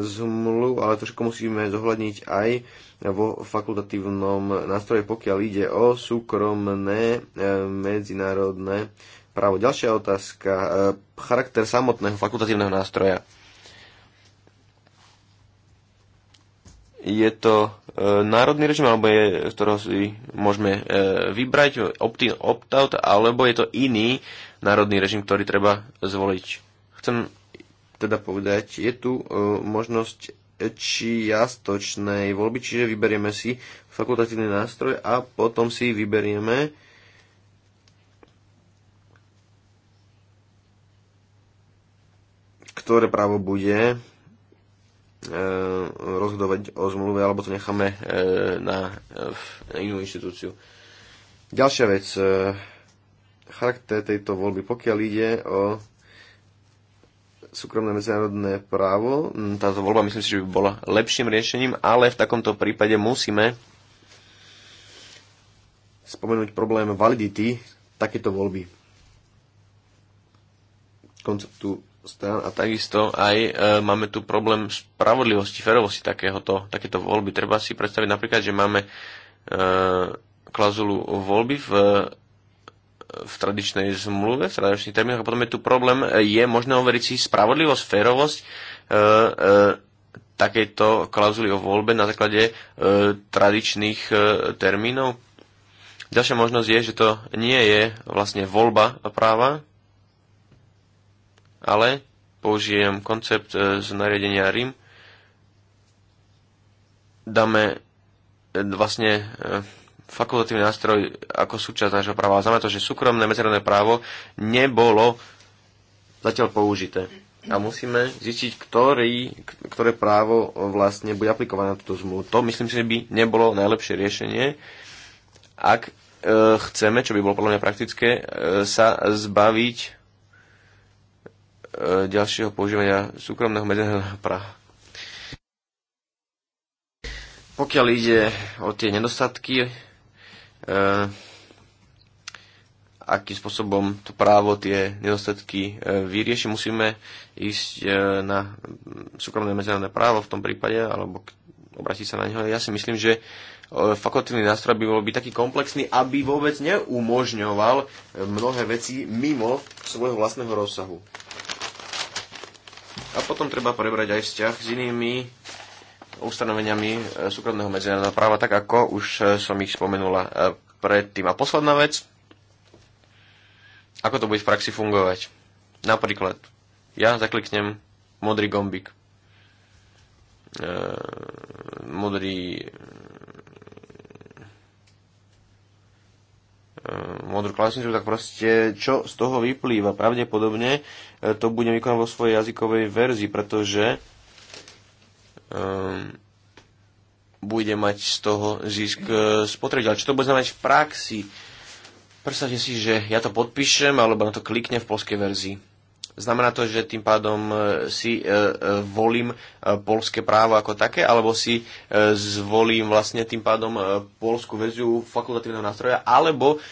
zmluv, ale to všetko musíme zohľadniť aj vo fakultatívnom nástroje, pokiaľ ide o súkromné medzinárodné právo. Ďalšia otázka, e, charakter samotného fakultatívneho nástroja. je to e, národný režim, alebo je, z ktorého si môžeme e, vybrať opt-in, opt-out, alebo je to iný národný režim, ktorý treba zvoliť. Chcem teda povedať, je tu e, možnosť čiastočnej voľby, čiže vyberieme si fakultatívny nástroj a potom si vyberieme ktoré právo bude e, rozhodovať o zmluve, alebo to necháme e, na, na e, inú inštitúciu. Ďalšia vec, charakter tejto voľby, pokiaľ ide o súkromné medzinárodné právo, táto voľba myslím si, že by bola lepším riešením, ale v takomto prípade musíme spomenúť problém validity takéto voľby konceptu stran a takisto aj e, máme tu problém spravodlivosti, ferovosti takéhoto, takéto voľby. Treba si predstaviť napríklad, že máme e, klauzulu voľby v, e, v tradičnej zmluve, v tradičných termínoch a potom je tu problém, e, je možné overiť si spravodlivosť, ferovosť e, e, takejto klauzuly o voľbe na základe e, tradičných e, termínov. Ďalšia možnosť je, že to nie je vlastne voľba práva, ale použijem koncept e, z nariadenia RIM. Dáme e, vlastne e, fakultatívny nástroj ako súčasť nášho práva. Znamená to, že súkromné medzinárodné právo nebolo zatiaľ použité. A musíme zistiť, ktorý, ktoré právo vlastne bude aplikované na túto zmluvu. To myslím si, že by nebolo najlepšie riešenie, ak e, chceme, čo by bolo podľa mňa praktické, e, sa zbaviť E, ďalšieho používania súkromného medzinárodného práva. Pokiaľ ide o tie nedostatky, e, akým spôsobom to právo tie nedostatky e, vyrieši. Musíme ísť na súkromné medzinárodné právo v tom prípade, alebo obrátiť sa na neho. Ja si myslím, že fakultívny nástroj by bol byť taký komplexný, aby vôbec neumožňoval mnohé veci mimo svojho vlastného rozsahu. A potom treba prebrať aj vzťah s inými ustanoveniami e, súkromného medzinárodného práva, tak ako už e, som ich spomenula e, predtým. A posledná vec, ako to bude v praxi fungovať. Napríklad, ja zakliknem modrý gombik. E, modrý E, modrú klasnicu, tak proste čo z toho vyplýva? Pravdepodobne e, to budem vykonať vo svojej jazykovej verzii, pretože um, bude mať z toho zisk e, spotrebiteľ. Čo to bude znamenať v praxi? Predstavte si, že ja to podpíšem alebo na to klikne v polskej verzii Znamená to, že tým pádom e, si e, e, volím polské právo ako také, alebo si zvolím vlastne tým pádom polskú verziu fakultatívneho nástroja, alebo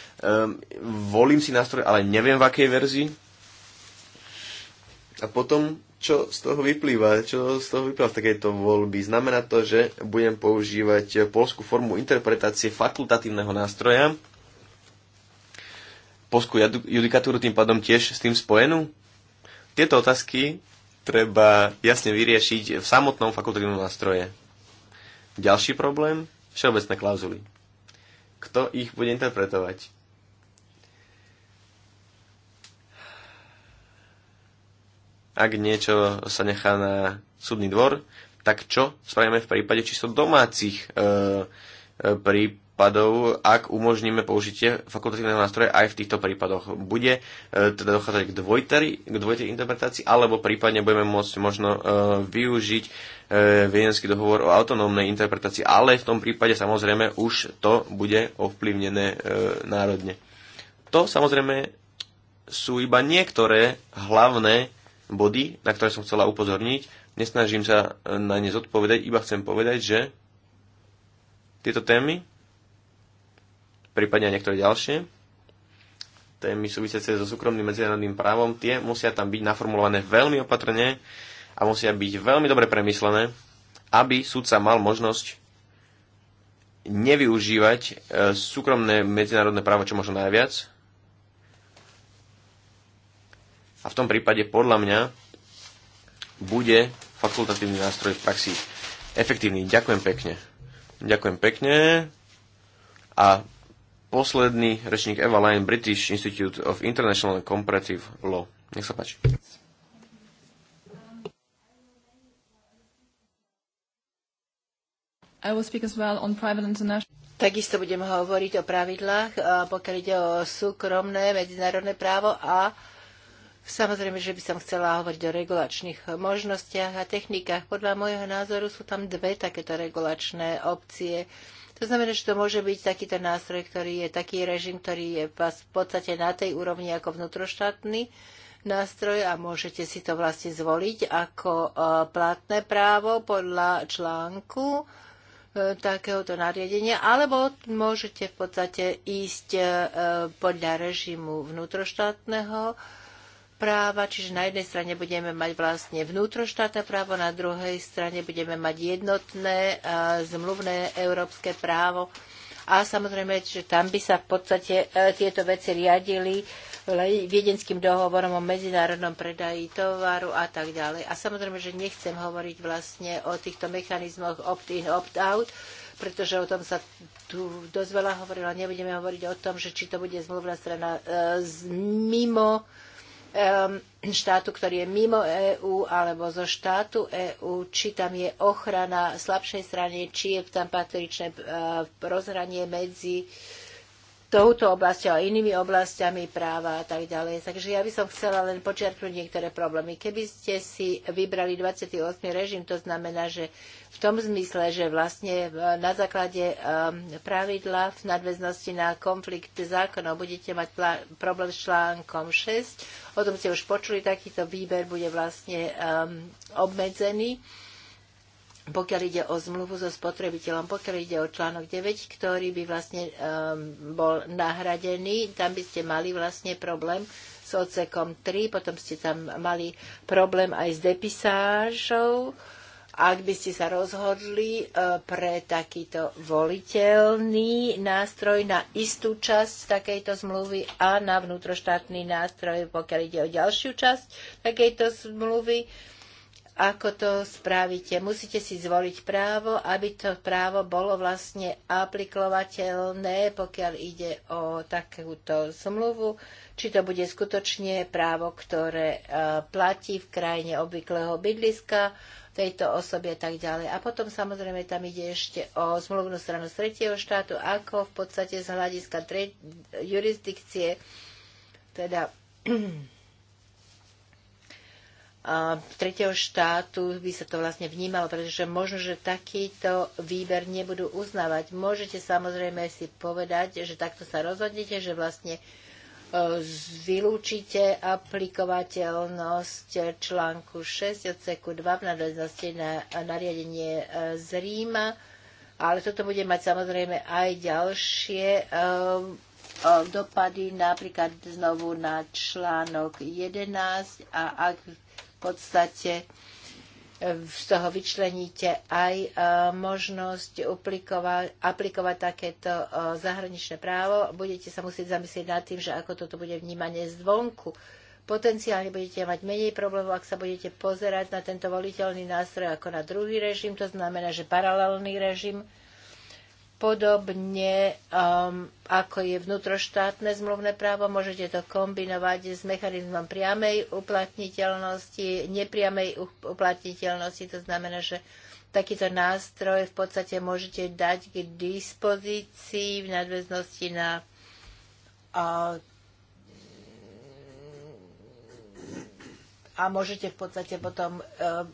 volím si nástroj, ale neviem v akej verzii. A potom, čo z toho vyplýva? Čo z toho vyplýva v takejto voľby? Znamená to, že budem používať polskú formu interpretácie fakultatívneho nástroja, polskú judikatúru tým pádom tiež s tým spojenú? Tieto otázky treba jasne vyriešiť v samotnom fakultatívnom nástroje. Ďalší problém všeobecné klauzuly. Kto ich bude interpretovať? Ak niečo sa nechá na súdny dvor, tak čo spravíme v prípade čisto domácich e, e, prí, prípadov, ak umožníme použitie fakultatívneho nástroja aj v týchto prípadoch. Bude e, teda dochádzať k, dvojtej, k dvojitej interpretácii, alebo prípadne budeme môcť možno e, využiť e, viedenský dohovor o autonómnej interpretácii, ale v tom prípade samozrejme už to bude ovplyvnené e, národne. To samozrejme sú iba niektoré hlavné body, na ktoré som chcela upozorniť. Nesnažím sa na ne zodpovedať, iba chcem povedať, že tieto témy prípadne aj niektoré ďalšie témy súvisiace so súkromným medzinárodným právom, tie musia tam byť naformulované veľmi opatrne a musia byť veľmi dobre premyslené, aby súdca mal možnosť nevyužívať e, súkromné medzinárodné právo čo možno najviac. A v tom prípade podľa mňa bude fakultatívny nástroj v praxi efektívny. Ďakujem pekne. Ďakujem pekne a posledný rečník Eva Lyon, British Institute of International Comparative Law. Nech sa páči. I will speak as well on private international... Takisto budem hovoriť o pravidlách, pokiaľ ide o súkromné medzinárodné právo a Samozrejme, že by som chcela hovoriť o regulačných možnostiach a technikách. Podľa môjho názoru sú tam dve takéto regulačné opcie. To znamená, že to môže byť takýto nástroj, ktorý je taký režim, ktorý je v podstate na tej úrovni ako vnútroštátny nástroj a môžete si to vlastne zvoliť ako e, platné právo podľa článku e, takéhoto nariadenia, alebo môžete v podstate ísť e, podľa režimu vnútroštátneho práva, čiže na jednej strane budeme mať vlastne vnútroštátne právo, na druhej strane budeme mať jednotné zmluvné európske právo. A samozrejme, že tam by sa v podstate e, tieto veci riadili viedenským dohovorom o medzinárodnom predaji tovaru a tak ďalej. A samozrejme, že nechcem hovoriť vlastne o týchto mechanizmoch opt-in, opt-out, pretože o tom sa tu dosť veľa hovorilo. Nebudeme hovoriť o tom, že či to bude zmluvná strana e, z, mimo Um, štátu, ktorý je mimo EÚ alebo zo štátu EÚ, či tam je ochrana slabšej strany, či je tam patričné uh, rozhranie medzi touto oblasťou a inými oblastiami práva a tak ďalej. Takže ja by som chcela len počiarknúť niektoré problémy. Keby ste si vybrali 28. režim, to znamená, že v tom zmysle, že vlastne e, na základe e, pravidla v nadväznosti na konflikt zákonov budete mať problém s článkom 6, o tom ste už počuli, takýto výber bude vlastne e, obmedzený pokiaľ ide o zmluvu so spotrebiteľom, pokiaľ ide o článok 9, ktorý by vlastne um, bol nahradený, tam by ste mali vlastne problém s odsekom 3, potom ste tam mali problém aj s depisážou, ak by ste sa rozhodli uh, pre takýto voliteľný nástroj na istú časť takejto zmluvy a na vnútroštátny nástroj, pokiaľ ide o ďalšiu časť takejto zmluvy ako to spravíte. Musíte si zvoliť právo, aby to právo bolo vlastne aplikovateľné, pokiaľ ide o takúto zmluvu, či to bude skutočne právo, ktoré e, platí v krajine obvyklého bydliska tejto osoby a tak ďalej. A potom samozrejme tam ide ešte o zmluvnú stranu z tretieho štátu, ako v podstate z hľadiska tre- jurisdikcie, teda tretieho štátu by sa to vlastne vnímalo, pretože možno, že takýto výber nebudú uznávať. Môžete samozrejme si povedať, že takto sa rozhodnete, že vlastne e, vylúčite aplikovateľnosť článku 6 odseku 2 v nadväznosti na nariadenie e, z Ríma, ale toto bude mať samozrejme aj ďalšie e, dopady napríklad znovu na článok 11 a ak podstate z toho vyčleníte aj e, možnosť aplikovať, takéto e, zahraničné právo. Budete sa musieť zamyslieť nad tým, že ako toto bude vnímanie zvonku. Potenciálne budete mať menej problémov, ak sa budete pozerať na tento voliteľný nástroj ako na druhý režim, to znamená, že paralelný režim, podobne um, ako je vnútroštátne zmluvné právo, môžete to kombinovať s mechanizmom priamej uplatniteľnosti, nepriamej uplatniteľnosti, to znamená, že takýto nástroj v podstate môžete dať k dispozícii v nadväznosti na a, a môžete v podstate potom e,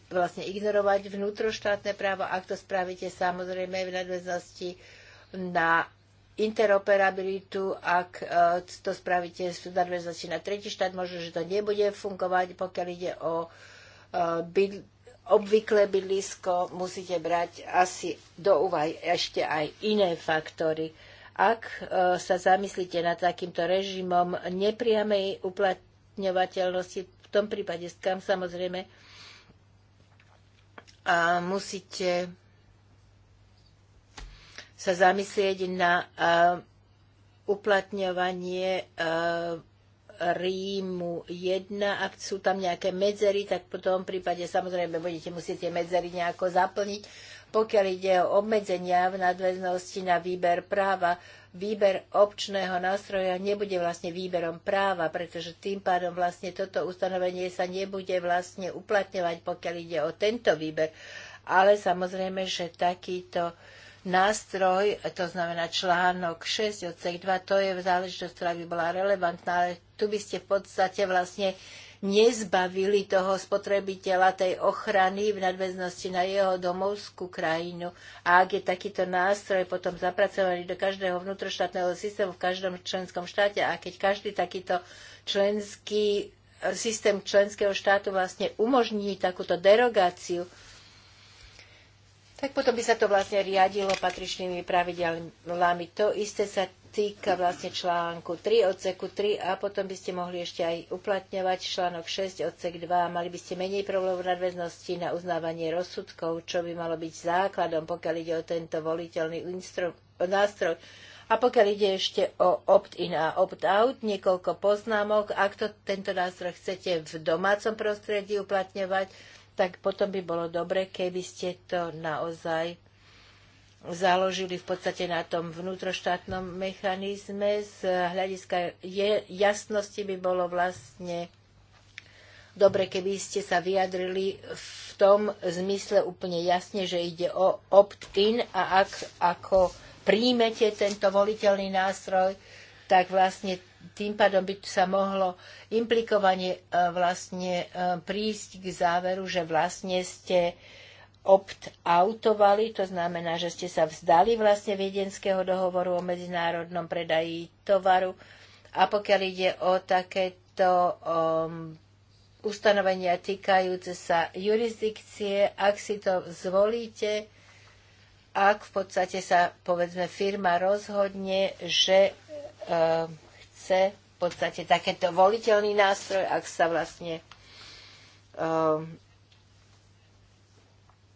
vlastne ignorovať vnútroštátne právo, ak to spravíte samozrejme v nadväznosti na interoperabilitu, ak e, to spravíte s nadväznosti na tretí štát, možno, že to nebude fungovať, pokiaľ ide o e, byd- obvyklé bydlisko, musíte brať asi do úvahy ešte aj iné faktory. Ak e, sa zamyslíte nad takýmto režimom nepriamej uplatňovateľnosti, v tom prípade skam samozrejme, a musíte sa zamyslieť na e, uplatňovanie e, Rímu 1, ak sú tam nejaké medzery, tak v tom prípade samozrejme budete musieť tie medzery nejako zaplniť. Pokiaľ ide o obmedzenia v nadväznosti na výber práva, výber občného nástroja nebude vlastne výberom práva, pretože tým pádom vlastne toto ustanovenie sa nebude vlastne uplatňovať, pokiaľ ide o tento výber. Ale samozrejme, že takýto uh, nástroj, to znamená článok 6 od 2, to je v záležitosť, ktorá by bola relevantná, ale tu by ste v podstate vlastne nezbavili toho spotrebiteľa tej ochrany v nadväznosti na jeho domovskú krajinu. A ak je takýto nástroj potom zapracovaný do každého vnútroštátneho systému v každom členskom štáte a keď každý takýto členský e, systém členského štátu vlastne umožní takúto derogáciu, tak potom by sa to vlastne riadilo patričnými pravidelami. To isté sa týka vlastne článku 3 odseku 3 a potom by ste mohli ešte aj uplatňovať článok 6 odsek 2. Mali by ste menej problémov nadväznosti na uznávanie rozsudkov, čo by malo byť základom, pokiaľ ide o tento voliteľný nástroj. A pokiaľ ide ešte o opt-in a opt-out, niekoľko poznámok. Ak to, tento nástroj chcete v domácom prostredí uplatňovať, tak potom by bolo dobre, keby ste to naozaj založili v podstate na tom vnútroštátnom mechanizme. Z hľadiska jasnosti by bolo vlastne dobre, keby ste sa vyjadrili v tom zmysle úplne jasne, že ide o opt-in a ak, ako príjmete tento voliteľný nástroj, tak vlastne tým pádom by sa mohlo implikovanie e, vlastne e, prísť k záveru, že vlastne ste opt-outovali, to znamená, že ste sa vzdali vlastne viedenského dohovoru o medzinárodnom predaji tovaru. A pokiaľ ide o takéto um, ustanovenia týkajúce sa jurisdikcie, ak si to zvolíte, ak v podstate sa, povedzme, firma rozhodne, že um, chce v podstate takéto voliteľný nástroj, ak sa vlastne um,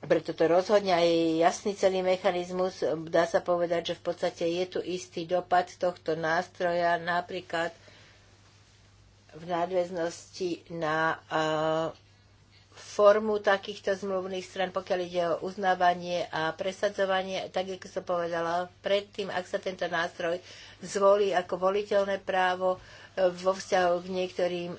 preto to rozhodne aj jasný celý mechanizmus. Dá sa povedať, že v podstate je tu istý dopad tohto nástroja napríklad v nadväznosti na uh, formu takýchto zmluvných stran, pokiaľ ide o uznávanie a presadzovanie, tak ako som povedala predtým, ak sa tento nástroj zvolí ako voliteľné právo e, vo vzťahu k niektorým e,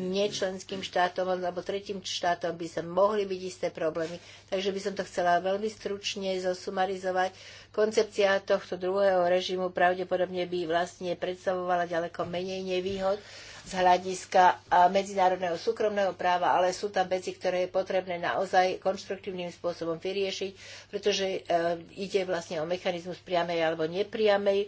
nečlenským štátom alebo tretím štátom by sa mohli byť isté problémy. Takže by som to chcela veľmi stručne zosumarizovať. Koncepcia tohto druhého režimu pravdepodobne by vlastne predstavovala ďaleko menej nevýhod, z hľadiska medzinárodného súkromného práva, ale sú tam veci, ktoré je potrebné naozaj konštruktívnym spôsobom vyriešiť, pretože e, ide vlastne o mechanizmus priamej alebo nepriamej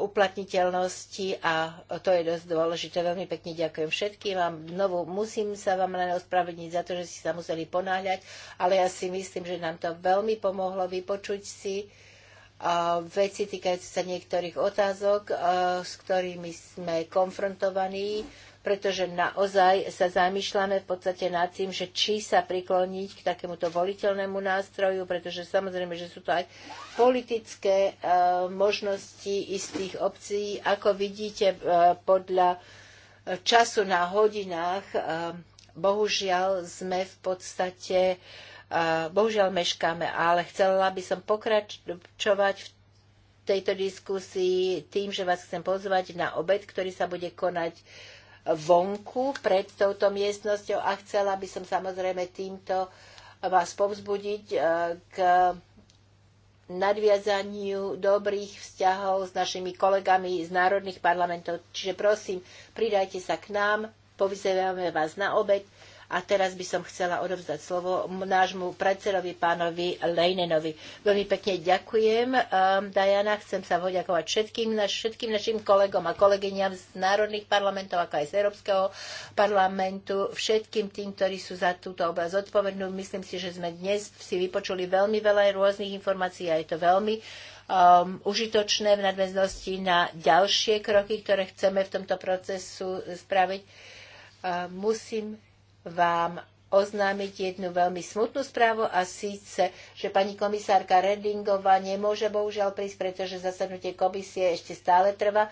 uplatniteľnosti a to je dosť dôležité. Veľmi pekne ďakujem všetkým a znovu musím sa vám len ospravedlniť za to, že ste sa museli ponáhľať, ale ja si myslím, že nám to veľmi pomohlo vypočuť si veci týkajúce sa niektorých otázok, s ktorými sme konfrontovaní, pretože naozaj sa zamýšľame v podstate nad tým, že či sa prikloniť k takémuto voliteľnému nástroju, pretože samozrejme, že sú to aj politické e, možnosti istých obcí. Ako vidíte, e, podľa času na hodinách, e, bohužiaľ sme v podstate Eh, bohužiaľ meškáme, ale chcela by som pokračovať v tejto diskusii tým, že vás chcem pozvať na obed, ktorý sa bude konať vonku pred touto miestnosťou a chcela by som samozrejme týmto vás povzbudiť eh, k nadviazaniu dobrých vzťahov s našimi kolegami z národných parlamentov. Čiže prosím, pridajte sa k nám, povyzývame vás na obed a teraz by som chcela odovzdať slovo nášmu predsedovi pánovi Lejnenovi. Veľmi pekne ďakujem, um, Diana. Chcem sa poďakovať všetkým, naš, všetkým našim kolegom a kolegyňam z národných parlamentov, ako aj z Európskeho parlamentu, všetkým tým, ktorí sú za túto oblasť zodpovednú. Myslím si, že sme dnes si vypočuli veľmi veľa rôznych informácií a je to veľmi um, užitočné v nadväznosti na ďalšie kroky, ktoré chceme v tomto procesu spraviť. Uh, musím vám oznámiť jednu veľmi smutnú správu a síce, že pani komisárka Redingová nemôže bohužiaľ prísť, pretože zasadnutie komisie ešte stále trvá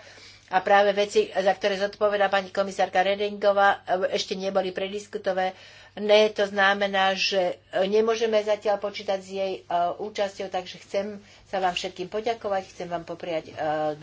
a práve veci, za ktoré zodpovedá pani komisárka Redingová, ešte neboli prediskutové. Ne, to znamená, že nemôžeme zatiaľ počítať s jej e, účasťou, takže chcem sa vám všetkým poďakovať, chcem vám popriať e,